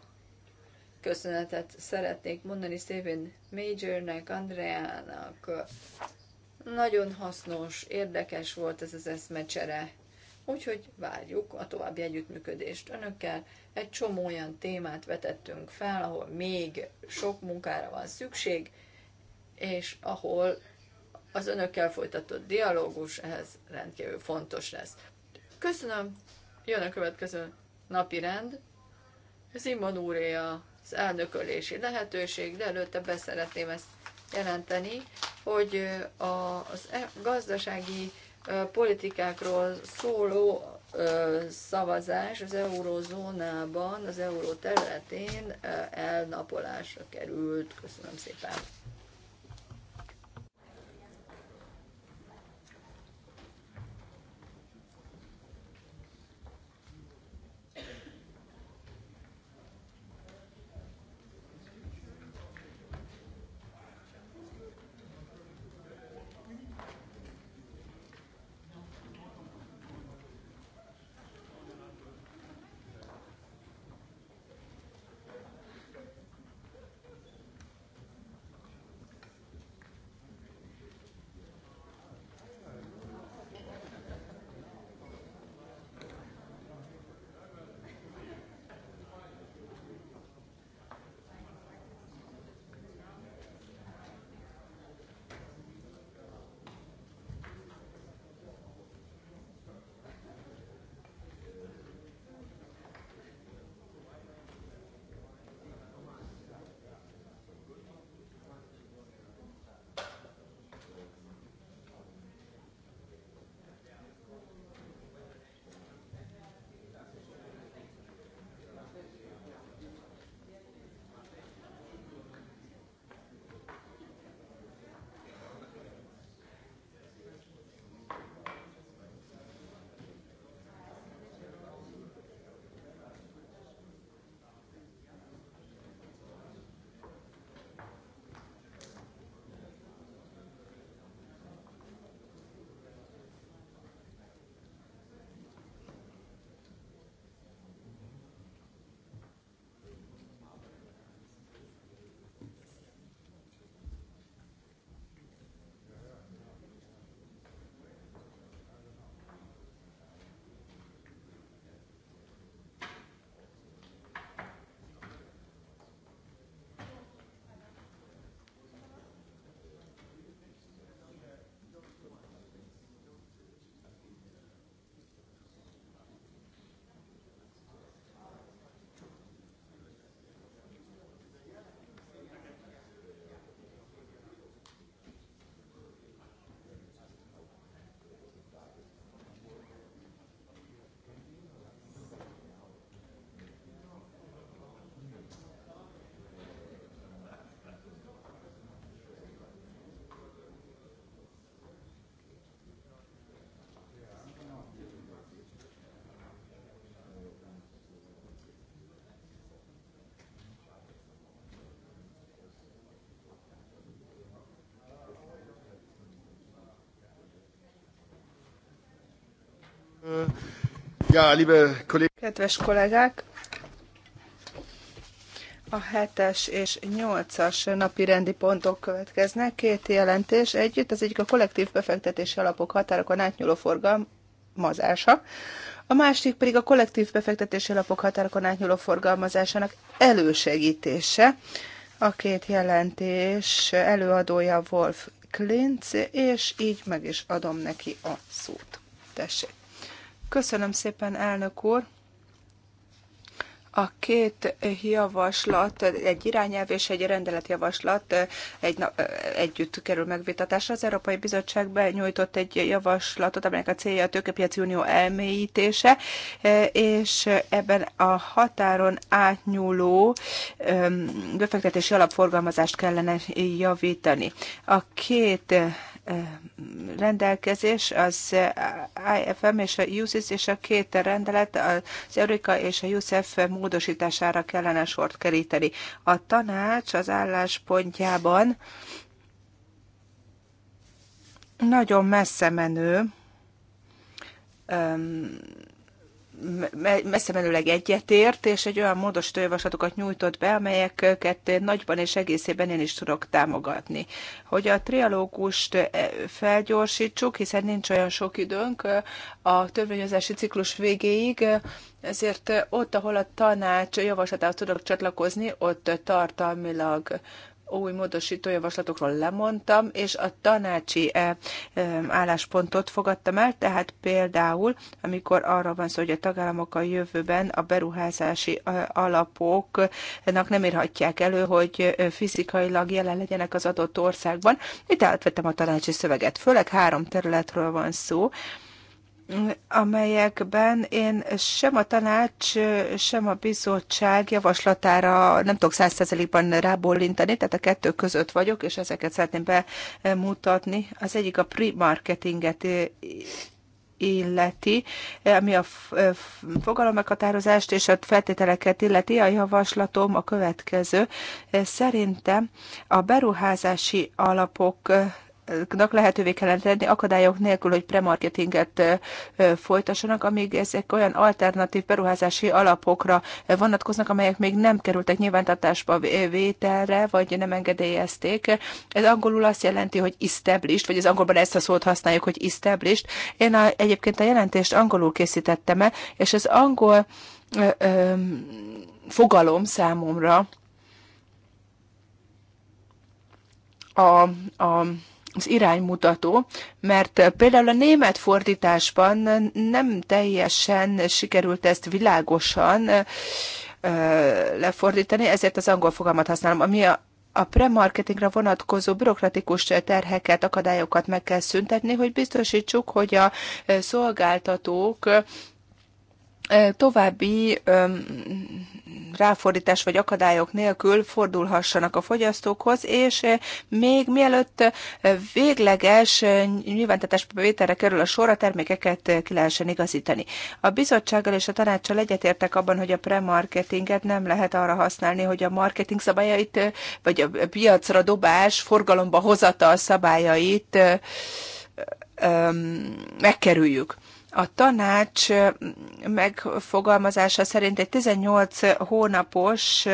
köszönetet szeretnék mondani Steven Majornek, Andreának. Nagyon hasznos, érdekes volt ez az eszmecsere. Úgyhogy várjuk a további együttműködést önökkel. Egy csomó olyan témát vetettünk fel, ahol még sok munkára van szükség, és ahol az önökkel folytatott dialógus ehhez rendkívül fontos lesz. Köszönöm, jön a következő napi rend. Ez úré a az elnökölési lehetőség, de előtte beszeretném ezt jelenteni, hogy az e, gazdasági politikákról szóló szavazás az eurózónában, az euró területén elnapolásra került. Köszönöm szépen! Kedves kollégák! A 7-es és 8-as napi rendi pontok következnek, két jelentés együtt, az egyik a kollektív befektetési alapok határokon átnyúló forgalmazása, a másik pedig a kollektív befektetési alapok határokon átnyúló forgalmazásának elősegítése. A két jelentés előadója Wolf Klintz, és így meg is adom neki a szót. Tessék! Köszönöm szépen, elnök úr! A két javaslat, egy irányelv és egy rendeletjavaslat eh, egy, eh, együtt kerül megvitatásra. Az Európai Bizottság benyújtott egy javaslatot, amelynek a célja a tőkepiaci unió elmélyítése, eh, és ebben a határon átnyúló befektetési alapforgalmazást kellene javítani. A két rendelkezés, az IFM és a USIS és a két rendelet, az Eurika és a USEF módosítására kellene sort keríteni. A tanács az álláspontjában nagyon messze menő messze menőleg egyetért, és egy olyan módosító javaslatokat nyújtott be, amelyeket nagyban és egészében én is tudok támogatni. Hogy a trialógust e, felgyorsítsuk, hiszen nincs olyan sok időnk e, a törvényozási ciklus végéig, e, ezért ott, ahol a tanács javaslatához tudok csatlakozni, ott tartalmilag új módosító javaslatokról lemondtam, és a tanácsi eh, álláspontot fogadtam el, tehát például, amikor arra van szó, hogy a tagállamok a jövőben a beruházási eh, alapoknak nem írhatják elő, hogy eh, fizikailag jelen legyenek az adott országban. Itt átvettem a tanácsi szöveget, főleg három területről van szó, amelyekben én sem a tanács, sem a bizottság javaslatára nem tudok százszerzelékben rábólintani, tehát a kettő között vagyok, és ezeket szeretném bemutatni. Az egyik a pre-marketinget illeti, ami a fogalommeghatározást és a feltételeket illeti, a javaslatom a következő. Szerintem a beruházási alapok lehetővé kellene tenni akadályok nélkül, hogy premarketinget folytassanak, amíg ezek olyan alternatív beruházási alapokra vonatkoznak, amelyek még nem kerültek nyilvántartásba vételre, vagy nem engedélyezték. Ez angolul azt jelenti, hogy established, vagy az angolban ezt a szót használjuk, hogy established. Én a, egyébként a jelentést angolul készítettem el, és az angol ö, ö, fogalom számomra a, a az iránymutató, mert például a német fordításban nem teljesen sikerült ezt világosan lefordítani, ezért az angol fogalmat használom, ami a a premarketingra vonatkozó bürokratikus terheket, akadályokat meg kell szüntetni, hogy biztosítsuk, hogy a szolgáltatók további ráfordítás vagy akadályok nélkül fordulhassanak a fogyasztókhoz, és eh, még mielőtt eh, végleges eh, nyilvántatás vételre kerül a sor, a termékeket ki lehessen igazítani. A bizottsággal és a tanácssal egyetértek abban, hogy a premarketinget nem lehet arra használni, hogy a marketing szabályait, vagy a piacra dobás, forgalomba hozatal szabályait megkerüljük. A tanács megfogalmazása szerint egy 18 hónapos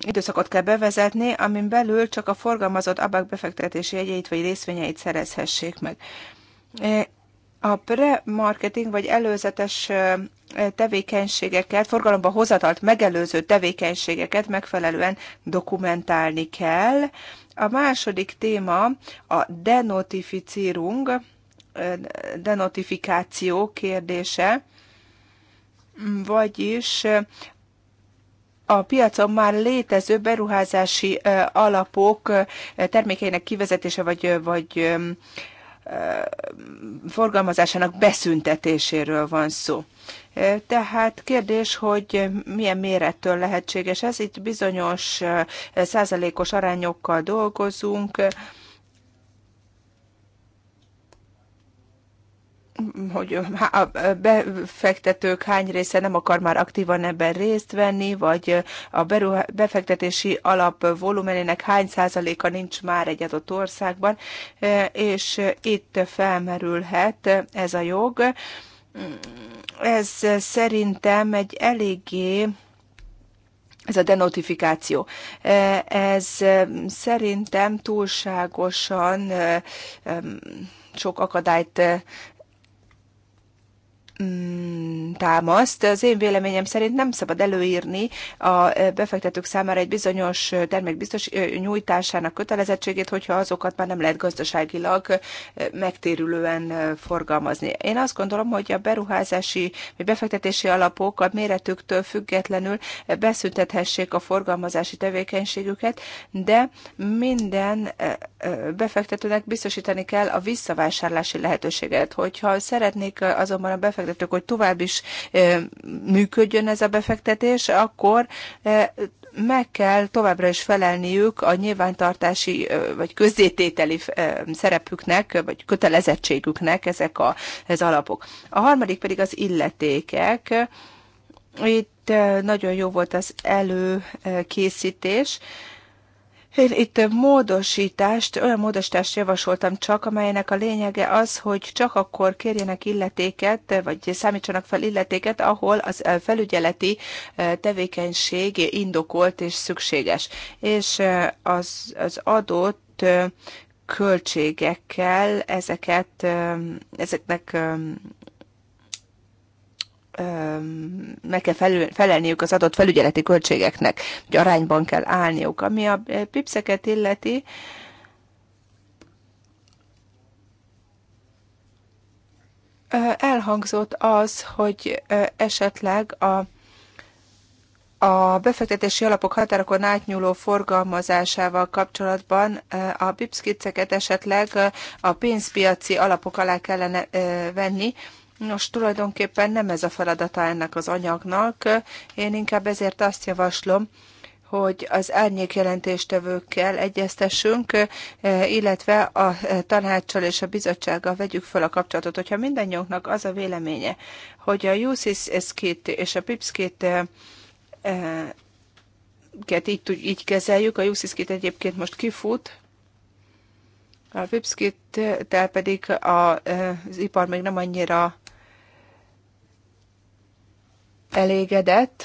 időszakot kell bevezetni, amin belül csak a forgalmazott abak befektetési jegyeit vagy részvényeit szerezhessék meg. A pre-marketing vagy előzetes tevékenységeket, forgalomba hozatalt megelőző tevékenységeket megfelelően dokumentálni kell. A második téma a denotificírunk, denotifikáció kérdése, vagyis a piacon már létező beruházási alapok termékeinek kivezetése vagy, vagy forgalmazásának beszüntetéséről van szó. Tehát kérdés, hogy milyen mérettől lehetséges ez. Itt bizonyos százalékos arányokkal dolgozunk, hogy a befektetők hány része nem akar már aktívan ebben részt venni, vagy a befektetési alap volumenének hány százaléka nincs már egy adott országban, e, és itt felmerülhet ez a jog. Ez szerintem egy eléggé ez a denotifikáció. E, ez szerintem túlságosan e, sok akadályt Mm, támaszt. Az én véleményem szerint nem szabad előírni a befektetők számára egy bizonyos termék biztos nyújtásának kötelezettségét, hogyha azokat már nem lehet gazdaságilag megtérülően forgalmazni. Én azt gondolom, hogy a beruházási vagy befektetési alapok a méretüktől függetlenül beszüntethessék a forgalmazási tevékenységüket, de minden befektetőnek biztosítani kell a visszavásárlási lehetőséget. Hogyha szeretnék azonban a befektetők befektetők, hogy tovább is működjön ez a befektetés, akkor meg kell továbbra is felelniük a nyilvántartási vagy közzétételi szerepüknek, vagy kötelezettségüknek ezek a, ez alapok. A harmadik pedig az illetékek. Itt nagyon jó volt az előkészítés. Én itt módosítást, olyan módosítást javasoltam csak, amelynek a lényege az, hogy csak akkor kérjenek illetéket, vagy számítsanak fel illetéket, ahol az felügyeleti tevékenység indokolt és szükséges. És az, az adott költségekkel ezeket, ezeknek meg kell felül, felelniük az adott felügyeleti költségeknek, hogy arányban kell állniuk. Ami a pipszeket illeti, elhangzott az, hogy esetleg a a befektetési alapok határokon átnyúló forgalmazásával kapcsolatban a BIPSZKICEKET esetleg a pénzpiaci alapok alá kellene venni, Nos, tulajdonképpen nem ez a feladata ennek az anyagnak. Én inkább ezért azt javaslom, hogy az árnyék jelentéstevőkkel egyeztessünk, illetve a tanácssal és a bizottsággal vegyük fel a kapcsolatot. Hogyha mindannyiunknak az a véleménye, hogy a UCIS-kit és a PIPS-kit eh, eh, így, így kezeljük, a UCIS-kit egyébként most kifut, a PIPS-kittel pedig eh, az ipar még nem annyira elégedett,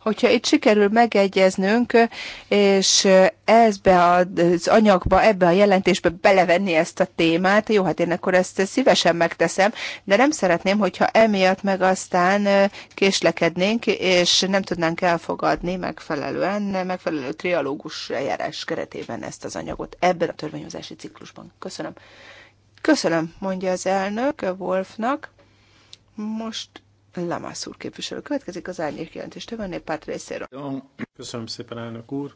hogyha itt sikerül megegyeznünk, és ezbe az anyagba, ebbe a jelentésbe belevenni ezt a témát, jó, hát én akkor ezt szívesen megteszem, de nem szeretném, hogyha emiatt meg aztán késlekednénk, és nem tudnánk elfogadni megfelelően, megfelelő trialógus eljárás keretében ezt az anyagot ebben a törvényhozási ciklusban. Köszönöm. Köszönöm, mondja az elnök Wolfnak. Most Lamász úr képviselő következik az árnyék jelentés a párt részéről. Köszönöm szépen, elnök úr.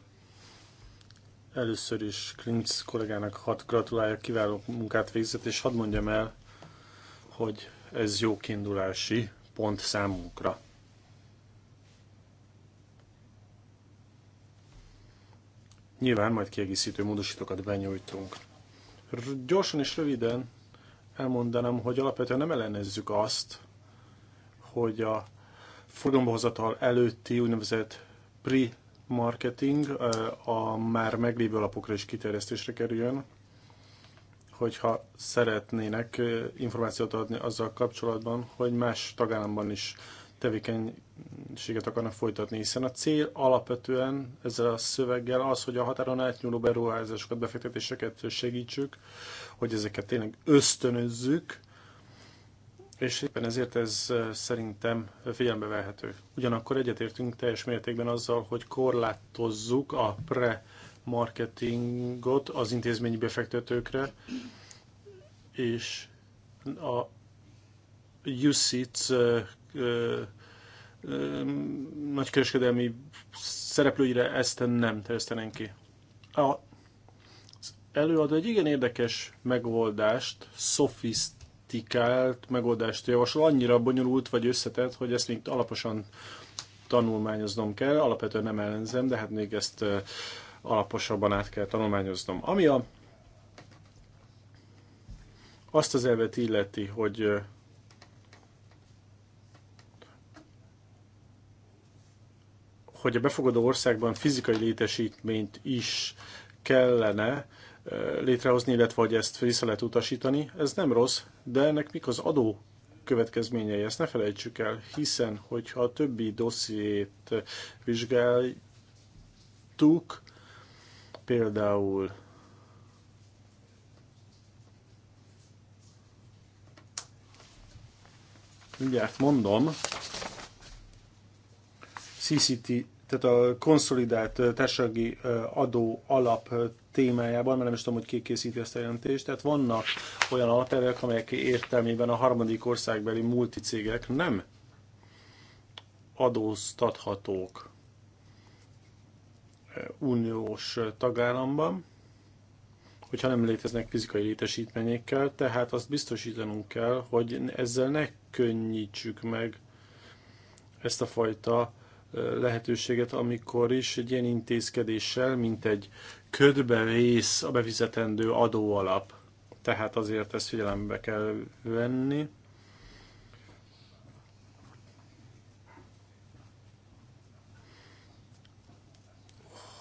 Először is Klinc kollégának hat gratulálja, kiváló munkát végzett, és hadd mondjam el, hogy ez jó kiindulási pont számunkra. Nyilván majd kiegészítő módosítókat benyújtunk. R gyorsan és röviden elmondanám, hogy alapvetően nem ellenezzük azt, hogy a forgalomhozatal előtti úgynevezett pre-marketing eh, a már meglévő alapokra is kiterjesztésre kerüljön, hogyha szeretnének eh, információt adni azzal kapcsolatban, hogy más tagállamban is tevékenységet akarnak folytatni, hiszen a cél alapvetően ezzel a szöveggel az, hogy a határon átnyúló beruházásokat, befektetéseket segítsük, hogy ezeket tényleg ösztönözzük, és éppen ezért ez szerintem figyelembe vehető. Ugyanakkor egyetértünk teljes mértékben azzal, hogy korlátozzuk a pre-marketingot az intézményi befektetőkre, és a UCITS nagykereskedelmi szereplőire ezt nem terjesztenénk ki. A előadó egy igen érdekes megoldást, szofiszt szofisztikált megoldást javasol, annyira bonyolult vagy összetett, hogy ezt még alaposan tanulmányoznom kell, alapvetően nem ellenzem, de hát még ezt alaposabban át kell tanulmányoznom. Ami a azt az elvet illeti, hogy hogy a befogadó országban fizikai létesítményt is kellene létrehozni, illetve hogy ezt vissza lehet utasítani. Ez nem rossz, de ennek mik az adó következményei, ezt ne felejtsük el, hiszen hogyha a többi dossziét vizsgáltuk, például mindjárt mondom, CCT, tehát a konszolidált társasági adó alap témájában, mert nem is tudom, hogy ki készíti ezt a jelentést. Tehát vannak olyan alapelvek, amelyek értelmében a harmadik országbeli multicégek nem adóztathatók uniós tagállamban, hogyha nem léteznek fizikai létesítményekkel, tehát azt biztosítanunk kell, hogy ezzel ne könnyítsük meg ezt a fajta lehetőséget, amikor is egy ilyen intézkedéssel, mint egy ködbe vész a befizetendő adóalap. Tehát azért ezt figyelembe kell venni.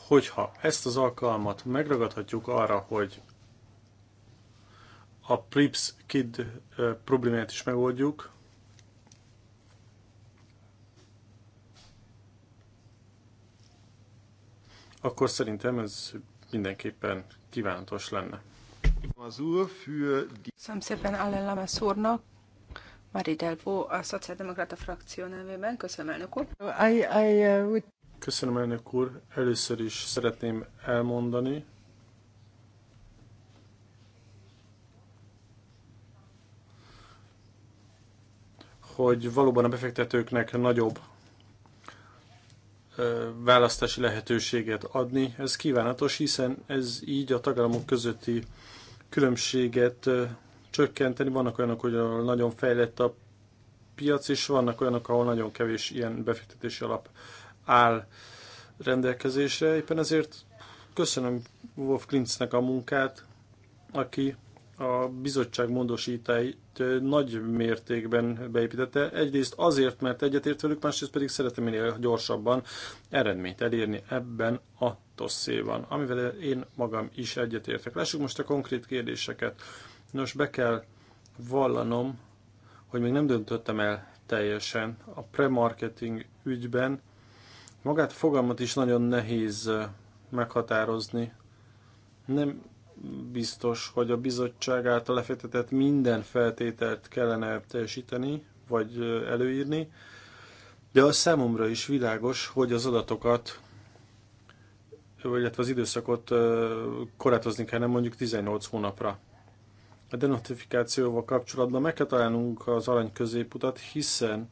Hogyha ezt az alkalmat megragadhatjuk arra, hogy a Prips Kid problémát is megoldjuk, akkor szerintem ez mindenképpen kívánatos lenne. Köszönöm szépen Allen Lamas úrnak, Mari Delvó, a Szociáldemokrata frakció nevében. Köszönöm, elnök úr. I, I, uh, would... Köszönöm, elnök úr. Először is szeretném elmondani, hogy valóban a befektetőknek nagyobb választási lehetőséget adni. Ez kívánatos, hiszen ez így a tagállamok közötti különbséget csökkenteni. Vannak olyanok, hogy nagyon fejlett a piac, és vannak olyanok, ahol nagyon kevés ilyen befektetési alap áll rendelkezésre. Éppen ezért köszönöm Wolf Klintznek a munkát, aki a bizottság módosítáit nagy mértékben beépítette. Egyrészt azért, mert egyetért velük, másrészt pedig szeretem minél gyorsabban eredményt elérni ebben a dosszéban, amivel én magam is egyetértek. Lássuk most a konkrét kérdéseket. Nos, be kell vallanom, hogy még nem döntöttem el teljesen a premarketing ügyben. Magát a fogalmat is nagyon nehéz meghatározni. Nem biztos, hogy a bizottság által lefektetett minden feltételt kellene teljesíteni, vagy előírni, de az számomra is világos, hogy az adatokat, illetve az időszakot korlátozni kellene mondjuk 18 hónapra. A denotifikációval kapcsolatban meg kell találnunk az arany középutat, hiszen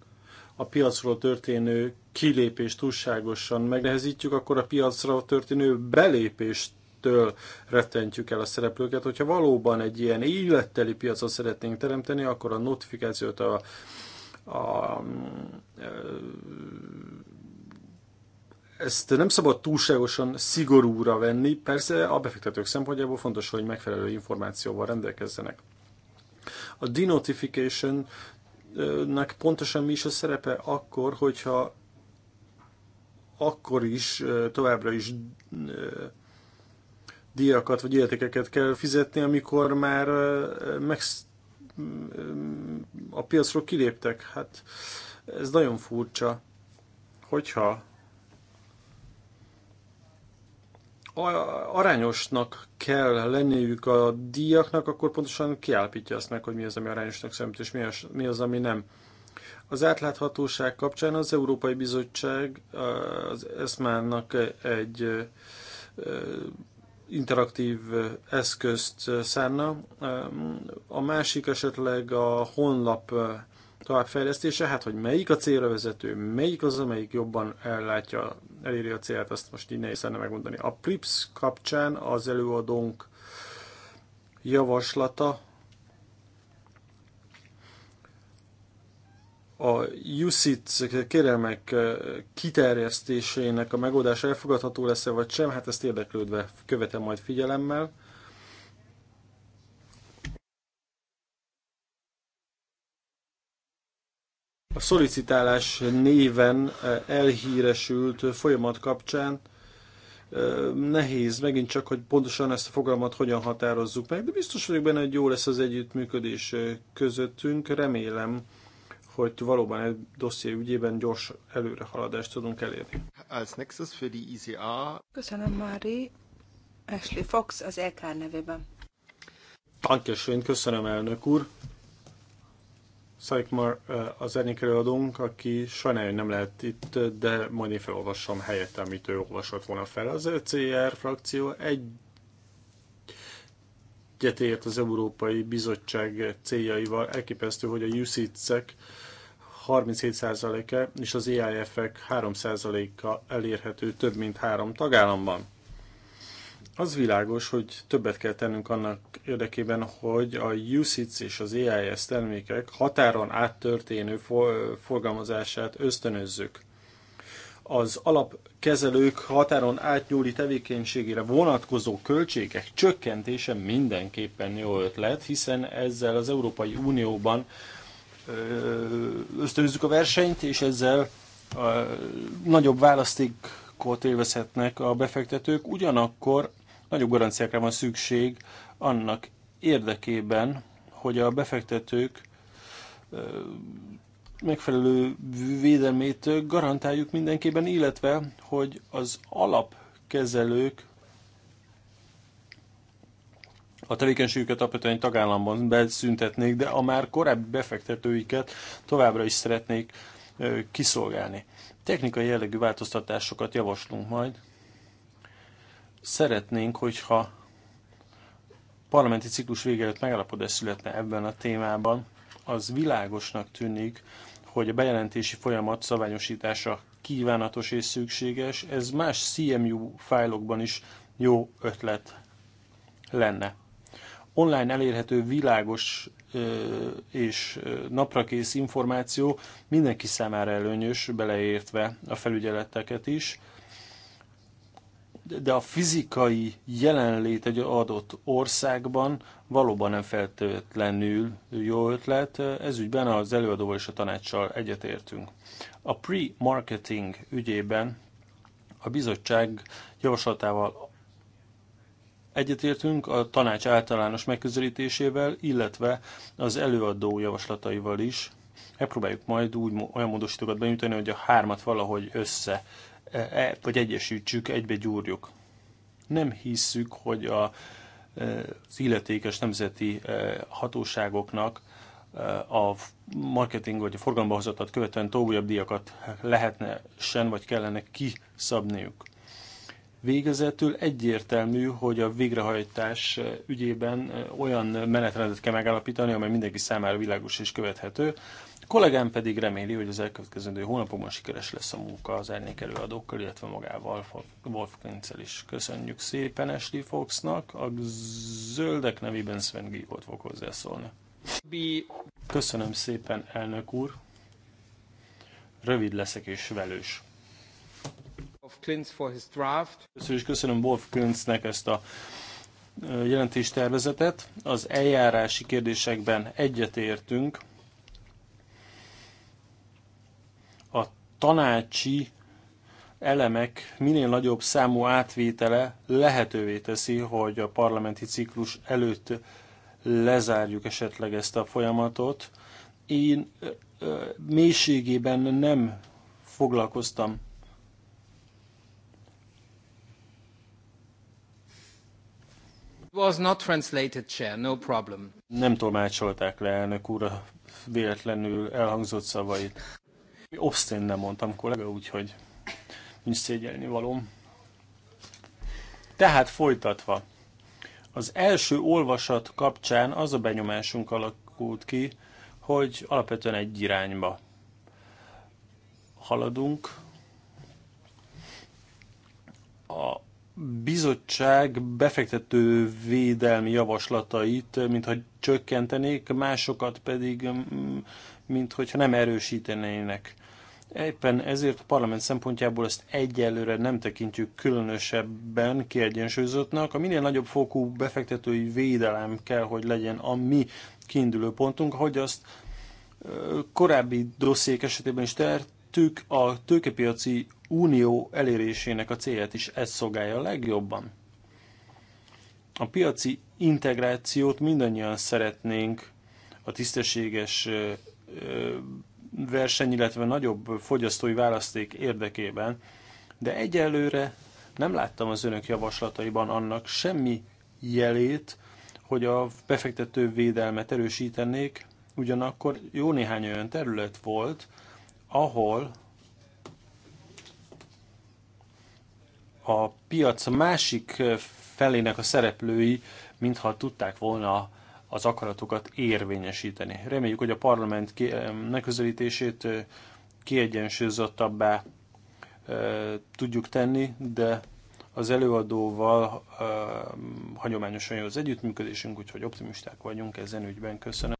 a piacról történő kilépést túlságosan megnehezítjük, akkor a piacra történő belépést ettől rettentjük el a szereplőket. Hogyha valóban egy ilyen életteli piacot szeretnénk teremteni, akkor a notifikációt a, a, a ezt nem szabad túlságosan szigorúra venni, persze a befektetők szempontjából fontos, hogy megfelelő információval rendelkezzenek. A denotification nek pontosan mi is a szerepe akkor, hogyha akkor is, továbbra is díjakat vagy értékeket kell fizetni, amikor már meg a piacról kiléptek. Hát ez nagyon furcsa. Hogyha arányosnak kell lenniük a díjaknak, akkor pontosan kiállapítja azt meg, hogy mi az, ami arányosnak számít, és mi az, mi az ami nem. Az átláthatóság kapcsán az Európai Bizottság az ESMA-nak egy interaktív eszközt szánna. A másik esetleg a honlap továbbfejlesztése, hát hogy melyik a célra vezető, melyik az, amelyik jobban ellátja, eléri a célt, azt most így nehéz lenne megmondani. A PRIPS kapcsán az előadónk javaslata a UCIT kérelmek eh, kiterjesztésének a megoldása elfogadható lesz-e vagy sem, hát ezt érdeklődve követem majd figyelemmel. A szolicitálás néven eh, elhíresült folyamat kapcsán eh, nehéz megint csak, hogy pontosan ezt a fogalmat hogyan határozzuk meg, de biztos vagyok benne, hogy jó lesz az együttműködés közöttünk. Remélem, hogy valóban egy dosszié ügyében gyors előrehaladást tudunk elérni. Als nächstes für die ICA. Köszönöm, Mári. Ashley Fox az EKR nevében. Dankeschön, köszönöm, elnök úr. Szajkmar eh, az egyik előadónk, aki sajnálja nem lehet itt, de majd én felolvassam helyette, amit ő olvasott volna fel. Az ECR frakció egy egyetért az Európai Bizottság céljaival. Elképesztő, hogy a UCITS-ek 37%-e és az EIF-ek 3%-a elérhető több mint három tagállamban. Az világos, hogy többet kell tennünk annak érdekében, hogy a UCITS és az EIS termékek határon áttörténő forgalmazását ösztönözzük az alapkezelők határon átnyúli tevékenységére vonatkozó költségek csökkentése mindenképpen jó ötlet, hiszen ezzel az Európai Unióban ösztönözzük a versenyt, és ezzel nagyobb választékot élvezhetnek a befektetők, ugyanakkor nagyobb garanciákra van szükség annak érdekében, hogy a befektetők megfelelő védelmét garantáljuk mindenképpen, illetve, hogy az alapkezelők a tevékenységüket alapvetően tagállamban beszüntetnék, de a már korábbi befektetőiket továbbra is szeretnék kiszolgálni. Technikai jellegű változtatásokat javaslunk majd. Szeretnénk, hogyha parlamenti ciklus végelőtt előtt megállapodás születne ebben a témában, az világosnak tűnik, hogy a bejelentési folyamat szabályosítása kívánatos és szükséges, ez más CMU fájlokban is jó ötlet lenne. Online elérhető világos és naprakész információ mindenki számára előnyös, beleértve a felügyeleteket is de a fizikai jelenlét egy adott országban valóban nem feltétlenül jó ötlet. Ezügyben az előadóval és a tanácssal egyetértünk. A pre-marketing ügyében a bizottság javaslatával egyetértünk a tanács általános megközelítésével, illetve az előadó javaslataival is. Megpróbáljuk majd úgy olyan módosítókat benyújtani, hogy a hármat valahogy össze E, e, vagy egyesítsük, egybe gyúrjuk. Nem hisszük, hogy a, e, az illetékes nemzeti hatóságoknak a marketing vagy a forgalomba hozatat követően tovább díjakat lehetne sen vagy kellene kiszabniuk. Végezetül egyértelmű, hogy a végrehajtás ügyében olyan menetrendet kell megállapítani, amely mindenki számára világos és követhető, kollégám pedig reméli, hogy az elkövetkező hónapokban sikeres lesz a munka az árnyék előadókkal, illetve magával Wolf Klinzel is. Köszönjük szépen Ashley Foxnak, a zöldek nevében Sven Giegold fog hozzászólni. Köszönöm szépen, elnök úr. Rövid leszek és velős. Köszönöm, és köszönöm Wolf Klinznek ezt a jelentéstervezetet. Az eljárási kérdésekben egyetértünk, tanácsi elemek minél nagyobb számú átvétele lehetővé teszi, hogy a parlamenti ciklus előtt lezárjuk esetleg ezt a folyamatot. Én mélységében nem foglalkoztam was not translated, Chair, no problem. Nem tolmácsolták le elnök úr a véletlenül elhangzott szavait. Obszén nem mondtam, kollega, úgyhogy nincs szégyelni valóm. Tehát folytatva. Az első olvasat kapcsán az a benyomásunk alakult ki, hogy alapvetően egy irányba haladunk. A bizottság befektető védelmi javaslatait, mintha csökkentenék, másokat pedig, mm, mintha nem erősítenének. Éppen ezért a parlament szempontjából ezt egyelőre nem tekintjük különösebben kiegyensúlyozottnak. A minél nagyobb fokú befektetői védelem kell, hogy legyen a mi kiinduló pontunk, hogy azt korábbi dossziék esetében is tertük, a tőkepiaci unió elérésének a célját is ez szolgálja a legjobban. A piaci integrációt mindannyian szeretnénk a tisztességes verseny, illetve nagyobb fogyasztói választék érdekében, de egyelőre nem láttam az önök javaslataiban annak semmi jelét, hogy a befektető védelmet erősítenék, ugyanakkor jó néhány olyan terület volt, ahol a piac másik felének a szereplői, mintha tudták volna az akaratukat érvényesíteni. Reméljük, hogy a parlament eh, megközelítését eh, kiegyensúlyozottabbá eh, tudjuk tenni, de az előadóval hagyományosan jó az együttműködésünk, úgyhogy optimisták vagyunk ezen ügyben. Köszönöm.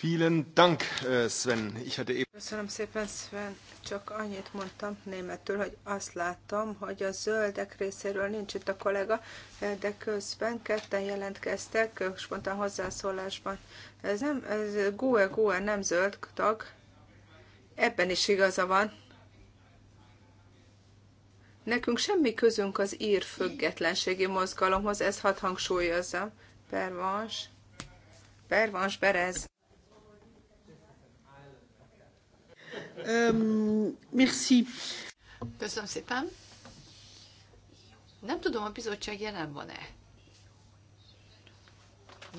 Vielen Dank, äh, Sven. Ich hatte eben... Köszönöm szépen, Sven. Csak annyit mondtam németül, hogy azt látom, hogy a zöldek részéről nincs itt a kollega, de közben ketten jelentkeztek spontán hozzászólásban. Ez nem, ez GUE, GUE nem zöld tag. Ebben is igaza van. Nekünk semmi közünk az ír függetlenségi mozgalomhoz, ez hat hangsúlyozza. Pervans. Pervans Berez. merci. Köszönöm szépen. Nem tudom, a bizottság jelen van-e.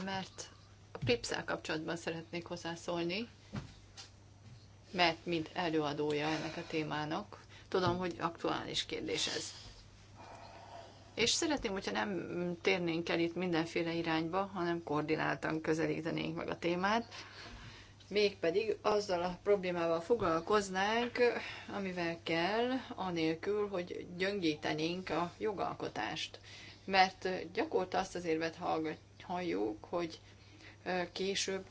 Mert a prips kapcsolatban szeretnék hozzászólni, mert mint előadója ennek a témának, tudom, hogy aktuális kérdés ez. És szeretném, hogyha nem térnénk el itt mindenféle irányba, hanem koordináltan közelítenénk meg a témát, mégpedig azzal a problémával foglalkoznánk, amivel kell, anélkül, hogy gyöngítenénk a jogalkotást. Mert gyakorta azt az érvet halljuk, hogy később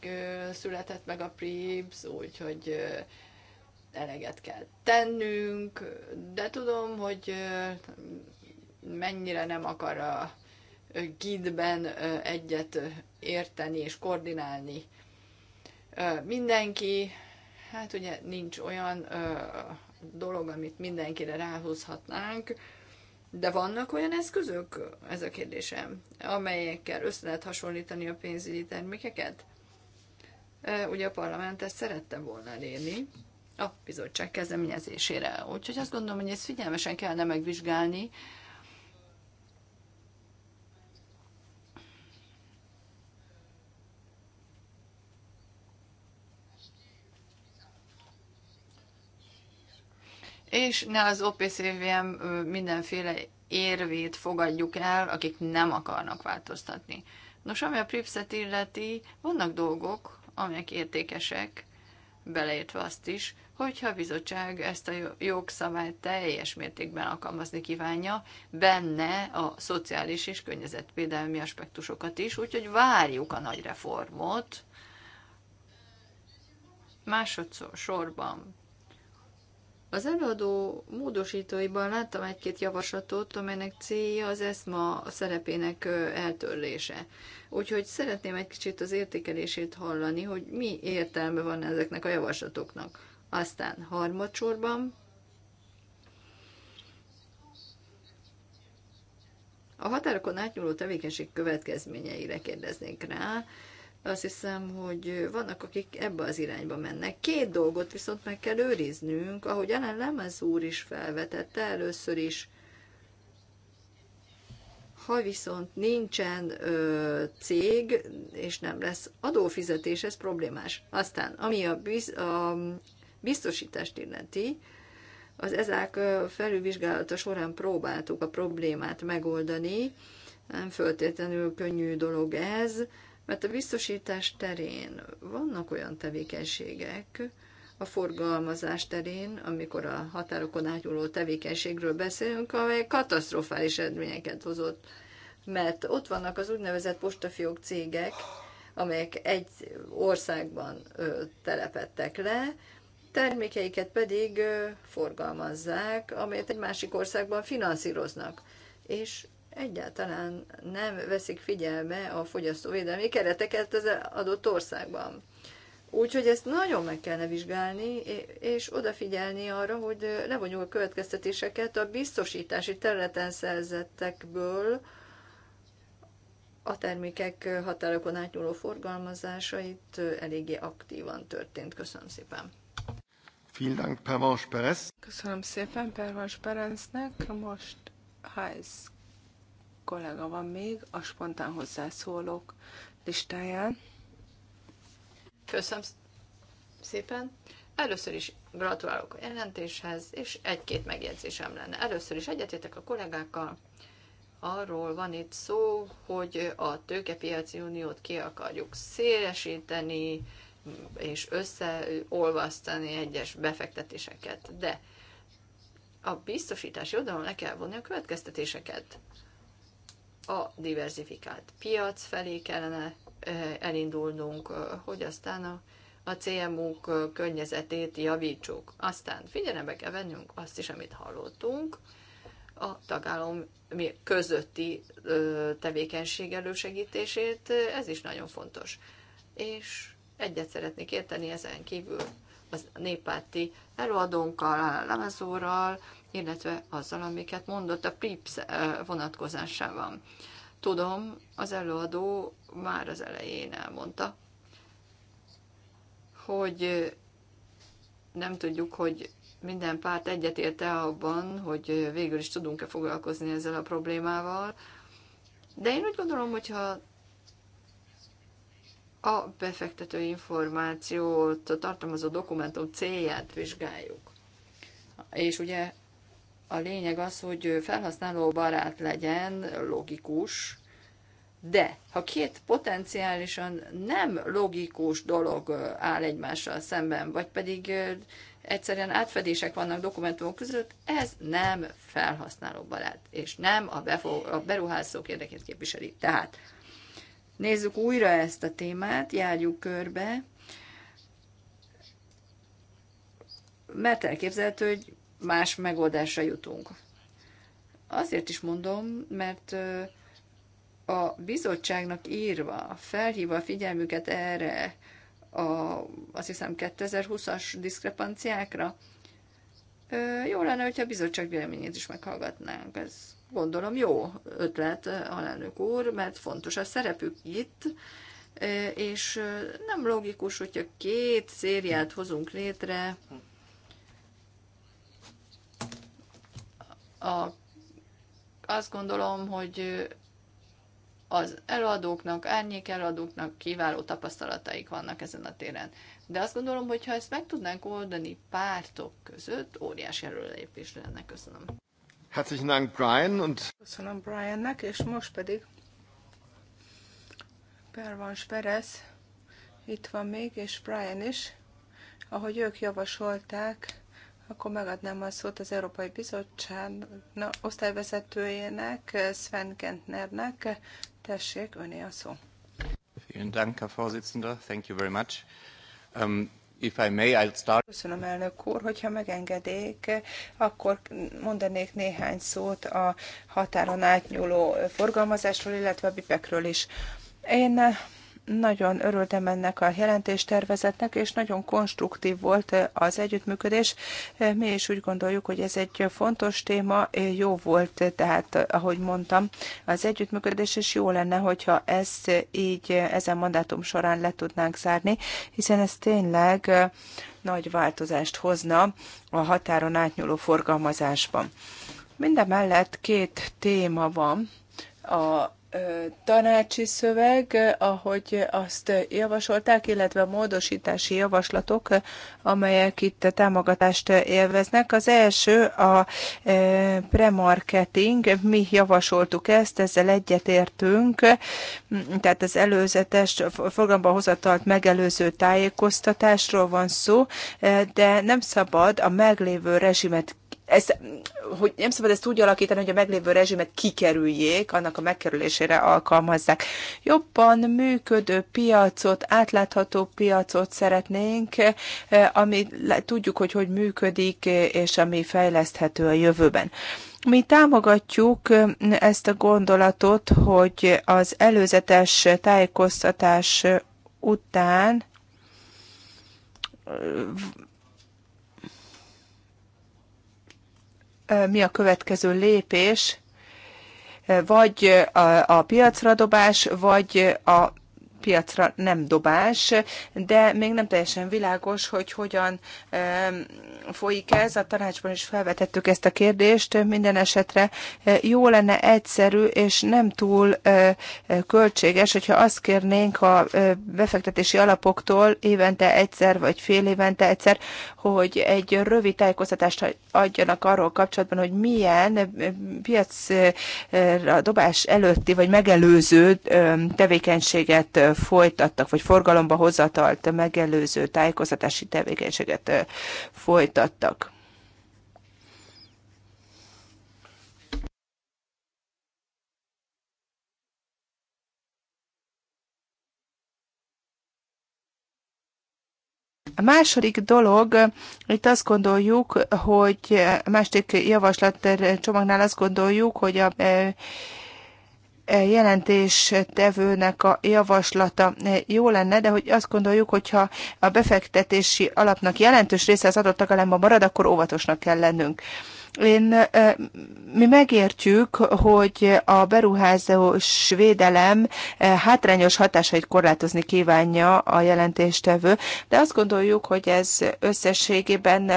született meg a PRIPS, úgyhogy eleget kell tennünk, de tudom, hogy mennyire nem akar a gidben egyet érteni és koordinálni mindenki, hát ugye nincs olyan dolog, amit mindenkire ráhúzhatnánk, de vannak olyan eszközök, ez a kérdésem, amelyekkel össze lehet hasonlítani a pénzügyi termékeket? Ugye a parlament ezt szerette volna elérni a bizottság kezdeményezésére. Úgyhogy azt gondolom, hogy ezt figyelmesen kellene megvizsgálni, és ne az OPCVM mindenféle érvét fogadjuk el, akik nem akarnak változtatni. Nos, ami a Pripset illeti, vannak dolgok, amelyek értékesek, beleértve azt is, hogyha a bizottság ezt a jogszabályt teljes mértékben alkalmazni kívánja, benne a szociális és környezetvédelmi aspektusokat is, úgyhogy várjuk a nagy reformot. Másodszor sorban az előadó módosítóiban láttam egy-két javaslatot, amelynek célja az eszma szerepének eltörlése. Úgyhogy szeretném egy kicsit az értékelését hallani, hogy mi értelme van ezeknek a javaslatoknak. Aztán harmadsorban a határokon átnyúló tevékenység következményeire kérdeznénk rá, azt hiszem, hogy vannak, akik ebbe az irányba mennek. Két dolgot viszont meg kell őriznünk, ahogy Ellen Lemez úr is felvetette először is. Ha viszont nincsen ö, cég, és nem lesz adófizetés, ez problémás. Aztán, ami a, biz, a biztosítást illeti, az ezák felülvizsgálata során próbáltuk a problémát megoldani, nem föltétlenül könnyű dolog ez, mert a biztosítás terén vannak olyan tevékenységek, a forgalmazás terén, amikor a határokon átnyúló tevékenységről beszélünk, amely katasztrofális eredményeket hozott. Mert ott vannak az úgynevezett postafiók cégek, amelyek egy országban ö, telepettek le, termékeiket pedig ö, forgalmazzák, amelyet egy másik országban finanszíroznak. És egyáltalán nem veszik figyelme a fogyasztóvédelmi kereteket az adott országban. Úgyhogy ezt nagyon meg kellene vizsgálni, és odafigyelni arra, hogy levonjuk a következtetéseket a biztosítási területen szerzettekből, a termékek határokon átnyúló forgalmazásait eléggé aktívan történt. Köszönöm szépen. Vielen Dank, Pervans Perez. Köszönöm szépen Pervans Perensnek. Most Heiss kollega van még a spontán hozzászólók listáján. Köszönöm szépen. Először is gratulálok a jelentéshez, és egy-két megjegyzésem lenne. Először is egyetértek a kollégákkal, arról van itt szó, hogy a tőkepiaci uniót ki akarjuk szélesíteni, és összeolvasztani egyes befektetéseket, de a biztosítási oldalon le kell vonni a következtetéseket a diversifikált piac felé kellene elindulnunk, hogy aztán a, a CMU-k környezetét javítsuk. Aztán figyelembe kell vennünk azt is, amit hallottunk, a tagállam közötti tevékenység elősegítését, ez is nagyon fontos. És egyet szeretnék érteni ezen kívül az néppárti előadónkkal, Lemezóral, illetve azzal, amiket mondott a PRIPS eh, vonatkozásában. Tudom, az előadó már az elején elmondta, hogy eh, nem tudjuk, hogy minden párt egyetérte abban, hogy eh, végül is tudunk-e foglalkozni ezzel a problémával. De én úgy gondolom, hogyha a befektető információt tartalmazó dokumentum célját vizsgáljuk. És ugye a lényeg az, hogy felhasználó barát legyen, logikus, de ha két potenciálisan nem logikus dolog áll egymással szemben, vagy pedig egyszerűen átfedések vannak dokumentumok között, ez nem felhasználóbarát, és nem a, befo- a beruházók érdekét képviseli. Tehát nézzük újra ezt a témát, járjuk körbe, mert elképzelhető, hogy más megoldásra jutunk. Azért is mondom, mert a bizottságnak írva felhívva a figyelmüket erre, a, azt hiszem 2020-as diszkrepanciákra, jó lenne, hogyha a bizottság véleményét is meghallgatnánk. Ez gondolom jó ötlet, alelnök úr, mert fontos a szerepük itt, és nem logikus, hogyha két szériát hozunk létre, A, azt gondolom, hogy az előadóknak, árnyék előadóknak kiváló tapasztalataik vannak ezen a téren. De azt gondolom, hogy ha ezt meg tudnánk oldani pártok között, óriási előlépés lenne. Köszönöm. Herzlichen Dank, Brian. Und Köszönöm Briannek, és most pedig Pervans Perez itt van még, és Brian is, ahogy ők javasolták, akkor megadnám a szót az Európai Bizottság osztályvezetőjének, Sven Kentnernek. Tessék, öné a szó. Vielen Dank, Herr Vorsitzender. Thank you very much. Um, If I may, I'll start. Köszönöm, elnök úr, hogyha megengedék, akkor mondanék néhány szót a határon átnyúló forgalmazásról, illetve a bipekről is. Én nagyon örültem ennek a jelentéstervezetnek, és nagyon konstruktív volt eh, az együttműködés. Eh, mi is úgy gondoljuk, hogy ez egy fontos téma, eh, jó volt, tehát ahogy mondtam, az együttműködés is jó lenne, hogyha ezt így ezen mandátum során le tudnánk zárni, hiszen ez tényleg nagy változást hozna a határon átnyúló forgalmazásban. Minden mellett két téma van, a tanácsi szöveg, ahogy azt javasolták, illetve a módosítási javaslatok, amelyek itt támogatást élveznek. Az első a premarketing, mi javasoltuk ezt, ezzel egyetértünk, tehát az előzetes forgalomba hozatalt megelőző tájékoztatásról van szó, de nem szabad a meglévő rezsimet ezt, hogy nem szabad ezt úgy alakítani, hogy a meglévő rezsimet kikerüljék, annak a megkerülésére alkalmazzák. Jobban működő piacot, átlátható piacot szeretnénk, eh, ami tudjuk, hogy hogy működik, és ami fejleszthető a jövőben. Mi támogatjuk eh, ezt a gondolatot, hogy az előzetes tájékoztatás után eh, mi a következő lépés, vagy a, a piacra dobás, vagy a piacra nem dobás, de még nem teljesen világos, hogy hogyan folyik ez. A tanácsban is felvetettük ezt a kérdést. Minden esetre e, jó lenne egyszerű és nem túl e, költséges, hogyha azt kérnénk a e, befektetési alapoktól évente egyszer vagy fél évente egyszer, hogy egy rövid tájékoztatást adjanak arról kapcsolatban, hogy milyen piacra dobás előtti vagy megelőző tevékenységet folytattak, vagy forgalomba hozatalt megelőző tájékoztatási tevékenységet folytattak. A második dolog, itt azt gondoljuk, hogy a második javaslat csomagnál azt gondoljuk, hogy a jelentéstevőnek a javaslata jó lenne, de hogy azt gondoljuk, hogyha a befektetési alapnak jelentős része az adott tagállamban marad, akkor óvatosnak kell lennünk. Én, mi megértjük, hogy a beruházós védelem hátrányos hatásait korlátozni kívánja a jelentéstevő, de azt gondoljuk, hogy ez összességében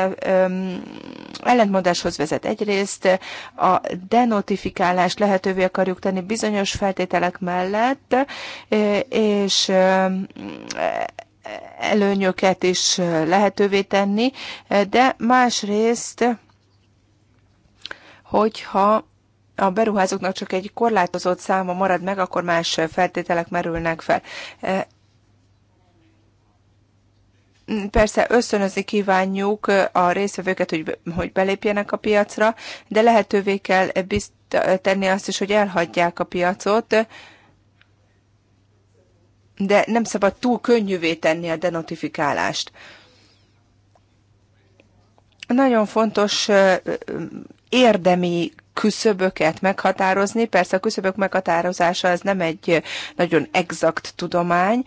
ellentmondáshoz vezet. Egyrészt a denotifikálást lehetővé akarjuk tenni bizonyos feltételek mellett, és előnyöket is lehetővé tenni, de másrészt hogyha a beruházóknak csak egy korlátozott száma marad meg, akkor más feltételek merülnek fel. E, persze összönözni kívánjuk a részvevőket, hogy, hogy belépjenek a piacra, de lehetővé kell bizt tenni azt is, hogy elhagyják a piacot, de nem szabad túl könnyűvé tenni a denotifikálást. Nagyon fontos érdemi küszöböket meghatározni. Persze a küszöbök meghatározása ez nem egy nagyon exakt tudomány.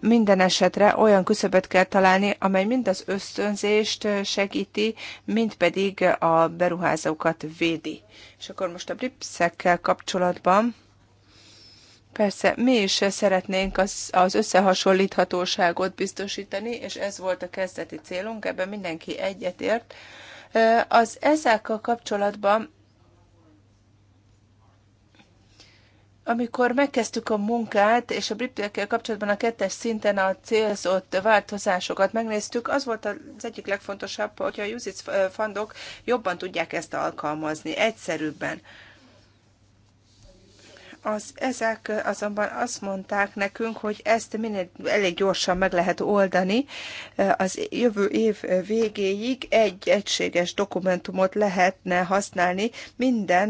Minden esetre olyan küszöböt kell találni, amely mind az ösztönzést segíti, mind pedig a beruházókat védi. És akkor most a bripszekkel kapcsolatban Persze, mi is szeretnénk az, az összehasonlíthatóságot biztosítani, és ez volt a kezdeti célunk, ebben mindenki egyetért. Az ezákkal kapcsolatban, amikor megkezdtük a munkát, és a britekkel kapcsolatban a kettes szinten a célzott változásokat megnéztük, az volt az egyik legfontosabb, hogy a USIC fandok jobban tudják ezt alkalmazni, egyszerűbben az, ezek azonban azt mondták nekünk, hogy ezt minél elég gyorsan meg lehet oldani. Az jövő év végéig egy egységes dokumentumot lehetne használni minden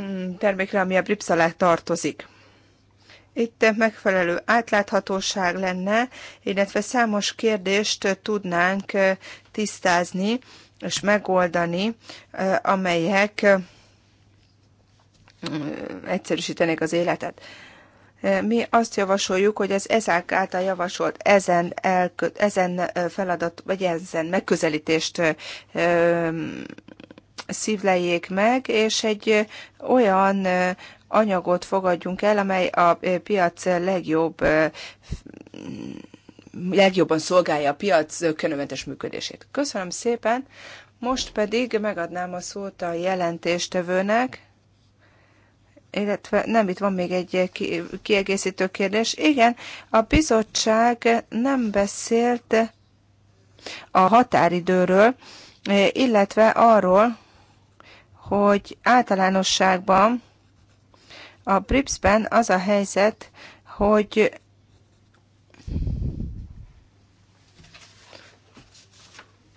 mm, termékre, ami a BRIPS alá tartozik. Itt megfelelő átláthatóság lenne, illetve számos kérdést tudnánk tisztázni és megoldani, amelyek egyszerűsítenék az életet. E, mi azt javasoljuk, hogy az ESZÁK által javasolt ezen, elkö, ezen e, feladat, vagy ezen megközelítést e, szívlejék meg, és egy olyan anyagot fogadjunk el, amely a piac legjobb legjobban szolgálja a piac könömentes működését. Köszönöm szépen, most pedig megadnám a szót a jelentéstevőnek, illetve nem, itt van még egy kiegészítő kérdés. Igen, a bizottság nem beszélt a határidőről, eh, illetve arról, hogy általánosságban a BRIPS-ben az a helyzet, hogy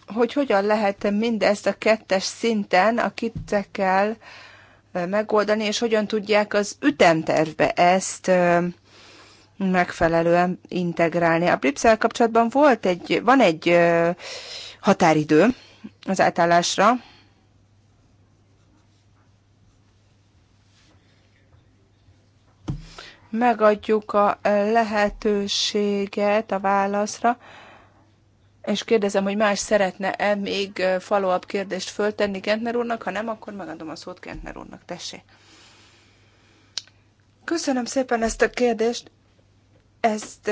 hogy hogyan lehet mindezt a kettes szinten a kitekkel megoldani, és hogyan tudják az ütemtervbe ezt megfelelően integrálni. A brips kapcsolatban volt egy, van egy határidő az átállásra, megadjuk a lehetőséget a válaszra, és kérdezem, hogy más szeretne-e még follow-up kérdést föltenni Kentner úrnak, ha nem, akkor megadom a szót Kentner úrnak, tessé. Köszönöm szépen ezt a kérdést, ezt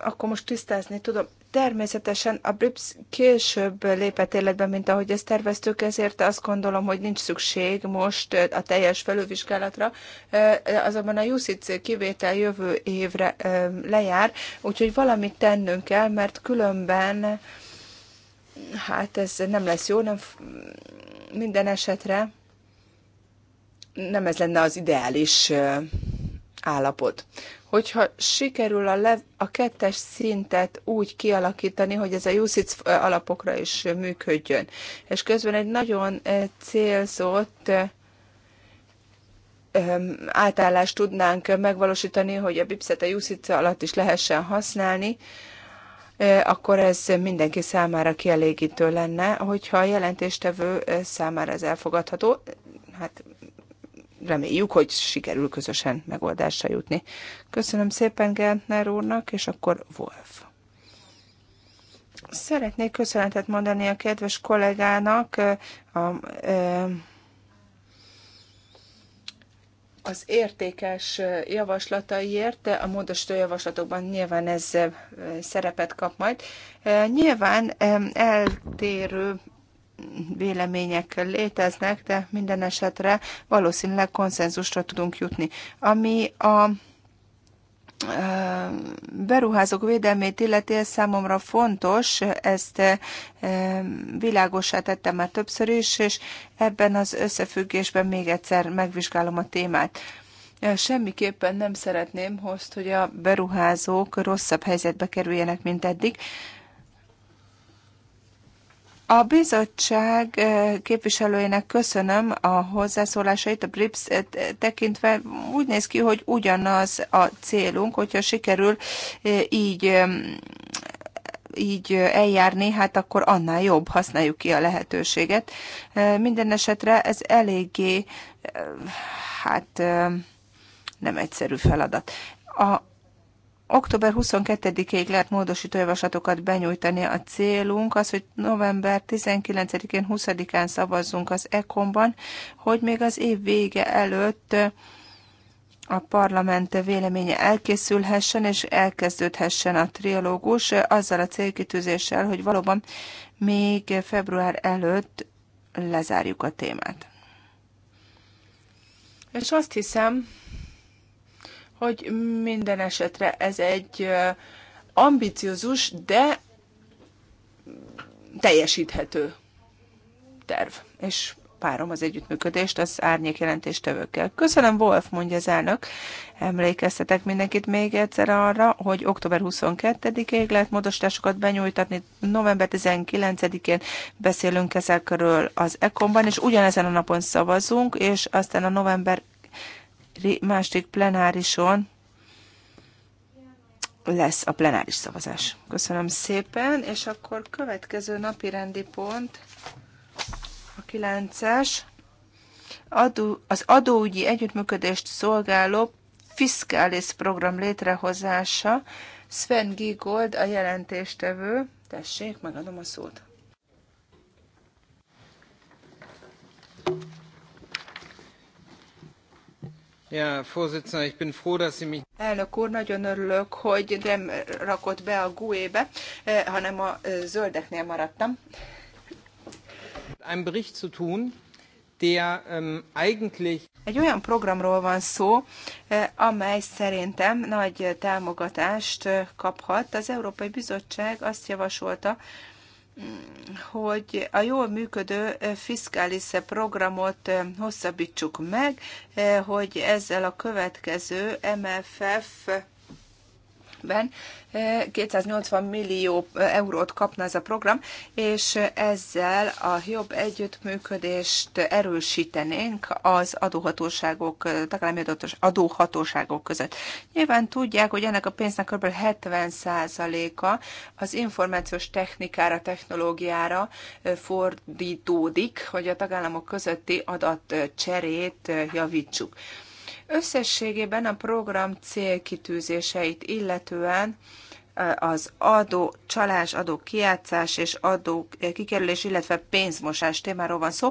akkor most tisztázni tudom. Természetesen a BRIPS később lépett életbe, mint ahogy ezt terveztük, ezért azt gondolom, hogy nincs szükség most a teljes felülvizsgálatra. Azonban a UCIC kivétel jövő évre lejár, úgyhogy valamit tennünk kell, mert különben hát ez nem lesz jó, nem minden esetre nem ez lenne az ideális állapot. Hogyha sikerül a, lev, a kettes szintet úgy kialakítani, hogy ez a USIC alapokra is működjön, és közben egy nagyon eh, célzott eh, átállást tudnánk megvalósítani, hogy a BIPSZ-et a USIC alatt is lehessen használni, eh, akkor ez mindenki számára kielégítő lenne, hogyha a jelentéstevő számára ez elfogadható, hát reméljük, hogy sikerül közösen megoldásra jutni. Köszönöm szépen Gentner úrnak, és akkor Wolf. Szeretnék köszönetet mondani a kedves kollégának a, a, az értékes javaslataiért, a módosító javaslatokban nyilván ez szerepet kap majd. Nyilván eltérő vélemények léteznek, de minden esetre valószínűleg konszenzusra tudunk jutni. Ami a beruházók védelmét illeti, ez számomra fontos, ezt világosá tettem már többször is, és ebben az összefüggésben még egyszer megvizsgálom a témát. Semmiképpen nem szeretném azt, hogy a beruházók rosszabb helyzetbe kerüljenek, mint eddig. A bizottság képviselőjének köszönöm a hozzászólásait, a BRIPS tekintve úgy néz ki, hogy ugyanaz a célunk, hogyha sikerül így így eljárni, hát akkor annál jobb, használjuk ki a lehetőséget. Minden esetre ez eléggé, hát nem egyszerű feladat. A Október 22-ig lehet módosító javaslatokat benyújtani. A célunk az, hogy november 19-én, 20-án szavazzunk az ECOM-ban, hogy még az év vége előtt a parlament véleménye elkészülhessen és elkezdődhessen a trialógus azzal a célkitűzéssel, hogy valóban még február előtt lezárjuk a témát. És azt hiszem, hogy minden esetre ez egy ambiciózus, de teljesíthető terv. És párom az együttműködést az árnyék jelentéstevőkkel. Köszönöm, Wolf, mondja az elnök. Emlékeztetek mindenkit még egyszer arra, hogy október 22-ig lehet módosításokat benyújtatni, november 19-én beszélünk ezekről az ECOM-ban, és ugyanezen a napon szavazunk, és aztán a november másik plenárison lesz a plenáris szavazás. Köszönöm szépen, és akkor következő napi rendi pont a kilences Adó, az adóügyi együttműködést szolgáló fiskális program létrehozása. Sven Gigold a jelentéstevő. Tessék, megadom a szót. Elnök úr, nagyon örülök, hogy nem rakott be a GUE-be, eh, hanem a eh, zöldeknél maradtam. Ein Bericht zu tun, der ähm, eigentlich... Egy olyan programról van szó, eh, amely szerintem nagy támogatást kaphat. Az Európai Bizottság azt javasolta, hogy a jól működő fiskális programot eh, hosszabbítsuk meg, eh, hogy ezzel a következő MFF évben 280 millió eurót kapna ez a program, és ezzel a jobb együttműködést erősítenénk az adóhatóságok, tagállami adóhatóságok között. Nyilván tudják, hogy ennek a pénznek kb. 70%-a az információs technikára, technológiára fordítódik, hogy a tagállamok közötti adatcserét javítsuk. Összességében a program célkitűzéseit illetően eh, az adó csalás, adó kiátszás és adó eh, kikerülés, illetve pénzmosás témáról van szó.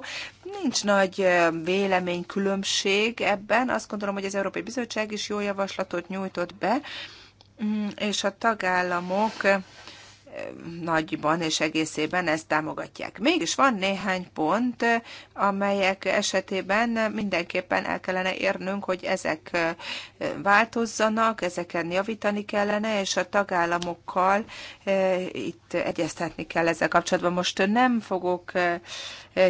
Nincs nagy eh, véleménykülönbség ebben. Azt gondolom, hogy az Európai Bizottság is jó javaslatot nyújtott be, mm, és a tagállamok nagyban és egészében ezt támogatják. Mégis van néhány pont, amelyek esetében mindenképpen el kellene érnünk, hogy ezek változzanak, ezeken javítani kellene, és a tagállamokkal itt egyeztetni kell ezzel kapcsolatban. Most nem fogok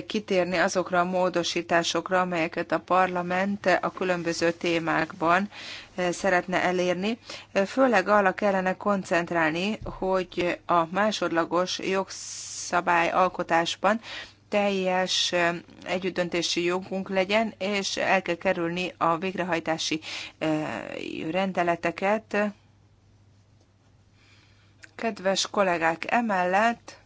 kitérni azokra a módosításokra, amelyeket a parlament a különböző témákban eh, szeretne elérni. Eh, főleg arra kellene koncentrálni, hogy a másodlagos jogszabály alkotásban teljes eh, együttdöntési jogunk legyen, és el kell kerülni a végrehajtási rendeleteket. Kedves kollégák, emellett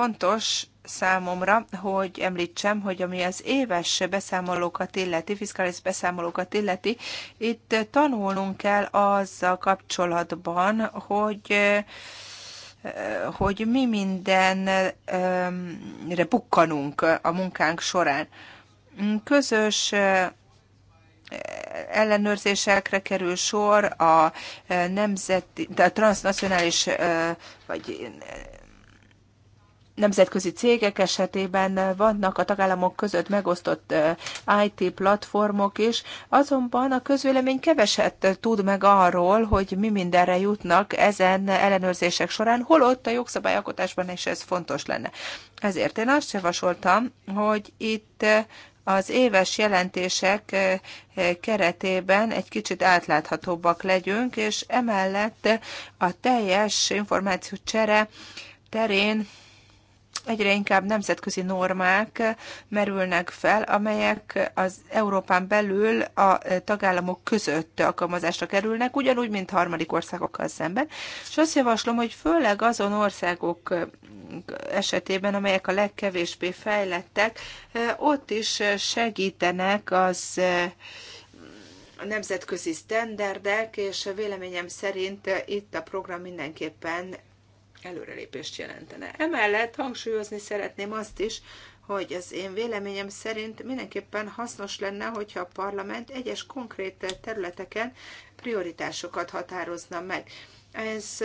Fontos számomra, hogy említsem, hogy ami az éves beszámolókat illeti, fiskális beszámolókat illeti, itt tanulnunk kell azzal kapcsolatban, hogy hogy mi mindenre bukkanunk a munkánk során. Közös ellenőrzésekre kerül sor a nemzeti, de a transnacionális vagy nemzetközi cégek esetében vannak a tagállamok között megosztott eh, IT platformok is, azonban a közvélemény keveset tud meg arról, hogy mi mindenre jutnak ezen ellenőrzések során, holott a jogszabályalkotásban is ez fontos lenne. Ezért én azt javasoltam, hogy itt eh, az éves jelentések eh, keretében egy kicsit átláthatóbbak legyünk, és emellett a teljes információcsere terén egyre inkább nemzetközi normák merülnek fel, amelyek az Európán belül a tagállamok között alkalmazásra kerülnek, ugyanúgy, mint harmadik országokkal szemben. És azt javaslom, hogy főleg azon országok esetében, amelyek a legkevésbé fejlettek, ott is segítenek az a nemzetközi sztenderdek, és véleményem szerint itt a program mindenképpen előrelépést jelentene. Emellett hangsúlyozni szeretném azt is, hogy az én véleményem szerint mindenképpen hasznos lenne, hogyha a parlament egyes konkrét területeken prioritásokat határozna meg. Ez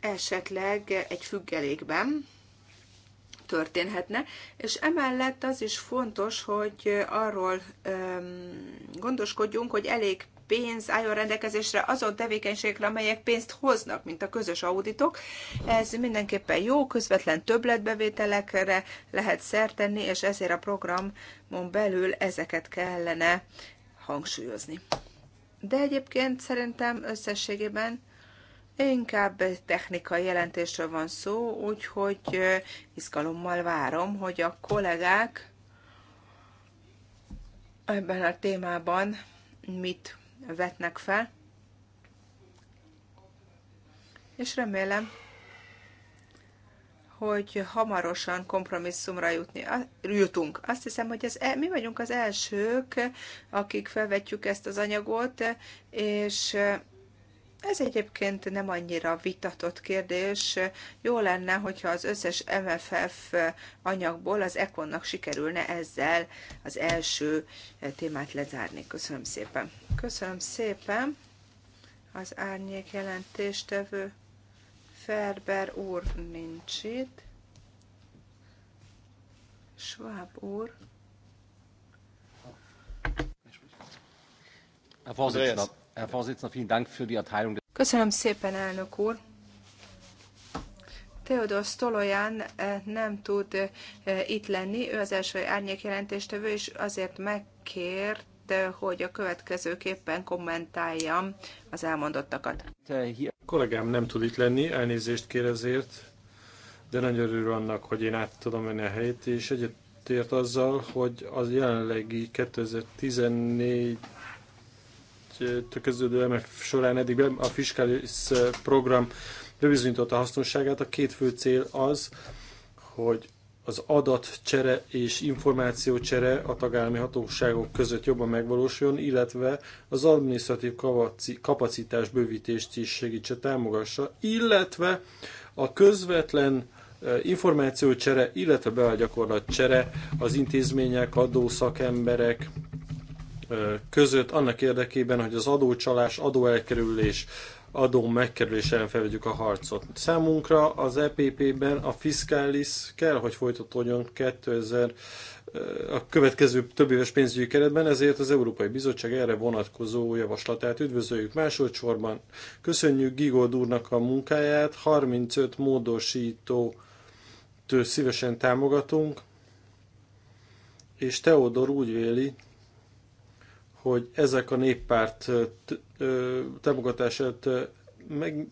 esetleg egy függelékben történhetne, és emellett az is fontos, hogy arról öm, gondoskodjunk, hogy elég pénz álljon rendelkezésre azon tevékenységekre, amelyek pénzt hoznak, mint a közös auditok. Ez mindenképpen jó, közvetlen többletbevételekre lehet szertenni, és ezért a programon belül ezeket kellene hangsúlyozni. De egyébként szerintem összességében Inkább technikai jelentésről van szó, úgyhogy izgalommal várom, hogy a kollégák ebben a témában mit vetnek fel, és remélem, hogy hamarosan kompromisszumra jutni, jutunk. Azt hiszem, hogy ez, e- mi vagyunk az elsők, akik felvetjük ezt az anyagot, és ez egyébként nem annyira vitatott kérdés. Jó lenne, hogyha az összes MFF anyagból az Ekonnak sikerülne ezzel az első témát lezárni. Köszönöm szépen. Köszönöm szépen az árnyék jelentéstevő Ferber úr nincs itt. Schwab úr. Köszönöm szépen, elnök úr. Teodor Stoloyan eh, nem tud eh, itt lenni, ő az első árnyék jelentéstevő, és azért megkért Eh, hogy a következőképpen kommentáljam az elmondottakat. A kollégám nem tud itt lenni, elnézést kér ezért, de nagyon örül annak, hogy én át tudom menni a helyét, és egyetért azzal, hogy az jelenlegi 2014 tökéződő MF során eddig a fiskális eh, program bebizonyította a hasznosságát. A két fő cél az, hogy az adatcsere és információcsere a tagállami hatóságok között jobban megvalósuljon, illetve az adminisztratív kapacitás bővítést is segítse, támogassa, illetve a közvetlen e, információcsere, illetve csere az intézmények, adó szakemberek e, között annak érdekében, hogy az adócsalás, adóelkerülés, adó megkerülés ellen felvegyük a harcot. Számunkra az EPP-ben a fiskális kell, hogy folytatódjon 2000 a következő több éves pénzügyi keretben, ezért az Európai Bizottság erre vonatkozó javaslatát üdvözöljük másodszorban. Köszönjük Gigold úrnak a munkáját, 35 módosító szívesen támogatunk, és Teodor úgy véli, hogy ezek a néppárt támogatását meg,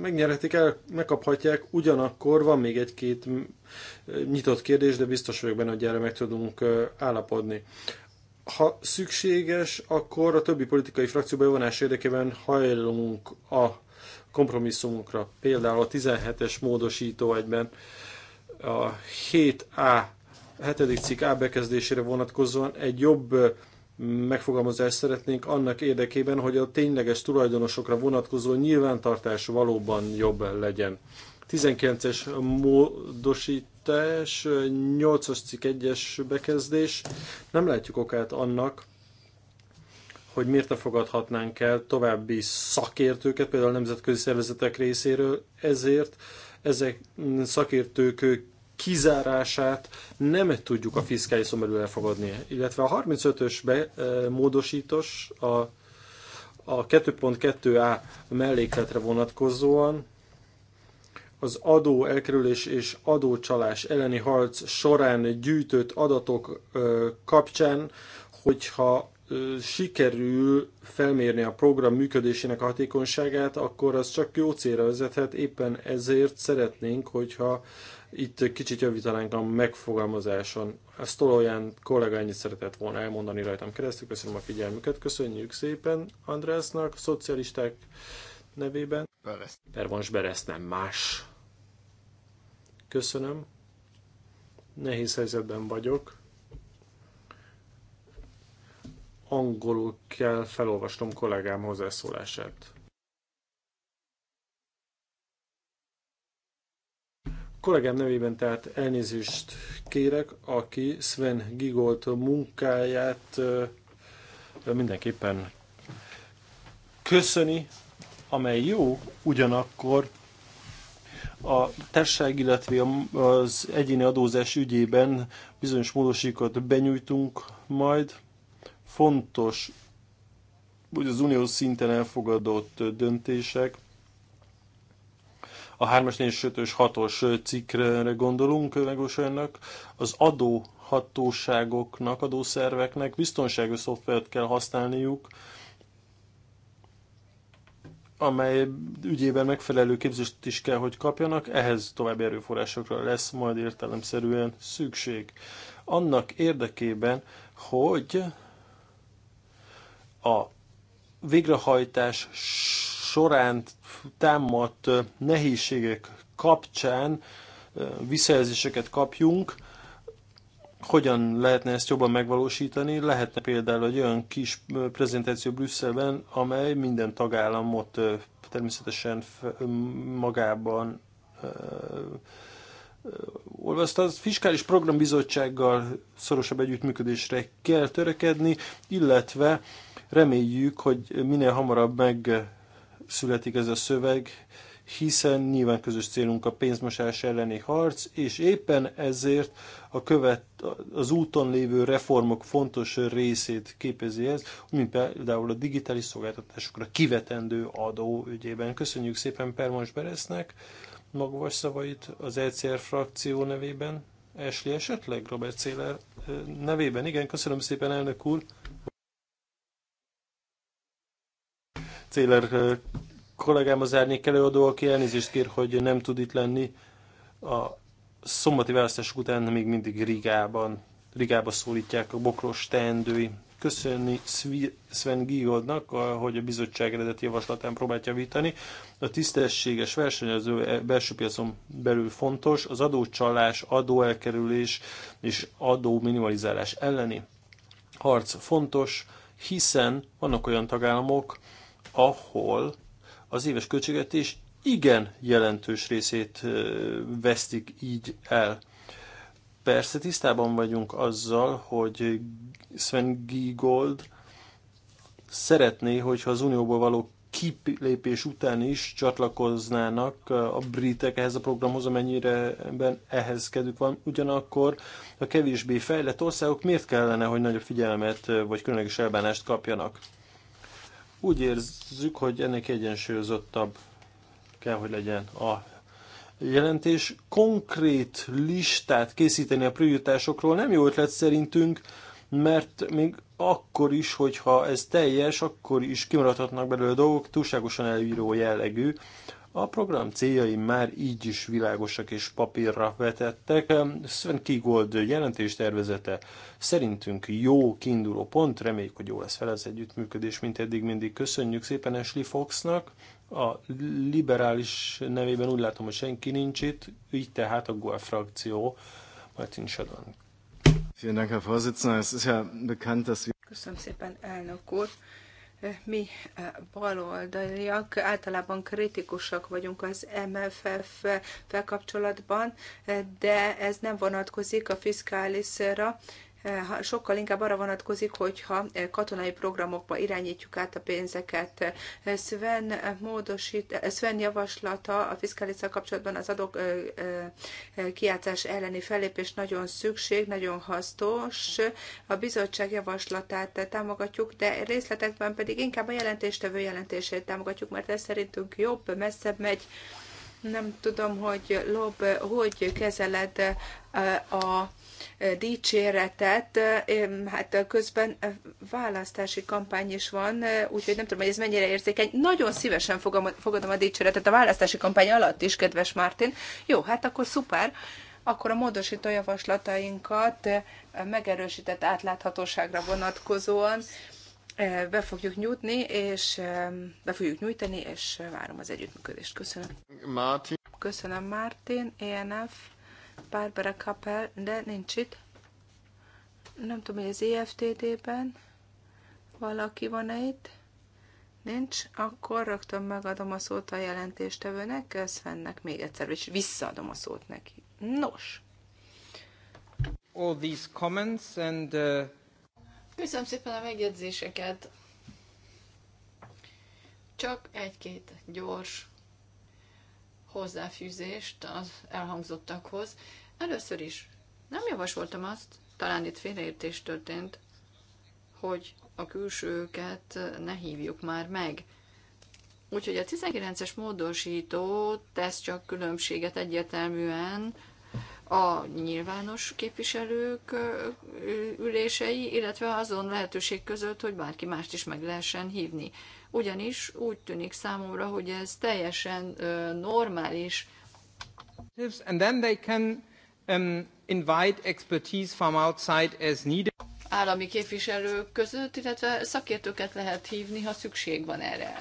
megnyerhetik el, megkaphatják, ugyanakkor van még egy-két nyitott kérdés, de biztos vagyok benne, hogy erre meg tudunk állapodni. Ha szükséges, akkor a többi politikai frakció bevonás érdekében hajlunk a kompromisszumunkra. Például a 17-es módosító egyben a 7A, 7. cikk A bekezdésére vonatkozóan egy jobb megfogalmazást szeretnénk annak érdekében, hogy a tényleges tulajdonosokra vonatkozó nyilvántartás valóban jobb legyen. 19-es módosítás, 8-as cikk 1-es bekezdés. Nem látjuk okát annak, hogy miért ne fogadhatnánk el további szakértőket, például a nemzetközi szervezetek részéről, ezért ezek szakértők kizárását nem tudjuk a fiskáliszon belül elfogadni. Illetve a 35-ös be, e, módosítos a, a 2.2a mellékletre vonatkozóan az adó elkerülés és adócsalás elleni harc során gyűjtött adatok e, kapcsán, hogyha e, sikerül felmérni a program működésének a hatékonyságát, akkor az csak jó célra vezethet, éppen ezért szeretnénk, hogyha itt kicsit javítanánk a megfogalmazáson. A Stolojan kollega ennyit szeretett volna elmondani rajtam keresztül. Köszönöm a figyelmüket. Köszönjük szépen Andrásnak, szocialisták nevében. Bereszt. Pervans Bereszt, nem más. Köszönöm. Nehéz helyzetben vagyok. Angolul kell felolvasnom kollégám hozzászólását. kollégám nevében tehát elnézést kérek, aki Sven Gigolt munkáját mindenképpen köszöni, amely jó, ugyanakkor a társaság, illetve az egyéni adózás ügyében bizonyos módosítókat benyújtunk majd. Fontos, hogy az uniós szinten elfogadott döntések a 3-as, 4 5-ös, 6-os cikkre gondolunk legosannak, az adó hatóságoknak, adószerveknek biztonságos szoftvert kell használniuk, amely ügyében megfelelő képzést is kell, hogy kapjanak, ehhez további erőforrásokra lesz majd értelemszerűen szükség. Annak érdekében, hogy a végrehajtás során támadt nehézségek kapcsán visszajelzéseket kapjunk, hogyan lehetne ezt jobban megvalósítani? Lehetne például egy olyan kis prezentáció Brüsszelben, amely minden tagállamot természetesen magában olvaszt. A Fiskális Programbizottsággal szorosabb együttműködésre kell törekedni, illetve reméljük, hogy minél hamarabb meg születik ez a szöveg, hiszen nyilván közös célunk a pénzmosás elleni harc, és éppen ezért a követ, az úton lévő reformok fontos részét képezi ez, mint például a digitális szolgáltatásokra kivetendő adó ügyében. Köszönjük szépen Permos Beresznek magvas szavait az ECR frakció nevében. Esli esetleg Robert Céler eh, nevében. Igen, köszönöm szépen elnök úr. Céler kollégám az árnyék előadó, aki elnézést kér, hogy nem tud itt lenni. A szombati választás után még mindig Rigában, Rigába szólítják a bokros teendői. Köszönni Sven Gigodnak, hogy a bizottság eredeti javaslatán próbált vitani. A tisztességes verseny az e, belső piacon belül fontos, az adócsalás, adóelkerülés és adó minimalizálás elleni harc fontos, hiszen vannak olyan tagállamok, ahol az éves költségvetés igen jelentős részét vesztik így el. Persze tisztában vagyunk azzal, hogy Sven Giegold szeretné, hogyha az Unióból való kilépés után is csatlakoznának a britek ehhez a programhoz, amennyire ehhez kedvük van. Ugyanakkor a kevésbé fejlett országok miért kellene, hogy nagyobb figyelmet vagy különleges elbánást kapjanak? Úgy érzük, hogy ennek egyensúlyozottabb kell, hogy legyen a jelentés. Konkrét listát készíteni a prioritásokról nem jó ötlet szerintünk, mert még akkor is, hogyha ez teljes, akkor is kimaradhatnak belőle dolgok, túlságosan elíró jellegű a program céljai már így is világosak és papírra vetettek. Sven Kigold jelentéstervezete szerintünk jó kiinduló pont, reméljük, hogy jó lesz fel az együttműködés, mint eddig mindig. Köszönjük szépen Ashley Foxnak, a liberális nevében úgy látom, hogy senki nincs itt, így tehát a GOL frakció Martin Sadon. Köszönöm szépen, elnök úr mi eh, baloldaliak általában kritikusak vagyunk az MFF felkapcsolatban, eh, de ez nem vonatkozik a fiskáliszra, sokkal inkább arra vonatkozik, hogyha eh, katonai programokba irányítjuk át a pénzeket. Eh, Sven, módosít, eh, Sven javaslata a fiskális kapcsolatban az adok kiátszás elleni fellépés nagyon szükség, nagyon hasznos. A bizottság javaslatát támogatjuk, de részletekben pedig inkább a jelentéstevő jelentését támogatjuk, mert ez szerintünk jobb, messzebb megy. Nem tudom, hogy Lob, hogy kezeled a dicséretet, hát közben választási kampány is van, úgyhogy nem tudom, hogy ez mennyire érzékeny. Nagyon szívesen fogadom a dicséretet a választási kampány alatt is, kedves Mártin. Jó, hát akkor szuper akkor a módosító javaslatainkat megerősített átláthatóságra vonatkozóan be fogjuk nyújtani, és be fogjuk nyújtani, és várom az együttműködést. Köszönöm. Martin. Köszönöm, Mártin, ENF. Barbara Kappel, de nincs itt. Nem tudom, hogy az EFTD-ben valaki van-e itt. Nincs, akkor rögtön megadom a szót a jelentéstevőnek, Svennek még egyszer, és visszaadom a szót neki. Nos. All these comments and, uh... Köszönöm szépen a megjegyzéseket. Csak egy-két gyors hozzáfűzést az elhangzottakhoz. Először is nem javasoltam azt, talán itt félreértés történt, hogy a külsőket ne hívjuk már meg. Úgyhogy a 19-es módosító tesz csak különbséget egyértelműen a nyilvános képviselők ülései, illetve azon lehetőség között, hogy bárki mást is meg lehessen hívni ugyanis úgy tűnik számomra, hogy ez teljesen normális. And then they can um, invite expertise from outside as needed. Állami képviselők között, illetve szakértőket lehet hívni, ha szükség van erre.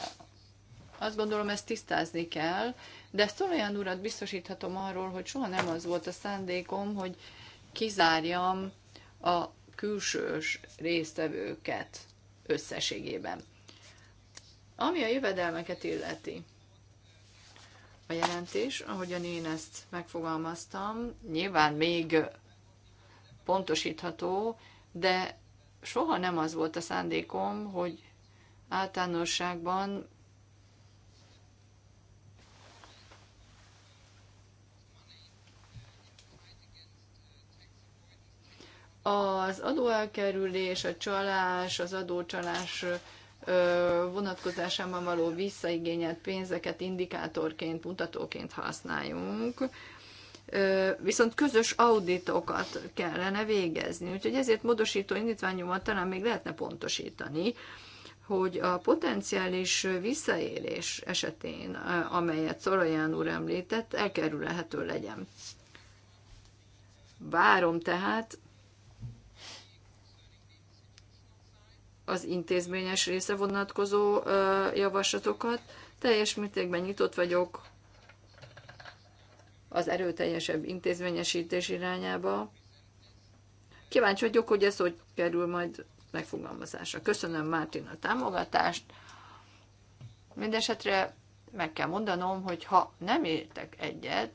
Azt gondolom, ezt tisztázni kell, de ezt olyan urat biztosíthatom arról, hogy soha nem az volt a szándékom, hogy kizárjam a külsős résztvevőket összességében. Ami a jövedelmeket illeti, a jelentés, ahogyan én ezt megfogalmaztam, nyilván még pontosítható, de soha nem az volt a szándékom, hogy általánosságban az adóelkerülés, a csalás, az adócsalás vonatkozásában való visszaigényelt pénzeket indikátorként, mutatóként használjunk, viszont közös auditokat kellene végezni. Úgyhogy ezért módosító indítványomat talán még lehetne pontosítani, hogy a potenciális visszaélés esetén, amelyet Szoraján úr említett, elkerülhető legyen. Várom tehát az intézményes része vonatkozó javaslatokat. Teljes mértékben nyitott vagyok az erőteljesebb intézményesítés irányába. Kíváncsi vagyok, hogy ez hogy kerül majd megfogalmazásra. Köszönöm Mártin a támogatást. Mindenesetre meg kell mondanom, hogy ha nem értek egyet,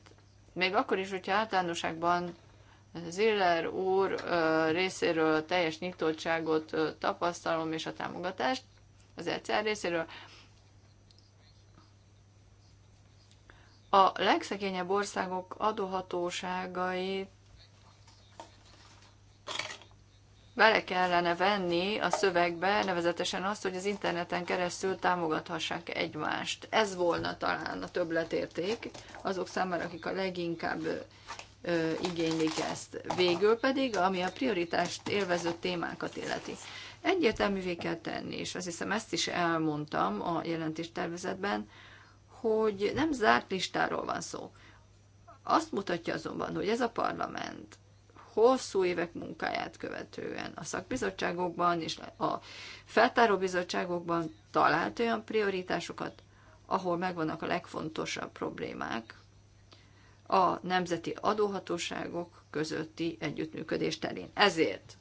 még akkor is, hogyha általánosságban Ziller úr részéről teljes nyitottságot tapasztalom és a támogatást az ECR részéről. A legszegényebb országok adóhatóságait bele kellene venni a szövegbe, nevezetesen azt, hogy az interneten keresztül támogathassák egymást. Ez volna talán a többletérték azok számára, akik a leginkább igénylik ezt. Végül pedig, ami a prioritást élvező témákat illeti. Egyértelművé kell tenni, és azt hiszem ezt is elmondtam a jelentéstervezetben, hogy nem zárt listáról van szó. Azt mutatja azonban, hogy ez a parlament hosszú évek munkáját követően a szakbizottságokban és a feltáró bizottságokban talált olyan prioritásokat, ahol megvannak a legfontosabb problémák, a nemzeti adóhatóságok közötti együttműködés terén. Ezért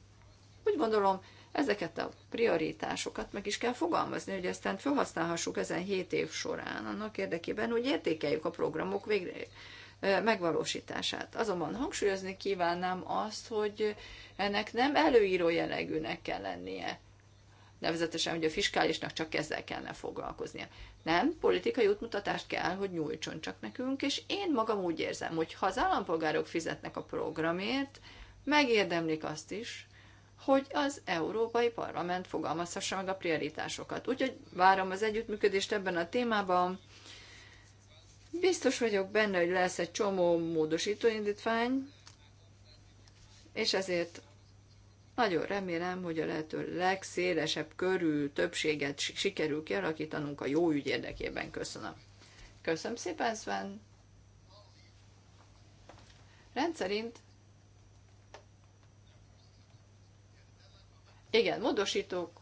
úgy gondolom, ezeket a prioritásokat meg is kell fogalmazni, hogy aztán felhasználhassuk ezen 7 év során annak érdekében, hogy értékeljük a programok végre megvalósítását. Azonban hangsúlyozni kívánnám azt, hogy ennek nem előíró jellegűnek kell lennie nevezetesen, hogy a fiskálisnak csak ezzel kellene foglalkoznia. Nem, politikai útmutatást kell, hogy nyújtson csak nekünk, és én magam úgy érzem, hogy ha az állampolgárok fizetnek a programért, megérdemlik azt is, hogy az Európai Parlament fogalmazhassa meg a prioritásokat. Úgyhogy várom az együttműködést ebben a témában. Biztos vagyok benne, hogy lesz egy csomó módosítóindítvány, és ezért nagyon remélem, hogy a lehető legszélesebb körül többséget sikerül kialakítanunk a jó ügy érdekében. Köszönöm. Köszönöm szépen, Sven. Rendszerint Igen, módosítók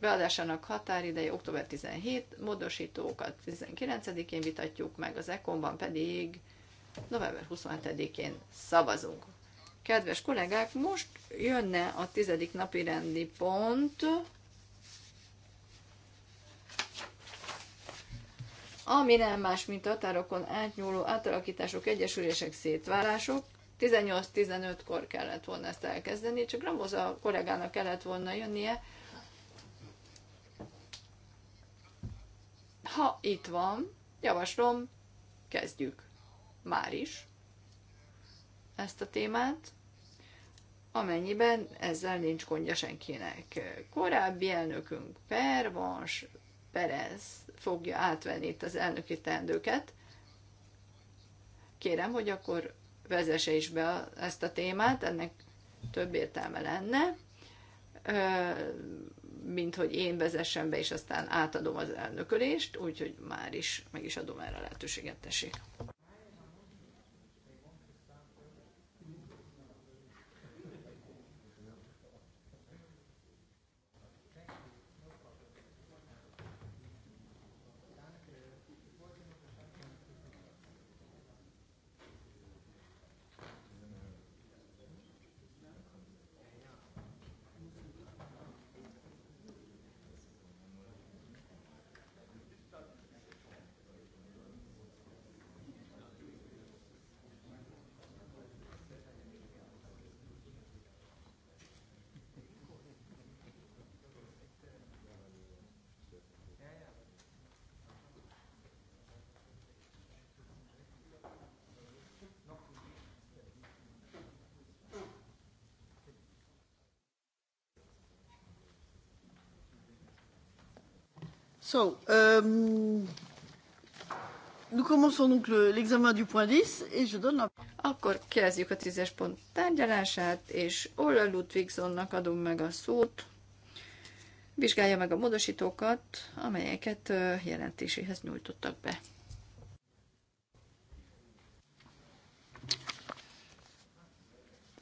beadásának határideje október 17, módosítókat 19-én vitatjuk meg, az ekonban pedig november 27-én szavazunk. Kedves kollégák, most jönne a tizedik napi rendi pont, ami nem más, mint határokon átnyúló átalakítások, egyesülések, szétválások. 18-15-kor kellett volna ezt elkezdeni, csak a kollégának kellett volna jönnie. Ha itt van, javaslom, kezdjük. Már is ezt a témát, amennyiben ezzel nincs gondja senkinek. Korábbi elnökünk Pervans Perez fogja átvenni itt az elnöki teendőket. Kérem, hogy akkor vezesse is be ezt a témát, ennek több értelme lenne, mint hogy én vezessem be, és aztán átadom az elnökölést, úgyhogy már is meg is adom erre a lehetőséget, tessék. So, euh, nous commençons donc l'examen le, du point 10 et je donne la... Akkor kezdjük a tízes pont tárgyalását, és Ola Ludwigsonnak adom meg a szót. Vizsgálja meg a módosítókat, amelyeket jelentéséhez nyújtottak be.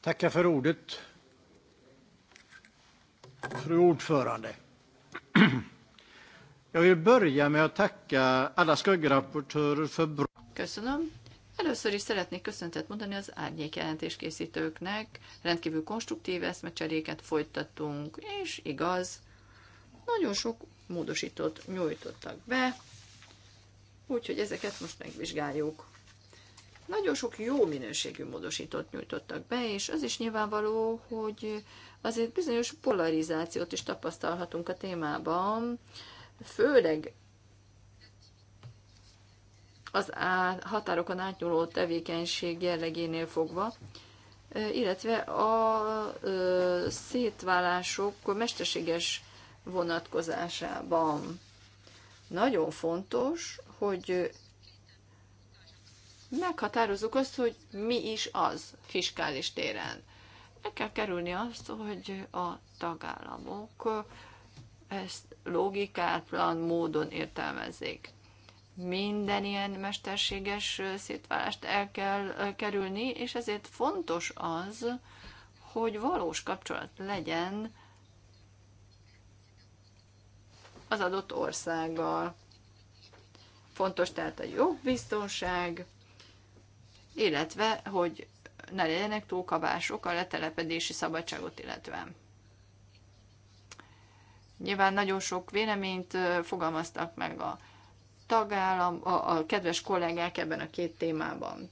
Tackar för ordet, fru ordförande. Jag vill börja med att tacka alla skuggrapportörer för bra... Köszönöm. Először is szeretnék köszöntet mondani az árnyék jelentéskészítőknek. Rendkívül konstruktív eszmecseréket folytatunk, és igaz, nagyon sok módosítót nyújtottak be, úgyhogy ezeket most megvizsgáljuk. Nagyon sok jó minőségű módosítót nyújtottak be, és az is nyilvánvaló, hogy azért bizonyos polarizációt is tapasztalhatunk a témában, főleg az á, határokon átnyúló tevékenység jellegénél fogva, illetve a ö, szétválások mesterséges vonatkozásában. Nagyon fontos, hogy meghatározzuk azt, hogy mi is az fiskális téren. Meg kell kerülni azt, hogy a tagállamok ezt logikátlan módon értelmezzék. Minden ilyen mesterséges szétválást el kell kerülni, és ezért fontos az, hogy valós kapcsolat legyen az adott országgal. Fontos tehát a jogbiztonság, illetve hogy ne legyenek túlkavások a letelepedési szabadságot illetően. Nyilván nagyon sok véleményt fogalmaztak meg a tagállam, a, a kedves kollégák ebben a két témában.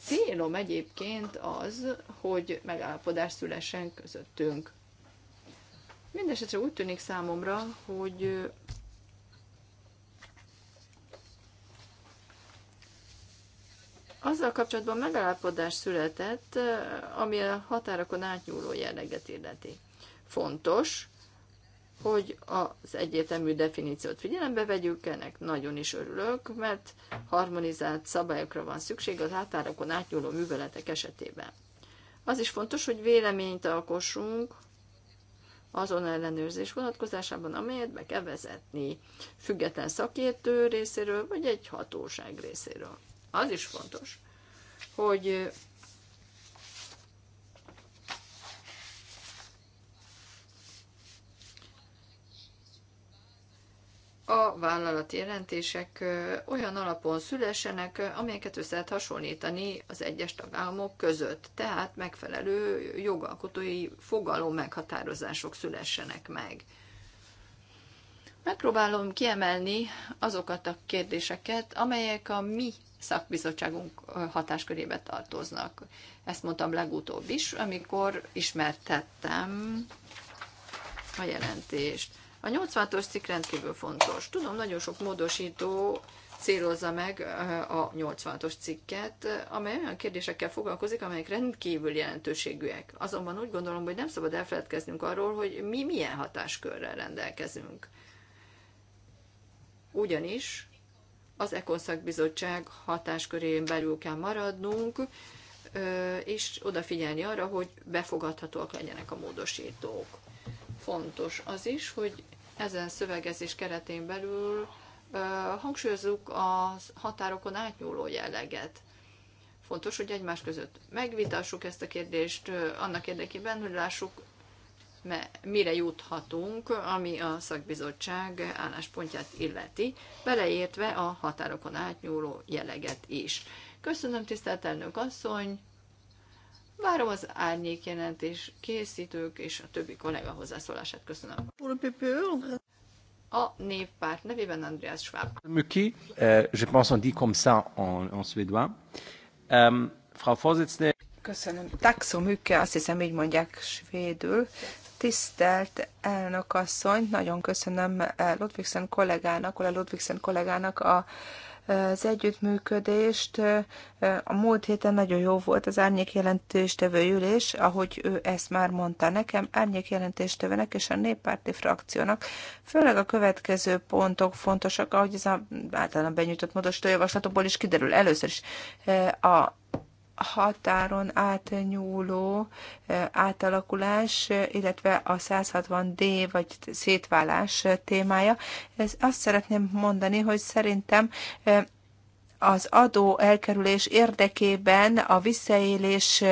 Célom egyébként az, hogy megállapodás szülessen közöttünk. Mindenesetre úgy tűnik számomra, hogy azzal kapcsolatban megállapodás született, ami a határokon átnyúló jelleget illeti. Fontos, hogy az egyértelmű definíciót figyelembe vegyük, ennek nagyon is örülök, mert harmonizált szabályokra van szükség az határokon átnyúló műveletek esetében. Az is fontos, hogy véleményt alkossunk azon ellenőrzés vonatkozásában, amelyet be kell vezetni független szakértő részéről, vagy egy hatóság részéről. Az is fontos, hogy a vállalati jelentések olyan alapon szülessenek, amelyeket össze lehet hasonlítani az egyes tagállamok között, tehát megfelelő jogalkotói fogalom meghatározások szülessenek meg. Megpróbálom kiemelni azokat a kérdéseket, amelyek a mi szakbizottságunk hatáskörébe tartoznak. Ezt mondtam legutóbb is, amikor ismertettem a jelentést a 86-os cikk rendkívül fontos. Tudom, nagyon sok módosító célozza meg eh, a 86-os cikket, amely olyan kérdésekkel foglalkozik, amelyek rendkívül jelentőségűek. Azonban úgy gondolom, hogy nem szabad elfeledkeznünk arról, hogy mi milyen hatáskörrel rendelkezünk. Ugyanis az Ekonszak Bizottság hatáskörén belül kell maradnunk, eh, és odafigyelni arra, hogy befogadhatóak legyenek a módosítók. Fontos az is, hogy ezen szövegezés keretén belül hangsúlyozzuk a határokon átnyúló jelleget. Fontos, hogy egymás között megvitassuk ezt a kérdést annak érdekében, hogy lássuk, mire juthatunk, ami a szakbizottság álláspontját illeti, beleértve a határokon átnyúló jelleget is. Köszönöm, tisztelt elnök asszony, Várom az árnyék jelentés készítők és a többi kollega hozzászólását. Köszönöm. E, a névpárt nevében Andreas Schwab. Möki, eh, je pense on dit comme ça en, suédois. Euh, Frau Köszönöm. Taxo Möki, azt hiszem így mondják svédül. Tisztelt elnök asszony, nagyon köszönöm eh, Ludvigsen kollégának, Ola Ludvigsen kollégának a az együttműködést. A múlt héten nagyon jó volt az árnyék jelentéstevő ülés, ahogy ő ezt már mondta nekem, árnyék jelentéstevőnek és a néppárti frakciónak. Főleg a következő pontok fontosak, ahogy ez a általában benyújtott módosító javaslatokból is kiderül először is. A határon átnyúló átalakulás, illetve a 160D vagy szétválás témája. Ez azt szeretném mondani, hogy szerintem az adó elkerülés érdekében a visszaélés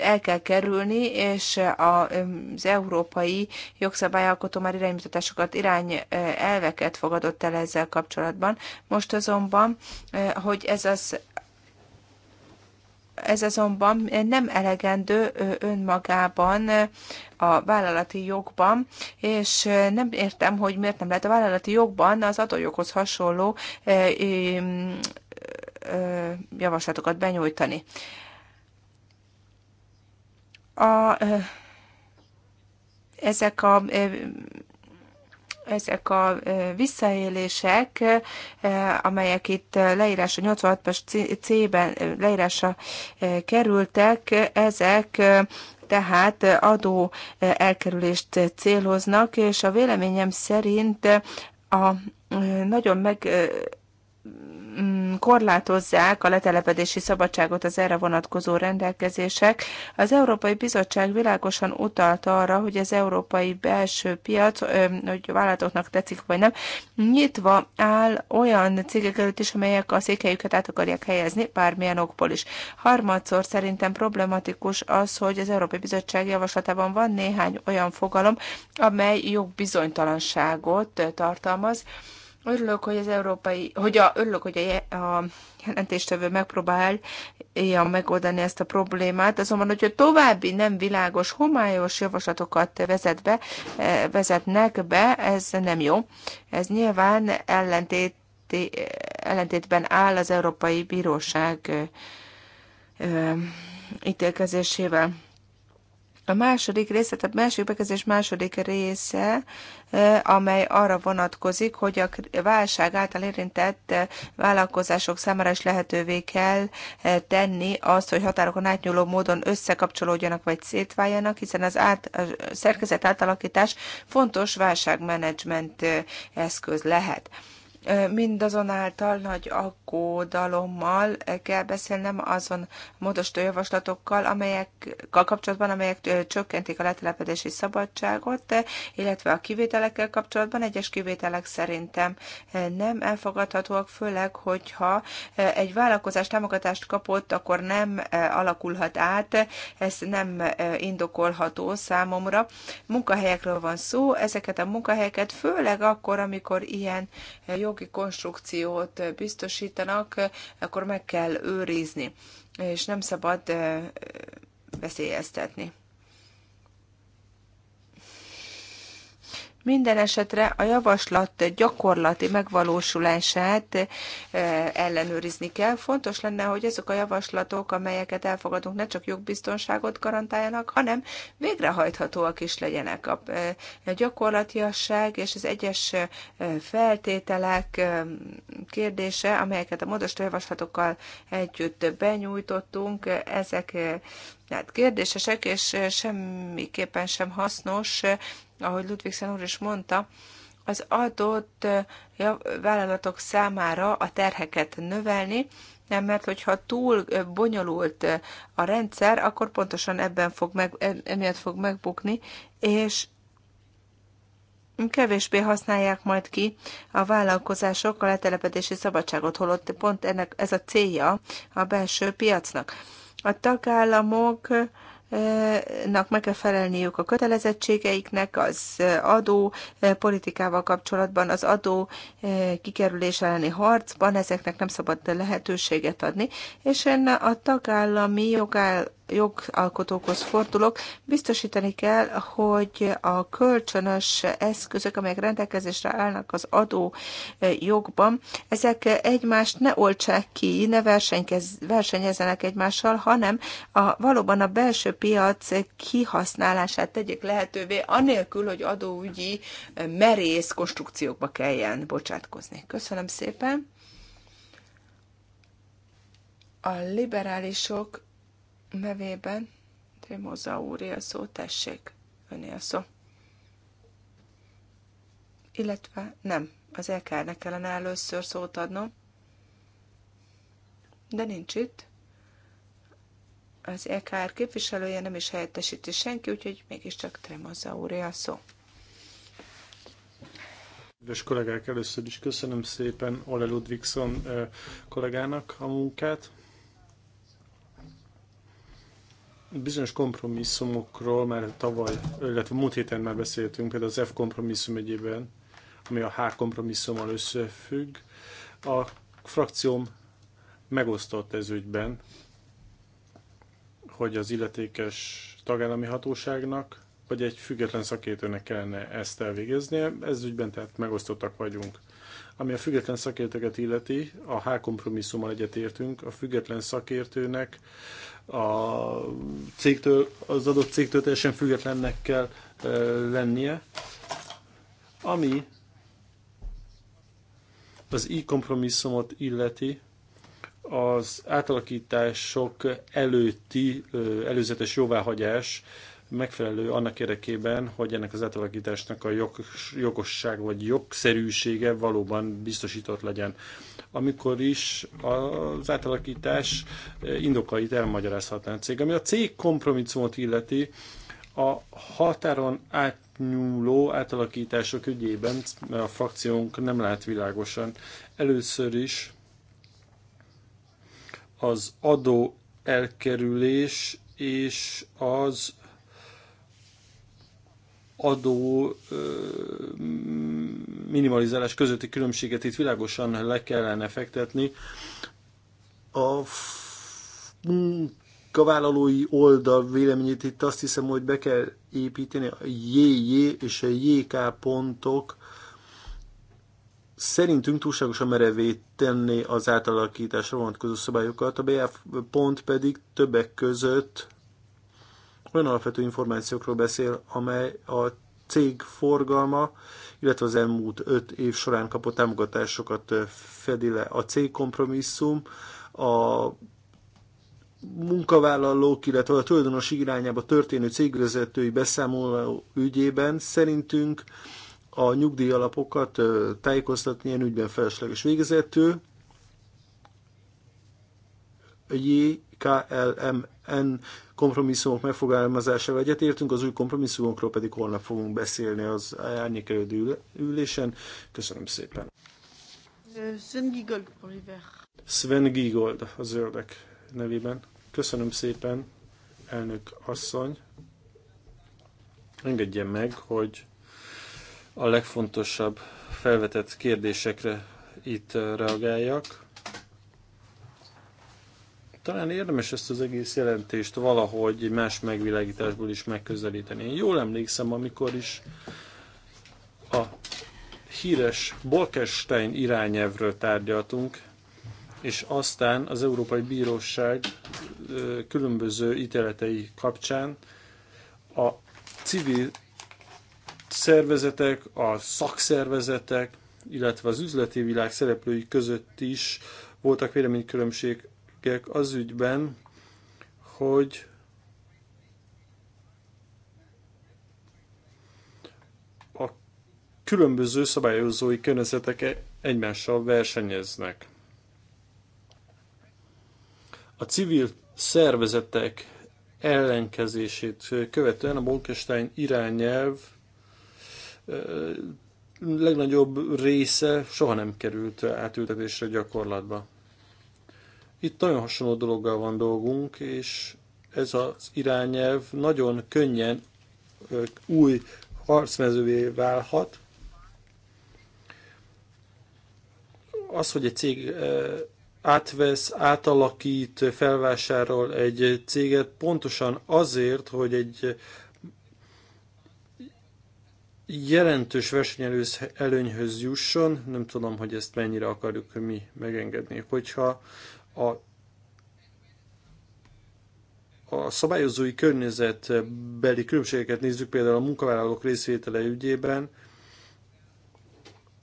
el kell kerülni, és az európai jogszabályalkotó már iránymutatásokat, irány elveket fogadott el ezzel kapcsolatban. Most azonban, hogy ez az ez azonban nem elegendő önmagában a vállalati jogban, és nem értem, hogy miért nem lehet a vállalati jogban az adójoghoz hasonló javaslatokat benyújtani. A, ezek a ezek a visszaélések, amelyek itt leírása 86-as C-ben leírása kerültek, ezek tehát adó elkerülést céloznak, és a véleményem szerint a nagyon meg Mm, korlátozzák a letelepedési szabadságot az erre vonatkozó rendelkezések. Az Európai Bizottság világosan utalta arra, hogy az európai belső piac, hogy vállalatoknak tetszik vagy nem, nyitva áll olyan cégek előtt is, amelyek a székhelyüket át akarják helyezni, bármilyen okból is. Harmadszor szerintem problematikus az, hogy az Európai Bizottság javaslatában van néhány olyan fogalom, amely jogbizonytalanságot tartalmaz, Örülök, hogy az európai, hogy a, örülök, hogy a, a jelentéstevő megpróbálja megoldani ezt a problémát, azonban, hogyha további nem világos, homályos javaslatokat vezet be, eh, vezetnek be, ez nem jó. Ez nyilván ellentét, ellentétben áll az Európai Bíróság eh, eh, ítélkezésével. A második része, tehát másik bekezdés második része, amely arra vonatkozik, hogy a válság által érintett vállalkozások számára is lehetővé kell tenni azt, hogy határokon átnyúló módon összekapcsolódjanak vagy szétváljanak, hiszen az át, a szerkezet átalakítás fontos válságmenedzsment eszköz lehet. Mindazonáltal nagy aggódalommal kell beszélnem azon módosító javaslatokkal, amelyekkel kapcsolatban, amelyek csökkentik a letelepedési szabadságot, illetve a kivételekkel kapcsolatban egyes kivételek szerintem nem elfogadhatóak, főleg, hogyha egy vállalkozás támogatást kapott, akkor nem alakulhat át, ez nem indokolható számomra. Munkahelyekről van szó, ezeket a munkahelyeket főleg akkor, amikor ilyen jog jogi konstrukciót biztosítanak, akkor meg kell őrizni, és nem szabad eh, veszélyeztetni. Minden esetre a javaslat gyakorlati megvalósulását eh, ellenőrizni kell. Fontos lenne, hogy azok a javaslatok, amelyeket elfogadunk, ne csak jogbiztonságot garantáljanak, hanem végrehajthatóak is legyenek. A eh, gyakorlatiasság és az egyes eh, feltételek kérdése, amelyeket a módos javaslatokkal együtt benyújtottunk, ezek tehát kérdésesek, és semmiképpen sem hasznos ahogy Ludvigsen úr is mondta, az adott vállalatok számára a terheket növelni, nem, mert hogyha túl bonyolult a rendszer, akkor pontosan ebben fog meg, e, emiatt fog megbukni, és kevésbé használják majd ki a vállalkozások a letelepedési szabadságot, holott pont ennek ez a célja a belső piacnak. A tagállamok nak meg kell felelniük a kötelezettségeiknek az adó eh, politikával kapcsolatban, az adó eh, kikerülés elleni harcban, ezeknek nem szabad lehetőséget adni, és én a tagállami jogáll jogalkotókhoz fordulok, biztosítani kell, hogy a kölcsönös eszközök, amelyek rendelkezésre állnak az adó eh, jogban, ezek egymást ne oltsák ki, ne versenyezzenek egymással, hanem a, valóban a belső piac kihasználását tegyék lehetővé, anélkül, hogy adóügyi eh, merész konstrukciókba kelljen bocsátkozni. Köszönöm szépen! a liberálisok nevében Trimóza úré a szó, tessék, öné a szó. Illetve nem, az LKR-nek kellene először szót adnom, de nincs itt. Az LKR képviselője nem is helyettesíti senki, úgyhogy mégiscsak Tremozza úré a szó. Kedves kollégák, először is köszönöm szépen Ole Ludvigson eh, kollégának a munkát, bizonyos kompromisszumokról már tavaly, illetve múlt héten már beszéltünk, például az F kompromisszum egyében, ami a H kompromisszummal összefügg. A frakcióm megosztott ez ügyben, hogy az illetékes tagállami hatóságnak, vagy egy független szakértőnek kellene ezt elvégeznie. Ez ügyben tehát megosztottak vagyunk. Ami a független szakértőket illeti, a H kompromisszummal egyetértünk, a független szakértőnek a cégtől, az adott cégtől teljesen függetlennek kell lennie, ami az i-kompromisszumot illeti, az átalakítások előtti előzetes jóváhagyás megfelelő annak érdekében, hogy ennek az átalakításnak a jogosság vagy jogszerűsége valóban biztosított legyen. Amikor is az átalakítás eh, indokait elmagyarázhatná a cég. Ami a cég kompromisszumot illeti, a határon átnyúló átalakítások ügyében a frakciónk nem lát világosan. Először is az adó elkerülés és az adó minimalizálás közötti különbséget itt világosan le kellene fektetni. A munkavállalói oldal véleményét itt azt hiszem, hogy be kell építeni a JJ és a JK pontok szerintünk túlságosan merevé tenni az átalakításra vonatkozó szabályokat, a BF pont pedig többek között olyan alapvető információkról beszél, amely a cég forgalma, illetve az elmúlt öt év során kapott támogatásokat fedi le. A cég kompromisszum, a munkavállalók, illetve a tulajdonos irányába történő cégvezetői beszámoló ügyében szerintünk a nyugdíjalapokat tájékoztatni ilyen ügyben felesleges végezető. JKLM en kompromisszumok megfogalmazásával egyetértünk, az új kompromisszumokról pedig holnap fogunk beszélni az árnyékelődő ülésen. Köszönöm szépen. Sven Giegold, Sven Giegold a zöldek nevében. Köszönöm szépen, elnök asszony. Engedje meg, hogy a legfontosabb felvetett kérdésekre itt eh, reagáljak. Talán érdemes ezt az egész jelentést valahogy más megvilágításból is megközelíteni. Én jól emlékszem, amikor is a híres Bolkestein irányelvről tárgyaltunk, és aztán az Európai Bíróság különböző ítéletei kapcsán a civil szervezetek, a szakszervezetek, illetve az üzleti világ szereplői között is voltak véleménykülönbségek érdekeltek az ügyben, hogy a különböző szabályozói környezetek egymással versenyeznek. A civil szervezetek ellenkezését követően a Bolkestein irányelv legnagyobb része soha nem került átültetésre gyakorlatba. Itt nagyon hasonló dologgal van dolgunk, és ez az irányelv nagyon könnyen új harcmezővé válhat. Az, hogy egy cég átvesz, átalakít, felvásárol egy céget pontosan azért, hogy egy jelentős versenyelőnyhöz jusson, nem tudom, hogy ezt mennyire akarjuk mi megengedni. Hogyha a, a szabályozói környezetbeli különbségeket nézzük például a munkavállalók részvétele ügyében,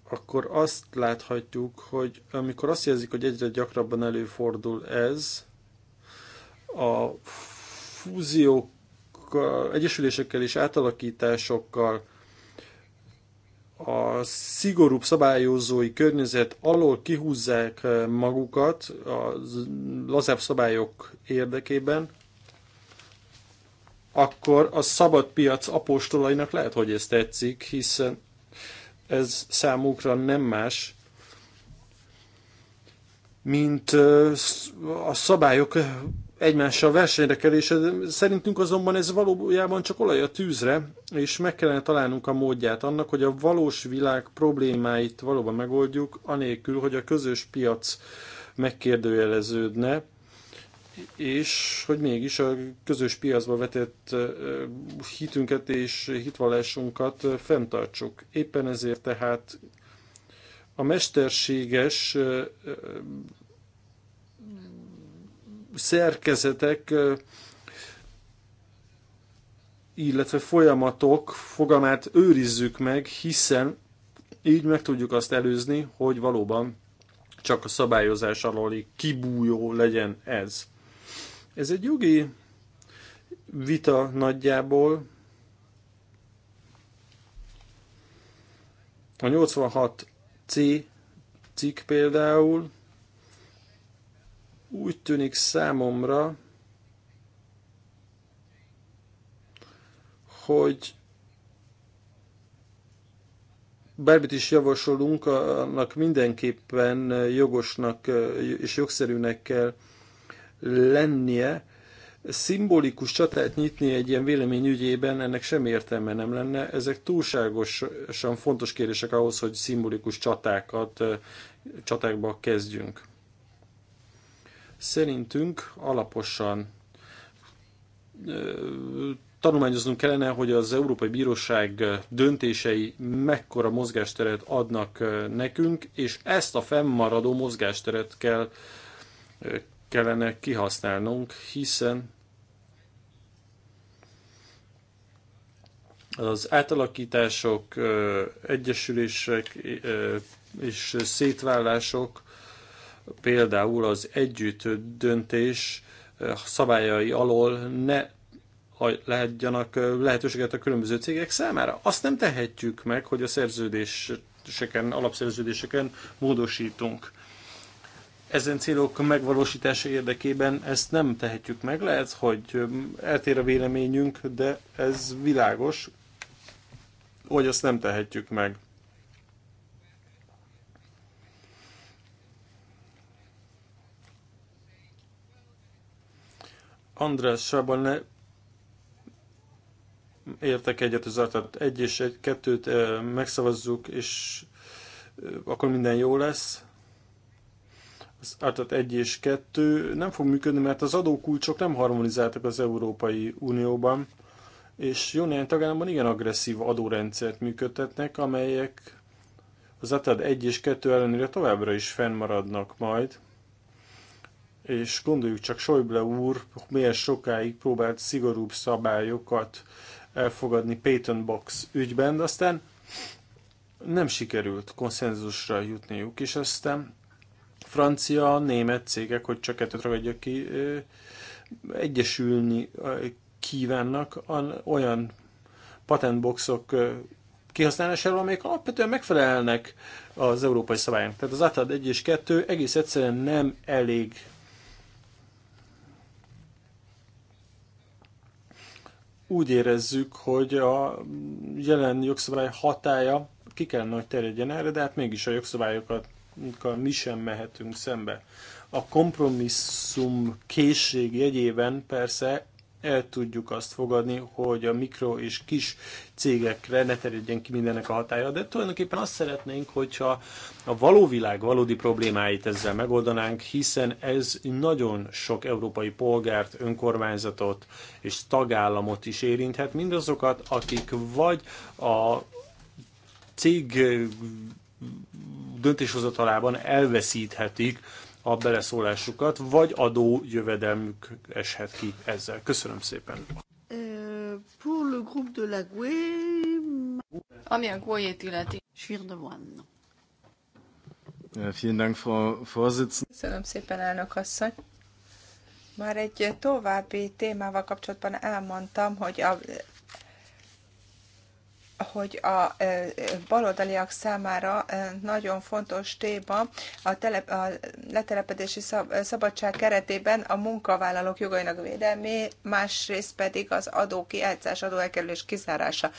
akkor azt láthatjuk, hogy amikor azt jelzik, hogy egyre gyakrabban előfordul ez, a fúziókkal, egyesülésekkel és átalakításokkal a szigorúbb szabályozói környezet alól kihúzzák eh, magukat a lazább szabályok érdekében, akkor a szabad piac apostolainak lehet, hogy ez tetszik, hiszen ez számukra nem más, mint eh, a szabályok egymással versenyre kerés. Szerintünk azonban ez valójában csak olaj a tűzre, és meg kellene találnunk a módját annak, hogy a valós világ problémáit valóban megoldjuk, anélkül, hogy a közös piac megkérdőjeleződne, és hogy mégis a közös piacba vetett hitünket és hitvallásunkat fenntartsuk. Éppen ezért tehát a mesterséges szerkezetek, illetve folyamatok fogamát őrizzük meg, hiszen így meg tudjuk azt előzni, hogy valóban csak a szabályozás alól kibújó legyen ez. Ez egy jogi vita nagyjából. A 86 C cikk például úgy tűnik számomra, hogy bármit is javasolunk, annak mindenképpen jogosnak és jogszerűnek kell lennie. Szimbolikus csatát nyitni egy ilyen vélemény ügyében ennek sem értelme nem lenne. Ezek túlságosan fontos kérdések ahhoz, hogy szimbolikus csatákat, csatákba kezdjünk. Szerintünk alaposan tanulmányoznunk kellene, hogy az Európai Bíróság döntései mekkora mozgásteret adnak nekünk, és ezt a fennmaradó mozgásteret kell, kellene kihasználnunk, hiszen az átalakítások, egyesülések és szétválások például az együtt döntés eh, szabályai alól ne lehetjanak eh, lehetőséget a különböző cégek számára. Azt nem tehetjük meg, hogy a szerződéseken, alapszerződéseken módosítunk. Ezen célok megvalósítása érdekében ezt nem tehetjük meg. Lehet, hogy eh, eltér a véleményünk, de ez világos, hogy ezt nem tehetjük meg. András Sában ne értek egyet az tehát Egy és egy, kettőt megszavazzuk, és akkor minden jó lesz. Az artat egy és kettő nem fog működni, mert az adókulcsok nem harmonizáltak az Európai Unióban, és jó néhány tagállamban igen agresszív adórendszert működtetnek, amelyek az ATAD 1 és 2 ellenére továbbra is fennmaradnak majd és gondoljuk csak Schäuble úr milyen sokáig próbált szigorúbb szabályokat elfogadni Patent Box ügyben, de aztán nem sikerült konszenzusra jutniuk, és aztán francia, német cégek, hogy csak ettől ragadja ki, egyesülni kívánnak olyan patentboxok kihasználásáról, amelyek alapvetően megfelelnek az európai szabályoknak. Tehát az átad 1 és 2 egész egyszerűen nem elég úgy érezzük, hogy a jelen jogszabály hatája ki kellene, hogy terjedjen erre, de hát mégis a jogszabályokat mi sem mehetünk szembe. A kompromisszum készség jegyében persze el tudjuk azt fogadni, hogy a mikro és kis cégekre ne terjedjen ki mindennek a hatája, de tulajdonképpen azt szeretnénk, hogyha a való világ valódi problémáit ezzel megoldanánk, hiszen ez nagyon sok európai polgárt, önkormányzatot és tagállamot is érinthet, mindazokat, akik vagy a cég döntéshozatalában elveszíthetik a beleszólásukat, vagy adójövedelmük eshet ki ezzel. Köszönöm szépen. Euh, pour le groupe de la GUE... Ami a gue illeti. Vielen Dank, Frau Vorsitzende. Köszönöm szépen, elnök asszony. Már egy további témával kapcsolatban elmondtam, hogy a hogy a baloldaliak számára nagyon fontos téma a, tele, a letelepedési szab, szabadság keretében a munkavállalók jogainak védelmé, másrészt pedig az adó kiátszás, adóelkerülés kizárása.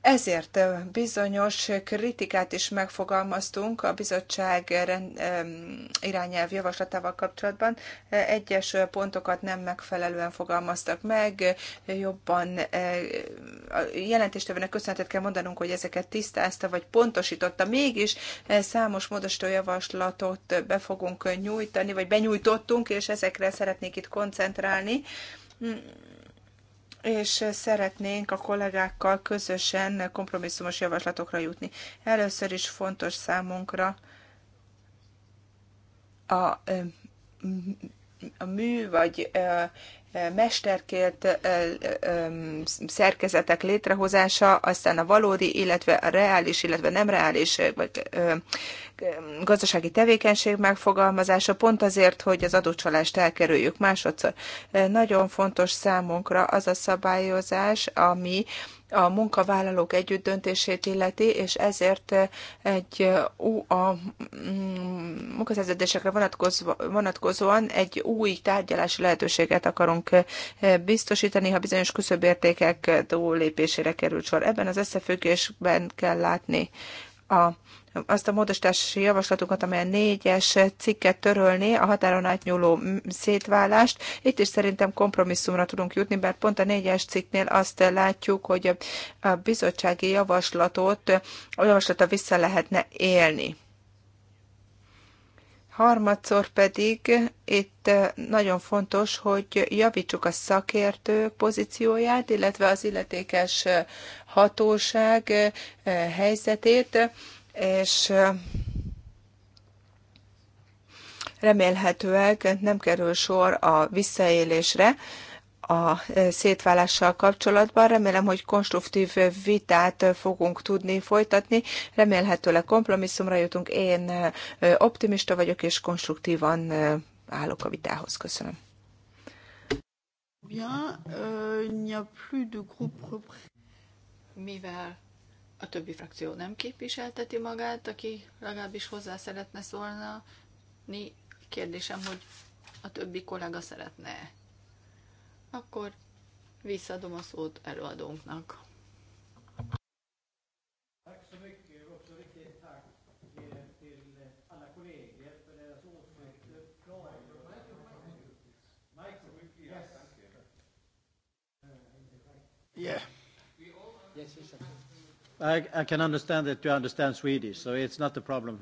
Ezért bizonyos kritikát is megfogalmaztunk a bizottság irányelv javaslatával kapcsolatban. Egyes pontokat nem megfelelően fogalmaztak meg, jobban a jelentéstevőnek köszönetet kell mondanunk, hogy ezeket tisztázta vagy pontosította. Mégis számos módosító javaslatot be fogunk nyújtani, vagy benyújtottunk, és ezekre szeretnék itt koncentrálni és szeretnénk a kollégákkal közösen kompromisszumos javaslatokra jutni. Először is fontos számunkra a, a mű vagy mesterkért szerkezetek létrehozása, aztán a valódi, illetve a reális, illetve nem reális vagy gazdasági tevékenység megfogalmazása pont azért, hogy az adócsalást elkerüljük. Másodszor eh, nagyon fontos számunkra az a szabályozás, ami a munkavállalók együtt döntését illeti, és ezért eh, egy eh, a mm, munkaszerződésekre vonatkozóan egy új tárgyalási lehetőséget akarunk biztosítani, ha bizonyos küszöbértékek túllépésére került sor. Ebben az összefüggésben kell látni a azt a módosítási javaslatunkat, amely a négyes cikket törölné, a határon átnyúló szétválást. Itt is szerintem kompromisszumra tudunk jutni, mert pont a négyes cikknél azt látjuk, hogy a bizottsági javaslatot, a javaslata vissza lehetne élni. Harmadszor pedig itt nagyon fontos, hogy javítsuk a szakértők pozícióját, illetve az illetékes hatóság helyzetét és remélhetőleg nem kerül sor a visszaélésre a szétválással kapcsolatban. Remélem, hogy konstruktív vitát fogunk tudni folytatni. Remélhetőleg kompromisszumra jutunk. Én optimista vagyok, és konstruktívan állok a vitához. Köszönöm. Bien, euh, il n'y a plus de groupe repris. Mivel a többi frakció nem képviselteti magát, aki legalábbis hozzá szeretne szólna. Kérdésem, hogy a többi kollega szeretne -e. Akkor visszadom a szót előadónknak. Yeah. I, I can understand that you understand Swedish, so it's not a problem.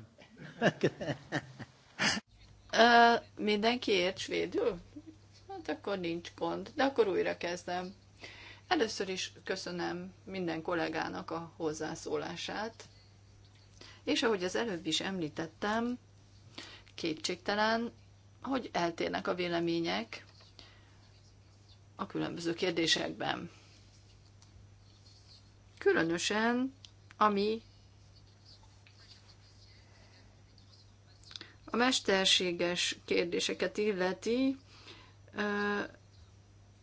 uh, mindenki ért svédül? Hát akkor nincs gond, de akkor újra kezdem. Először is köszönöm minden kollégának a hozzászólását, és ahogy az előbb is említettem, kétségtelen, hogy eltérnek a vélemények a különböző kérdésekben különösen ami a mesterséges kérdéseket illeti,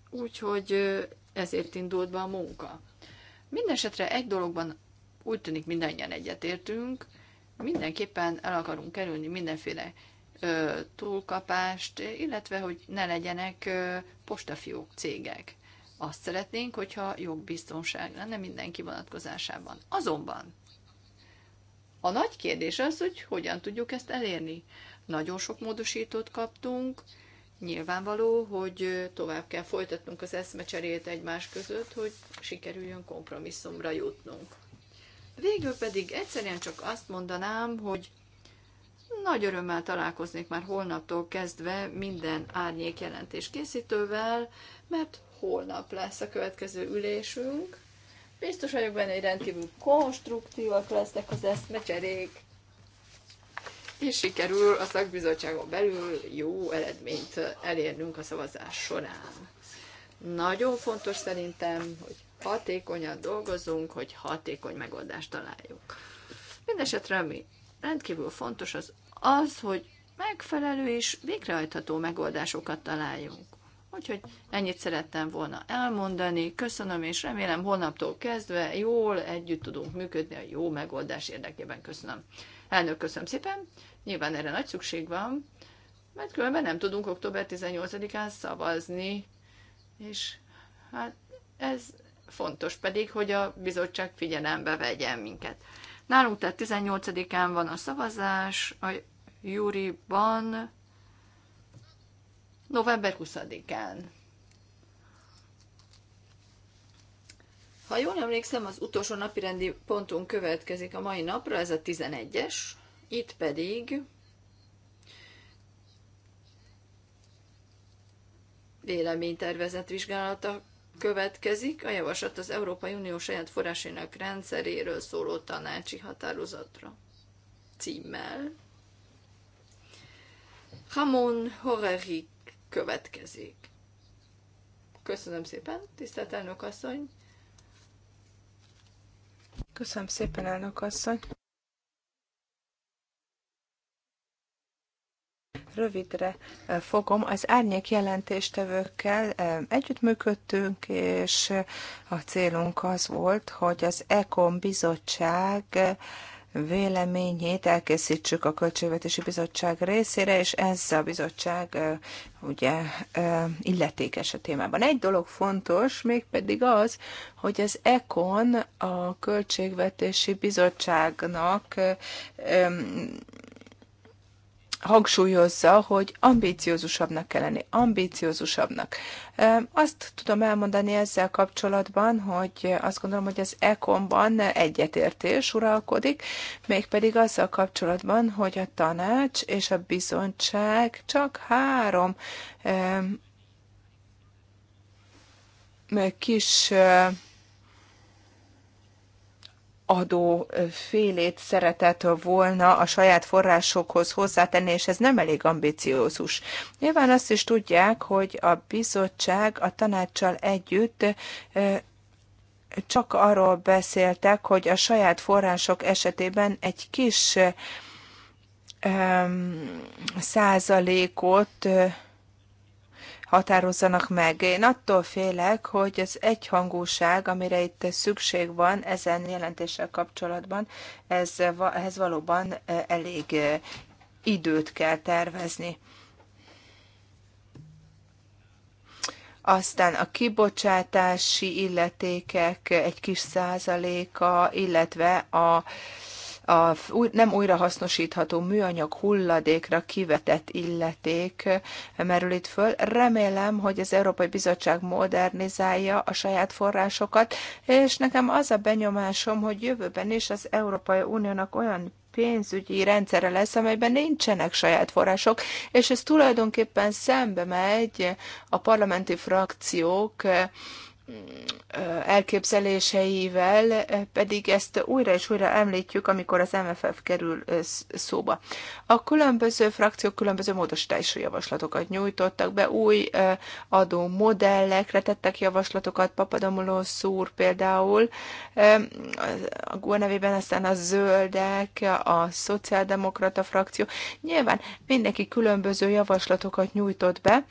úgyhogy ezért indult be a munka. Mindenesetre egy dologban úgy tűnik mindannyian egyetértünk, mindenképpen el akarunk kerülni mindenféle túlkapást, illetve hogy ne legyenek postafiók cégek. Azt szeretnénk, hogyha jogbiztonság lenne mindenki vonatkozásában. Azonban a nagy kérdés az, hogy hogyan tudjuk ezt elérni. Nagyon sok módosítót kaptunk, nyilvánvaló, hogy tovább kell folytatnunk az eszmecserét egymás között, hogy sikerüljön kompromisszumra jutnunk. Végül pedig egyszerűen csak azt mondanám, hogy nagy örömmel találkoznék már holnaptól kezdve minden árnyék jelentés készítővel, mert holnap lesz a következő ülésünk. Biztos vagyok benne, hogy rendkívül konstruktívak lesznek az eszmecserék, és sikerül a szakbizottságon belül jó eredményt elérnünk a szavazás során. Nagyon fontos szerintem, hogy hatékonyan dolgozunk, hogy hatékony megoldást találjuk. Mindenesetre ami rendkívül fontos az az, hogy megfelelő és végrehajtható megoldásokat találjunk. Úgyhogy ennyit szerettem volna elmondani. Köszönöm, és remélem holnaptól kezdve jól együtt tudunk működni a jó megoldás érdekében. Köszönöm. Elnök, köszönöm szépen. Nyilván erre nagy szükség van, mert különben nem tudunk október 18-án szavazni, és hát ez fontos pedig, hogy a bizottság figyelembe vegyen minket. Nálunk tehát 18-án van a szavazás, a júriban november 20-án. Ha jól emlékszem, az utolsó napirendi pontunk következik a mai napra, ez a 11-es, itt pedig véleménytervezett vizsgálata következik. A javaslat az Európai Unió saját forrásainak rendszeréről szóló tanácsi határozatra címmel. Hamon Horerik következik. Köszönöm szépen, tisztelt elnök asszony! Köszönöm szépen, elnök asszony! rövidre eh, fogom. Az árnyék jelentéstevőkkel eh, együttműködtünk, és a célunk az volt, hogy az ekon bizottság eh, véleményét elkészítsük a Költségvetési Bizottság részére, és ez a bizottság ugye illetékes a témában. Egy dolog fontos, mégpedig az, hogy az ECON a Költségvetési Bizottságnak hangsúlyozza, hogy ambíciózusabbnak kell lenni, ambíciózusabbnak. Azt tudom elmondani ezzel kapcsolatban, hogy azt gondolom, hogy az ekonban egyetértés uralkodik, mégpedig azzal kapcsolatban, hogy a tanács és a bizonyság csak három kis adó félét szeretett volna a saját forrásokhoz hozzátenni, és ez nem elég ambiciózus. Nyilván azt is tudják, hogy a bizottság a tanácssal együtt csak arról beszéltek, hogy a saját források esetében egy kis százalékot határozzanak meg. Én attól félek, hogy az egyhangúság, amire itt szükség van ezen jelentéssel kapcsolatban, ez, ez valóban elég időt kell tervezni. aztán a kibocsátási illetékek egy kis százaléka, illetve a a nem újrahasznosítható műanyag hulladékra kivetett illeték eh, merül itt föl. Remélem, hogy az Európai Bizottság modernizálja a saját forrásokat, és nekem az a benyomásom, hogy jövőben is az Európai Uniónak olyan pénzügyi rendszere lesz, amelyben nincsenek saját források, és ez tulajdonképpen szembe megy a parlamenti frakciók eh, elképzeléseivel, pedig ezt újra és újra említjük, amikor az MFF kerül szóba. A különböző frakciók különböző módosítási javaslatokat nyújtottak be, új adó modellekre tettek javaslatokat, Papadomuló szúr például, a GUA nevében aztán a zöldek, a szociáldemokrata frakció, nyilván mindenki különböző javaslatokat nyújtott be,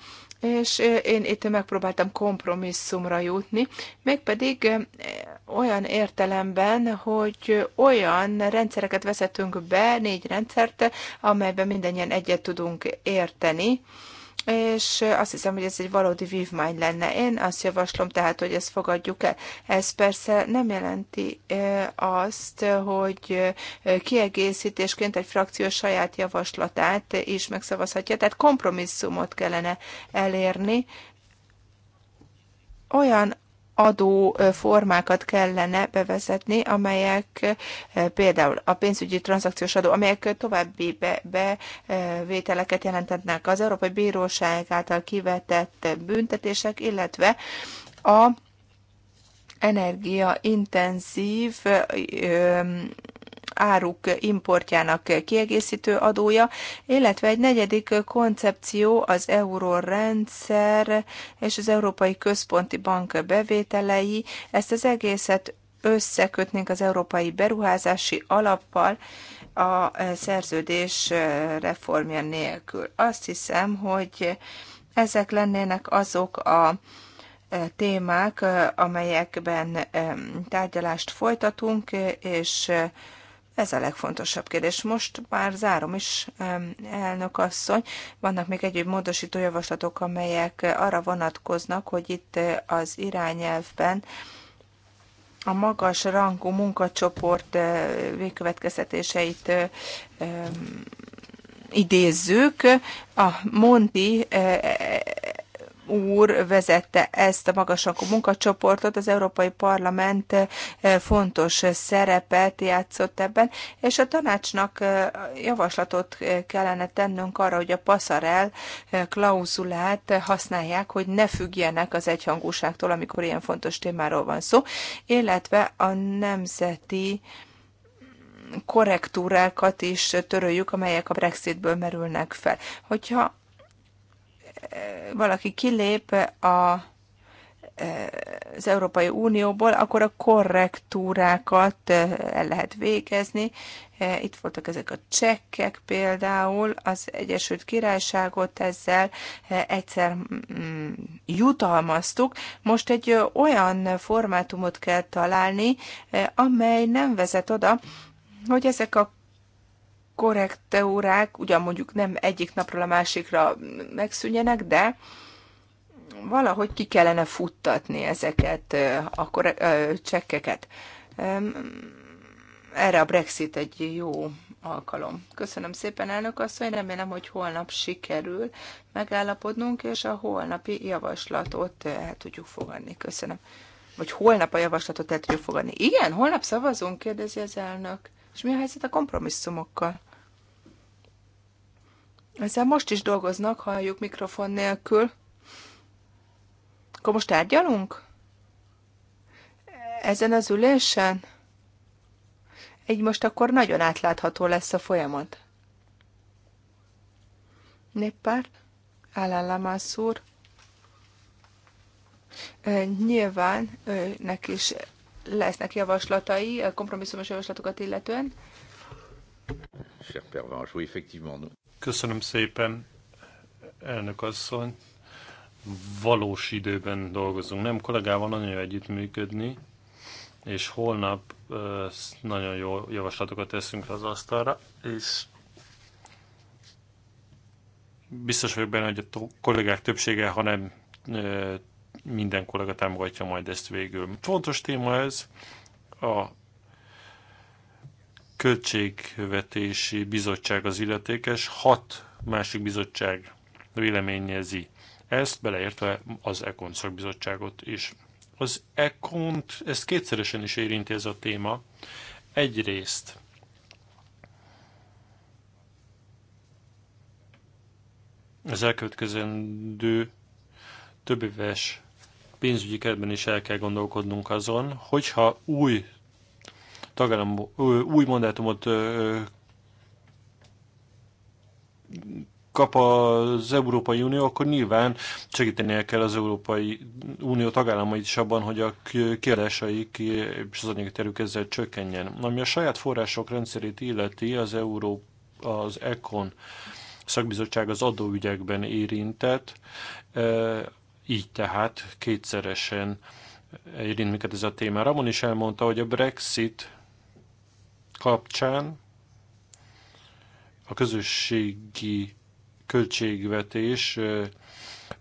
és én itt megpróbáltam kompromisszumra jutni, mégpedig olyan értelemben, hogy olyan rendszereket veszettünk be, négy rendszert, amelyben mindannyian egyet tudunk érteni, és azt hiszem, hogy ez egy valódi vívmány lenne. Én azt javaslom tehát, hogy ezt fogadjuk el. Ez persze nem jelenti azt, hogy kiegészítésként egy frakció saját javaslatát is megszavazhatja, tehát kompromisszumot kellene elérni, olyan adóformákat kellene bevezetni, amelyek például a pénzügyi tranzakciós adó, amelyek további bevételeket jelentetnek az Európai Bíróság által kivetett büntetések, illetve a energiaintenzív áruk importjának kiegészítő adója, illetve egy negyedik koncepció az eurórendszer és az Európai Központi Bank bevételei. Ezt az egészet összekötnénk az Európai Beruházási Alappal, a szerződés reformja nélkül. Azt hiszem, hogy ezek lennének azok a témák, amelyekben tárgyalást folytatunk, és ez a legfontosabb kérdés. Most már zárom is, elnök asszony. Vannak még egyéb módosító javaslatok, amelyek arra vonatkoznak, hogy itt eh, az irányelvben a magas rangú munkacsoport eh, végkövetkeztetéseit eh, idézzük. A Monti úr vezette ezt a magasrangú munkacsoportot, az Európai Parlament eh, fontos szerepet játszott ebben, és a tanácsnak eh, javaslatot eh, kellene tennünk arra, hogy a passzarel klauzulát használják, hogy ne függjenek az egyhangúságtól, amikor ilyen fontos témáról van szó, illetve a nemzeti korrektúrákat is töröljük, amelyek a Brexitből merülnek fel. Hogyha valaki kilép a e, az Európai Unióból, akkor a korrektúrákat e, el lehet végezni. E, itt voltak ezek a csekkek például, az Egyesült Királyságot ezzel egyszer mm, jutalmaztuk. Most egy olyan formátumot kell találni, amely nem vezet oda, hogy ezek a korrektúrák ugyan mondjuk nem egyik napról a másikra megszűnjenek, de valahogy ki kellene futtatni ezeket a csekkeket. Erre a Brexit egy jó alkalom. Köszönöm szépen, elnök asszony, remélem, hogy holnap sikerül megállapodnunk, és a holnapi javaslatot el tudjuk fogadni. Köszönöm. Vagy holnap a javaslatot el tudjuk fogadni. Igen, holnap szavazunk, kérdezi az elnök. És mi a helyzet a kompromisszumokkal? Ezzel most is dolgoznak, halljuk mikrofon nélkül. Akkor most tárgyalunk? Ezen az ülésen? Így most akkor nagyon átlátható lesz a folyamat. Néppárt? Alan Lamassur? Nyilván őnek is lesznek javaslatai, kompromisszumos javaslatokat illetően. Cher pervenche, oui, effectivement. Köszönöm szépen, elnök asszony. Valós időben dolgozunk. Nem kollégával nagyon jó együttműködni, és holnap nagyon jó javaslatokat teszünk az asztalra, és biztos vagyok benne, hogy a kollégák többsége, hanem minden kollega támogatja majd ezt végül. Fontos téma ez, a Költségvetési Bizottság az illetékes, hat másik bizottság véleményezi ezt, beleértve az ECON szakbizottságot is. Az econ ezt kétszeresen is érinti ez a téma. Egyrészt az elkövetkezendő több éves pénzügyi keretben is el kell gondolkodnunk azon, hogyha új tagállam új mandátumot kap az Európai Unió, akkor nyilván segítenie kell az Európai Unió tagállamait is abban, hogy a kiadásaik és az anyagi terük ezzel csökkenjen. Ami a saját források rendszerét illeti, az Euró, az ECON szakbizottság az adóügyekben érintett, így tehát kétszeresen érint minket ez a témára Ramon is elmondta, hogy a Brexit kapcsán a közösségi költségvetés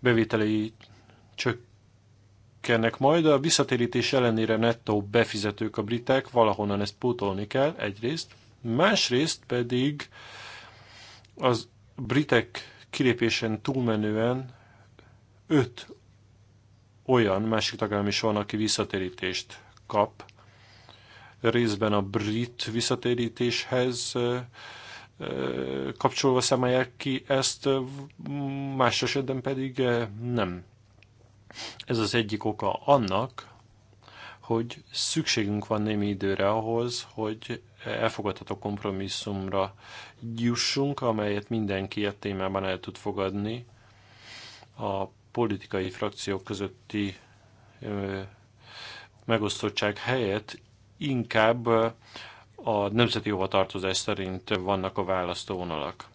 bevételei csökkennek majd, a visszatérítés ellenére nettó befizetők a britek, valahonnan ezt pótolni kell egyrészt, másrészt pedig az britek kilépésen túlmenően öt olyan másik tagállam is van, aki visszatérítést kap részben a brit visszatérítéshez kapcsolva szemelják ki ezt, más esetben pedig nem. Ez az egyik oka annak, hogy szükségünk van némi időre ahhoz, hogy elfogadható kompromisszumra jussunk, amelyet mindenki a e témában el tud fogadni. A politikai frakciók közötti megosztottság helyett inkább a nemzeti hovatartozás szerint vannak a választóvonalak.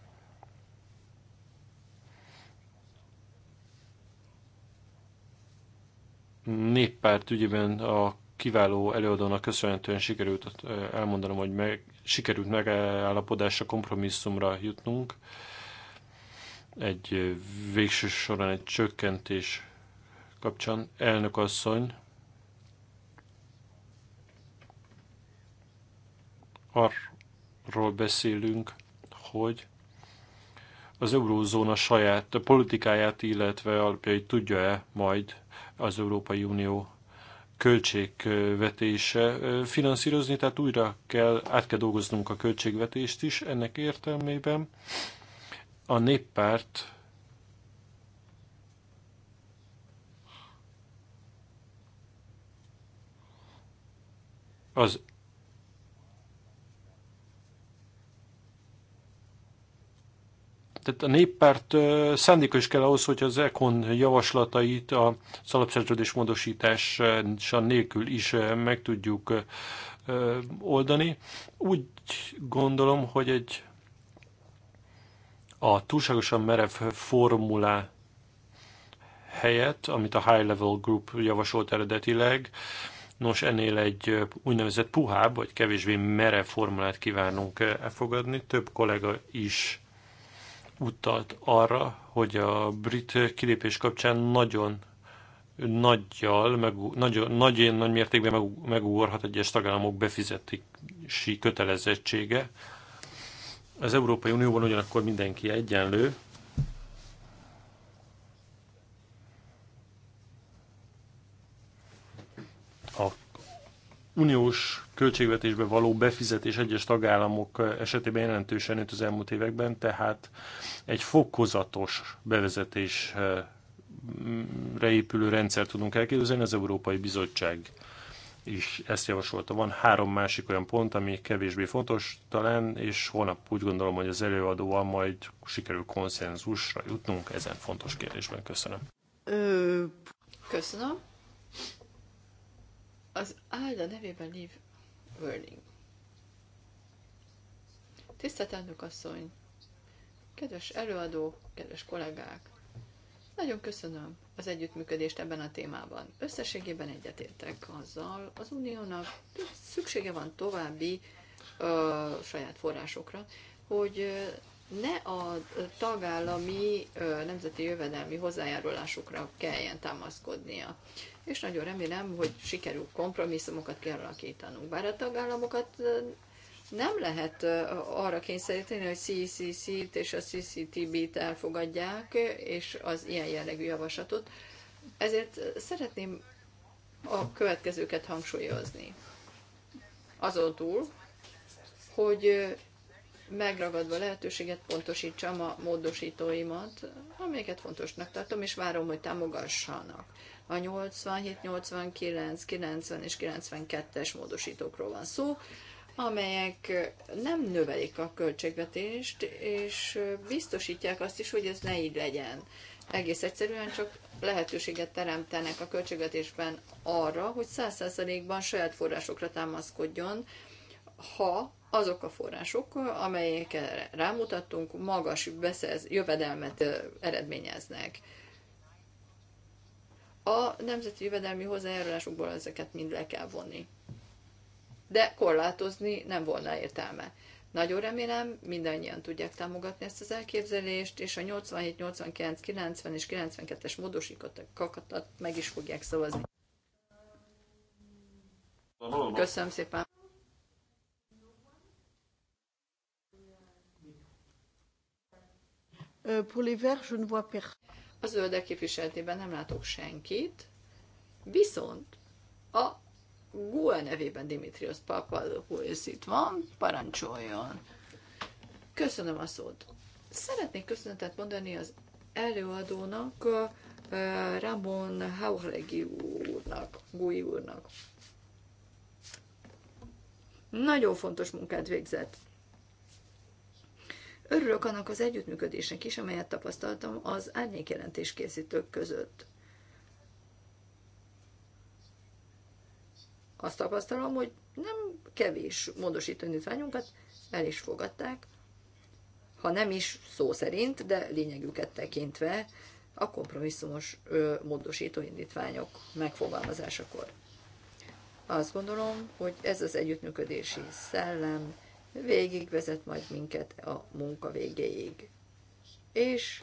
Néppárt ügyében a kiváló előadónak köszönhetően sikerült elmondanom, hogy meg, sikerült megállapodásra, kompromisszumra jutnunk. Egy végső során egy csökkentés kapcsán. Elnök asszony, arról beszélünk, hogy az eurózóna saját a politikáját, illetve alapjait tudja-e majd az Európai Unió költségvetése finanszírozni, tehát újra kell, át kell dolgoznunk a költségvetést is ennek értelmében. A néppárt az Tehát a néppárt szándéka is kell ahhoz, hogy az ECON javaslatait a szalapszerződés módosítása nélkül is meg tudjuk oldani. Úgy gondolom, hogy egy a túlságosan merev formulá helyett, amit a High Level Group javasolt eredetileg, nos ennél egy úgynevezett puhább, vagy kevésbé merev formulát kívánunk elfogadni. Több kollega is utalt arra, hogy a brit kilépés kapcsán nagyon nagyjal, meg, nagy, nagy, nagy mértékben meg, megugorhat egyes tagállamok befizetési kötelezettsége. Az Európai Unióban ugyanakkor mindenki egyenlő, a uniós költségvetésbe való befizetés egyes tagállamok esetében jelentősen nőtt az elmúlt években, tehát egy fokozatos bevezetésre épülő rendszer tudunk elképzelni. Az Európai Bizottság is ezt javasolta. Van három másik olyan pont, ami kevésbé fontos talán, és holnap úgy gondolom, hogy az előadóval majd sikerül konszenzusra jutnunk ezen fontos kérdésben. Köszönöm. Ö, köszönöm. Az Álda nevében lév Burning. Tisztelt elnök asszony, kedves előadó, kedves kollégák, nagyon köszönöm az együttműködést ebben a témában. Összességében egyetértek azzal, az uniónak szüksége van további ö, saját forrásokra, hogy ne a tagállami nemzeti jövedelmi hozzájárulásukra kelljen támaszkodnia. És nagyon remélem, hogy sikerül kompromisszumokat kialakítanunk. Bár a tagállamokat nem lehet arra kényszeríteni, hogy CCC-t és a CCTB-t elfogadják, és az ilyen jellegű javaslatot. Ezért szeretném a következőket hangsúlyozni. Azon túl, hogy megragadva lehetőséget, pontosítsam a módosítóimat, amelyeket fontosnak tartom, és várom, hogy támogassanak. A 87, 89, 90 és 92-es módosítókról van szó, amelyek nem növelik a költségvetést, és biztosítják azt is, hogy ez ne így legyen. Egész egyszerűen csak lehetőséget teremtenek a költségvetésben arra, hogy 100%-ban saját forrásokra támaszkodjon, ha azok a források, amelyekre rámutattunk, magas beszerz, jövedelmet eredményeznek. A nemzeti jövedelmi hozzájárulásokból ezeket mind le kell vonni. De korlátozni nem volna értelme. Nagyon remélem, mindannyian tudják támogatni ezt az elképzelést, és a 87, 89, 90 és 92-es módosítókat meg is fogják szavazni. Köszönöm szépen! Euh, pour les verts, je ne vois personne. A zöldek képviseletében nem látok senkit, viszont a GUE nevében Dimitrios Papadopoulos itt van, parancsoljon. Köszönöm a szót. Szeretnék köszönetet mondani az előadónak, Ramon Hauregi úrnak, Gui úrnak. Nagyon fontos munkát végzett. Örülök annak az együttműködésnek is, amelyet tapasztaltam az árnyékjelentés készítők között. Azt tapasztalom, hogy nem kevés módosítanítványunkat el is fogadták, ha nem is szó szerint, de lényegüket tekintve a kompromisszumos módosító indítványok megfogalmazásakor. Azt gondolom, hogy ez az együttműködési szellem, végigvezet majd minket a munka végéig. És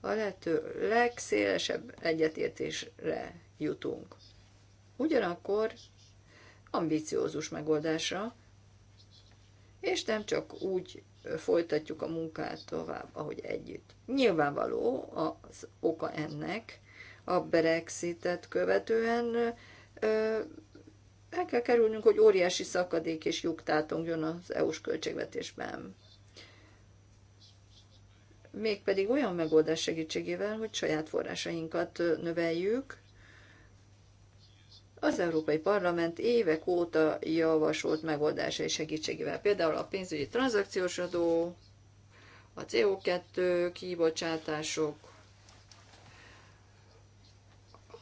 a lehető legszélesebb egyetértésre jutunk. Ugyanakkor ambiciózus megoldásra, és nem csak úgy folytatjuk a munkát tovább, ahogy együtt. Nyilvánvaló az oka ennek a Brexitet követően el kell kerülnünk, hogy óriási szakadék és jön az EU-s költségvetésben. Mégpedig olyan megoldás segítségével, hogy saját forrásainkat növeljük. Az Európai Parlament évek óta javasolt megoldásai segítségével, például a pénzügyi tranzakciós adó, a CO2 kibocsátások,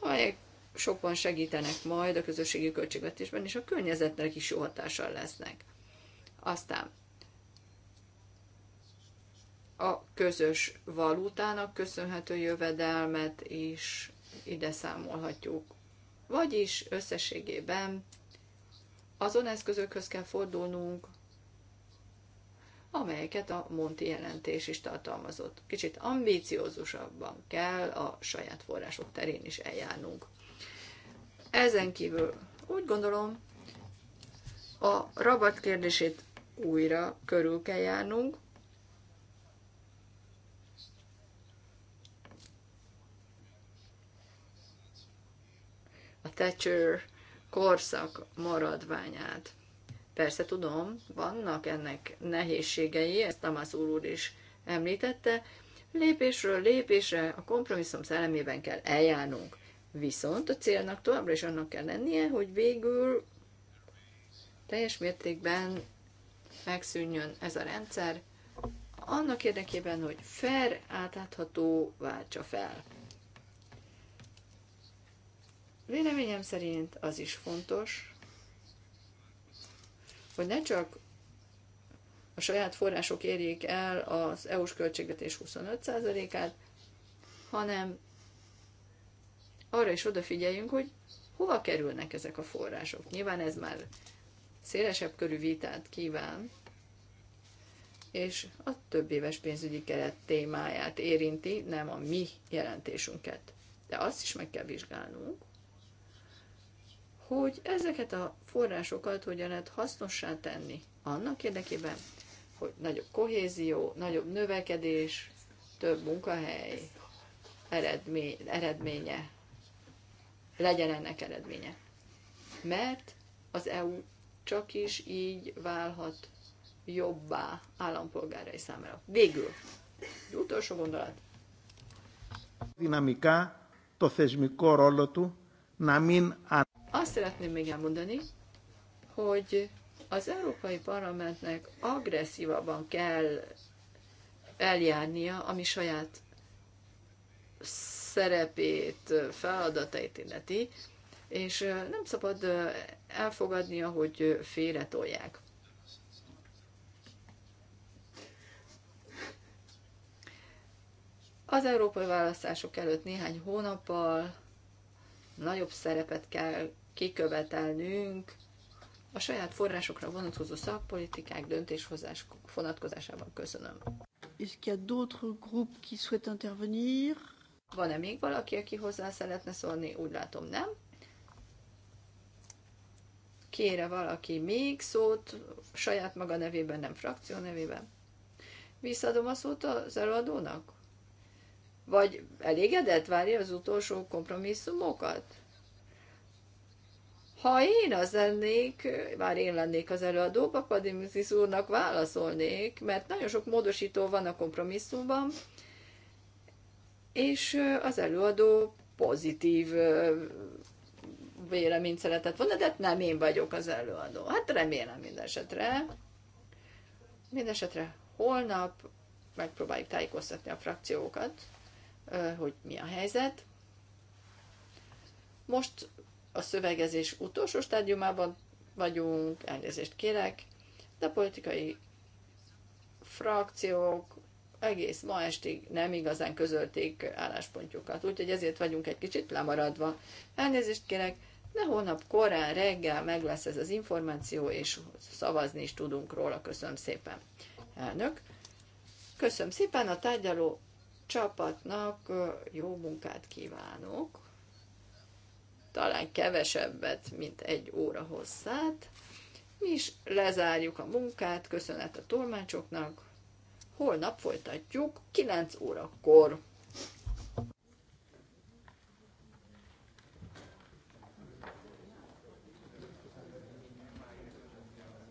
amelyek sokban segítenek majd a közösségi költségvetésben, és a környezetnek is jó hatással lesznek. Aztán a közös valutának köszönhető jövedelmet is ide számolhatjuk. Vagyis összességében azon eszközökhöz kell fordulnunk, amelyeket a Monti jelentés is tartalmazott. Kicsit ambíciózusabban kell a saját források terén is eljárnunk. Ezen kívül úgy gondolom, a rabat kérdését újra körül kell járnunk, a Thatcher korszak maradványát. Persze tudom, vannak ennek nehézségei, ezt Tamás úr, úr is említette, lépésről lépésre a kompromisszum szellemében kell eljárnunk. Viszont a célnak továbbra is annak kell lennie, hogy végül teljes mértékben megszűnjön ez a rendszer, annak érdekében, hogy fair, átlátható váltsa fel. Véleményem szerint az is fontos, hogy ne csak a saját források érjék el az EU-s költségvetés 25%-át, hanem arra is odafigyeljünk, hogy hova kerülnek ezek a források. Nyilván ez már szélesebb körű vitát kíván, és a több éves pénzügyi keret témáját érinti, nem a mi jelentésünket. De azt is meg kell vizsgálnunk, hogy ezeket a forrásokat hogyan lehet hasznossá tenni annak érdekében, hogy nagyobb kohézió, nagyobb növekedés, több munkahely eredmény, eredménye legyen ennek eredménye. Mert az EU csak is így válhat jobbá állampolgárai számára. Végül, egy utolsó gondolat. Dinamika, to θεσμικό ρόλο Azt szeretném még elmondani, hogy az Európai Parlamentnek agresszívabban kell eljárnia, ami saját szerepét, feladatait illeti, és nem szabad elfogadnia, hogy félretolják. Az európai választások előtt néhány hónappal nagyobb szerepet kell kikövetelnünk a saját forrásokra vonatkozó szakpolitikák döntéshozás vonatkozásában. Köszönöm. Est-ce qu'il y a d'autres groupes qui souhaitent intervenir? Van-e még valaki, aki hozzá szeretne szólni? Úgy látom, nem. Kére valaki még szót saját maga nevében, nem frakció nevében? Visszadom a szót az előadónak? Vagy elégedett várja az utolsó kompromisszumokat? Ha én az lennék, már én lennék az előadó, Papadimitis úrnak válaszolnék, mert nagyon sok módosító van a kompromisszumban, és az előadó pozitív véleményt szeretett volna, de hát nem én vagyok az előadó. Hát remélem mindesetre. Mindesetre holnap megpróbáljuk tájékoztatni a frakciókat, hogy mi a helyzet. Most a szövegezés utolsó stádiumában vagyunk, elnézést kérek, de a politikai frakciók egész ma estig nem igazán közölték álláspontjukat, úgyhogy ezért vagyunk egy kicsit lemaradva. Elnézést kérek, de holnap korán, reggel meg lesz ez az információ, és szavazni is tudunk róla. Köszönöm szépen, elnök. Köszönöm szépen a tárgyaló csapatnak jó munkát kívánok. Talán kevesebbet, mint egy óra hosszát. Mi is lezárjuk a munkát, köszönet a tolmácsoknak holnap folytatjuk 9 órakor.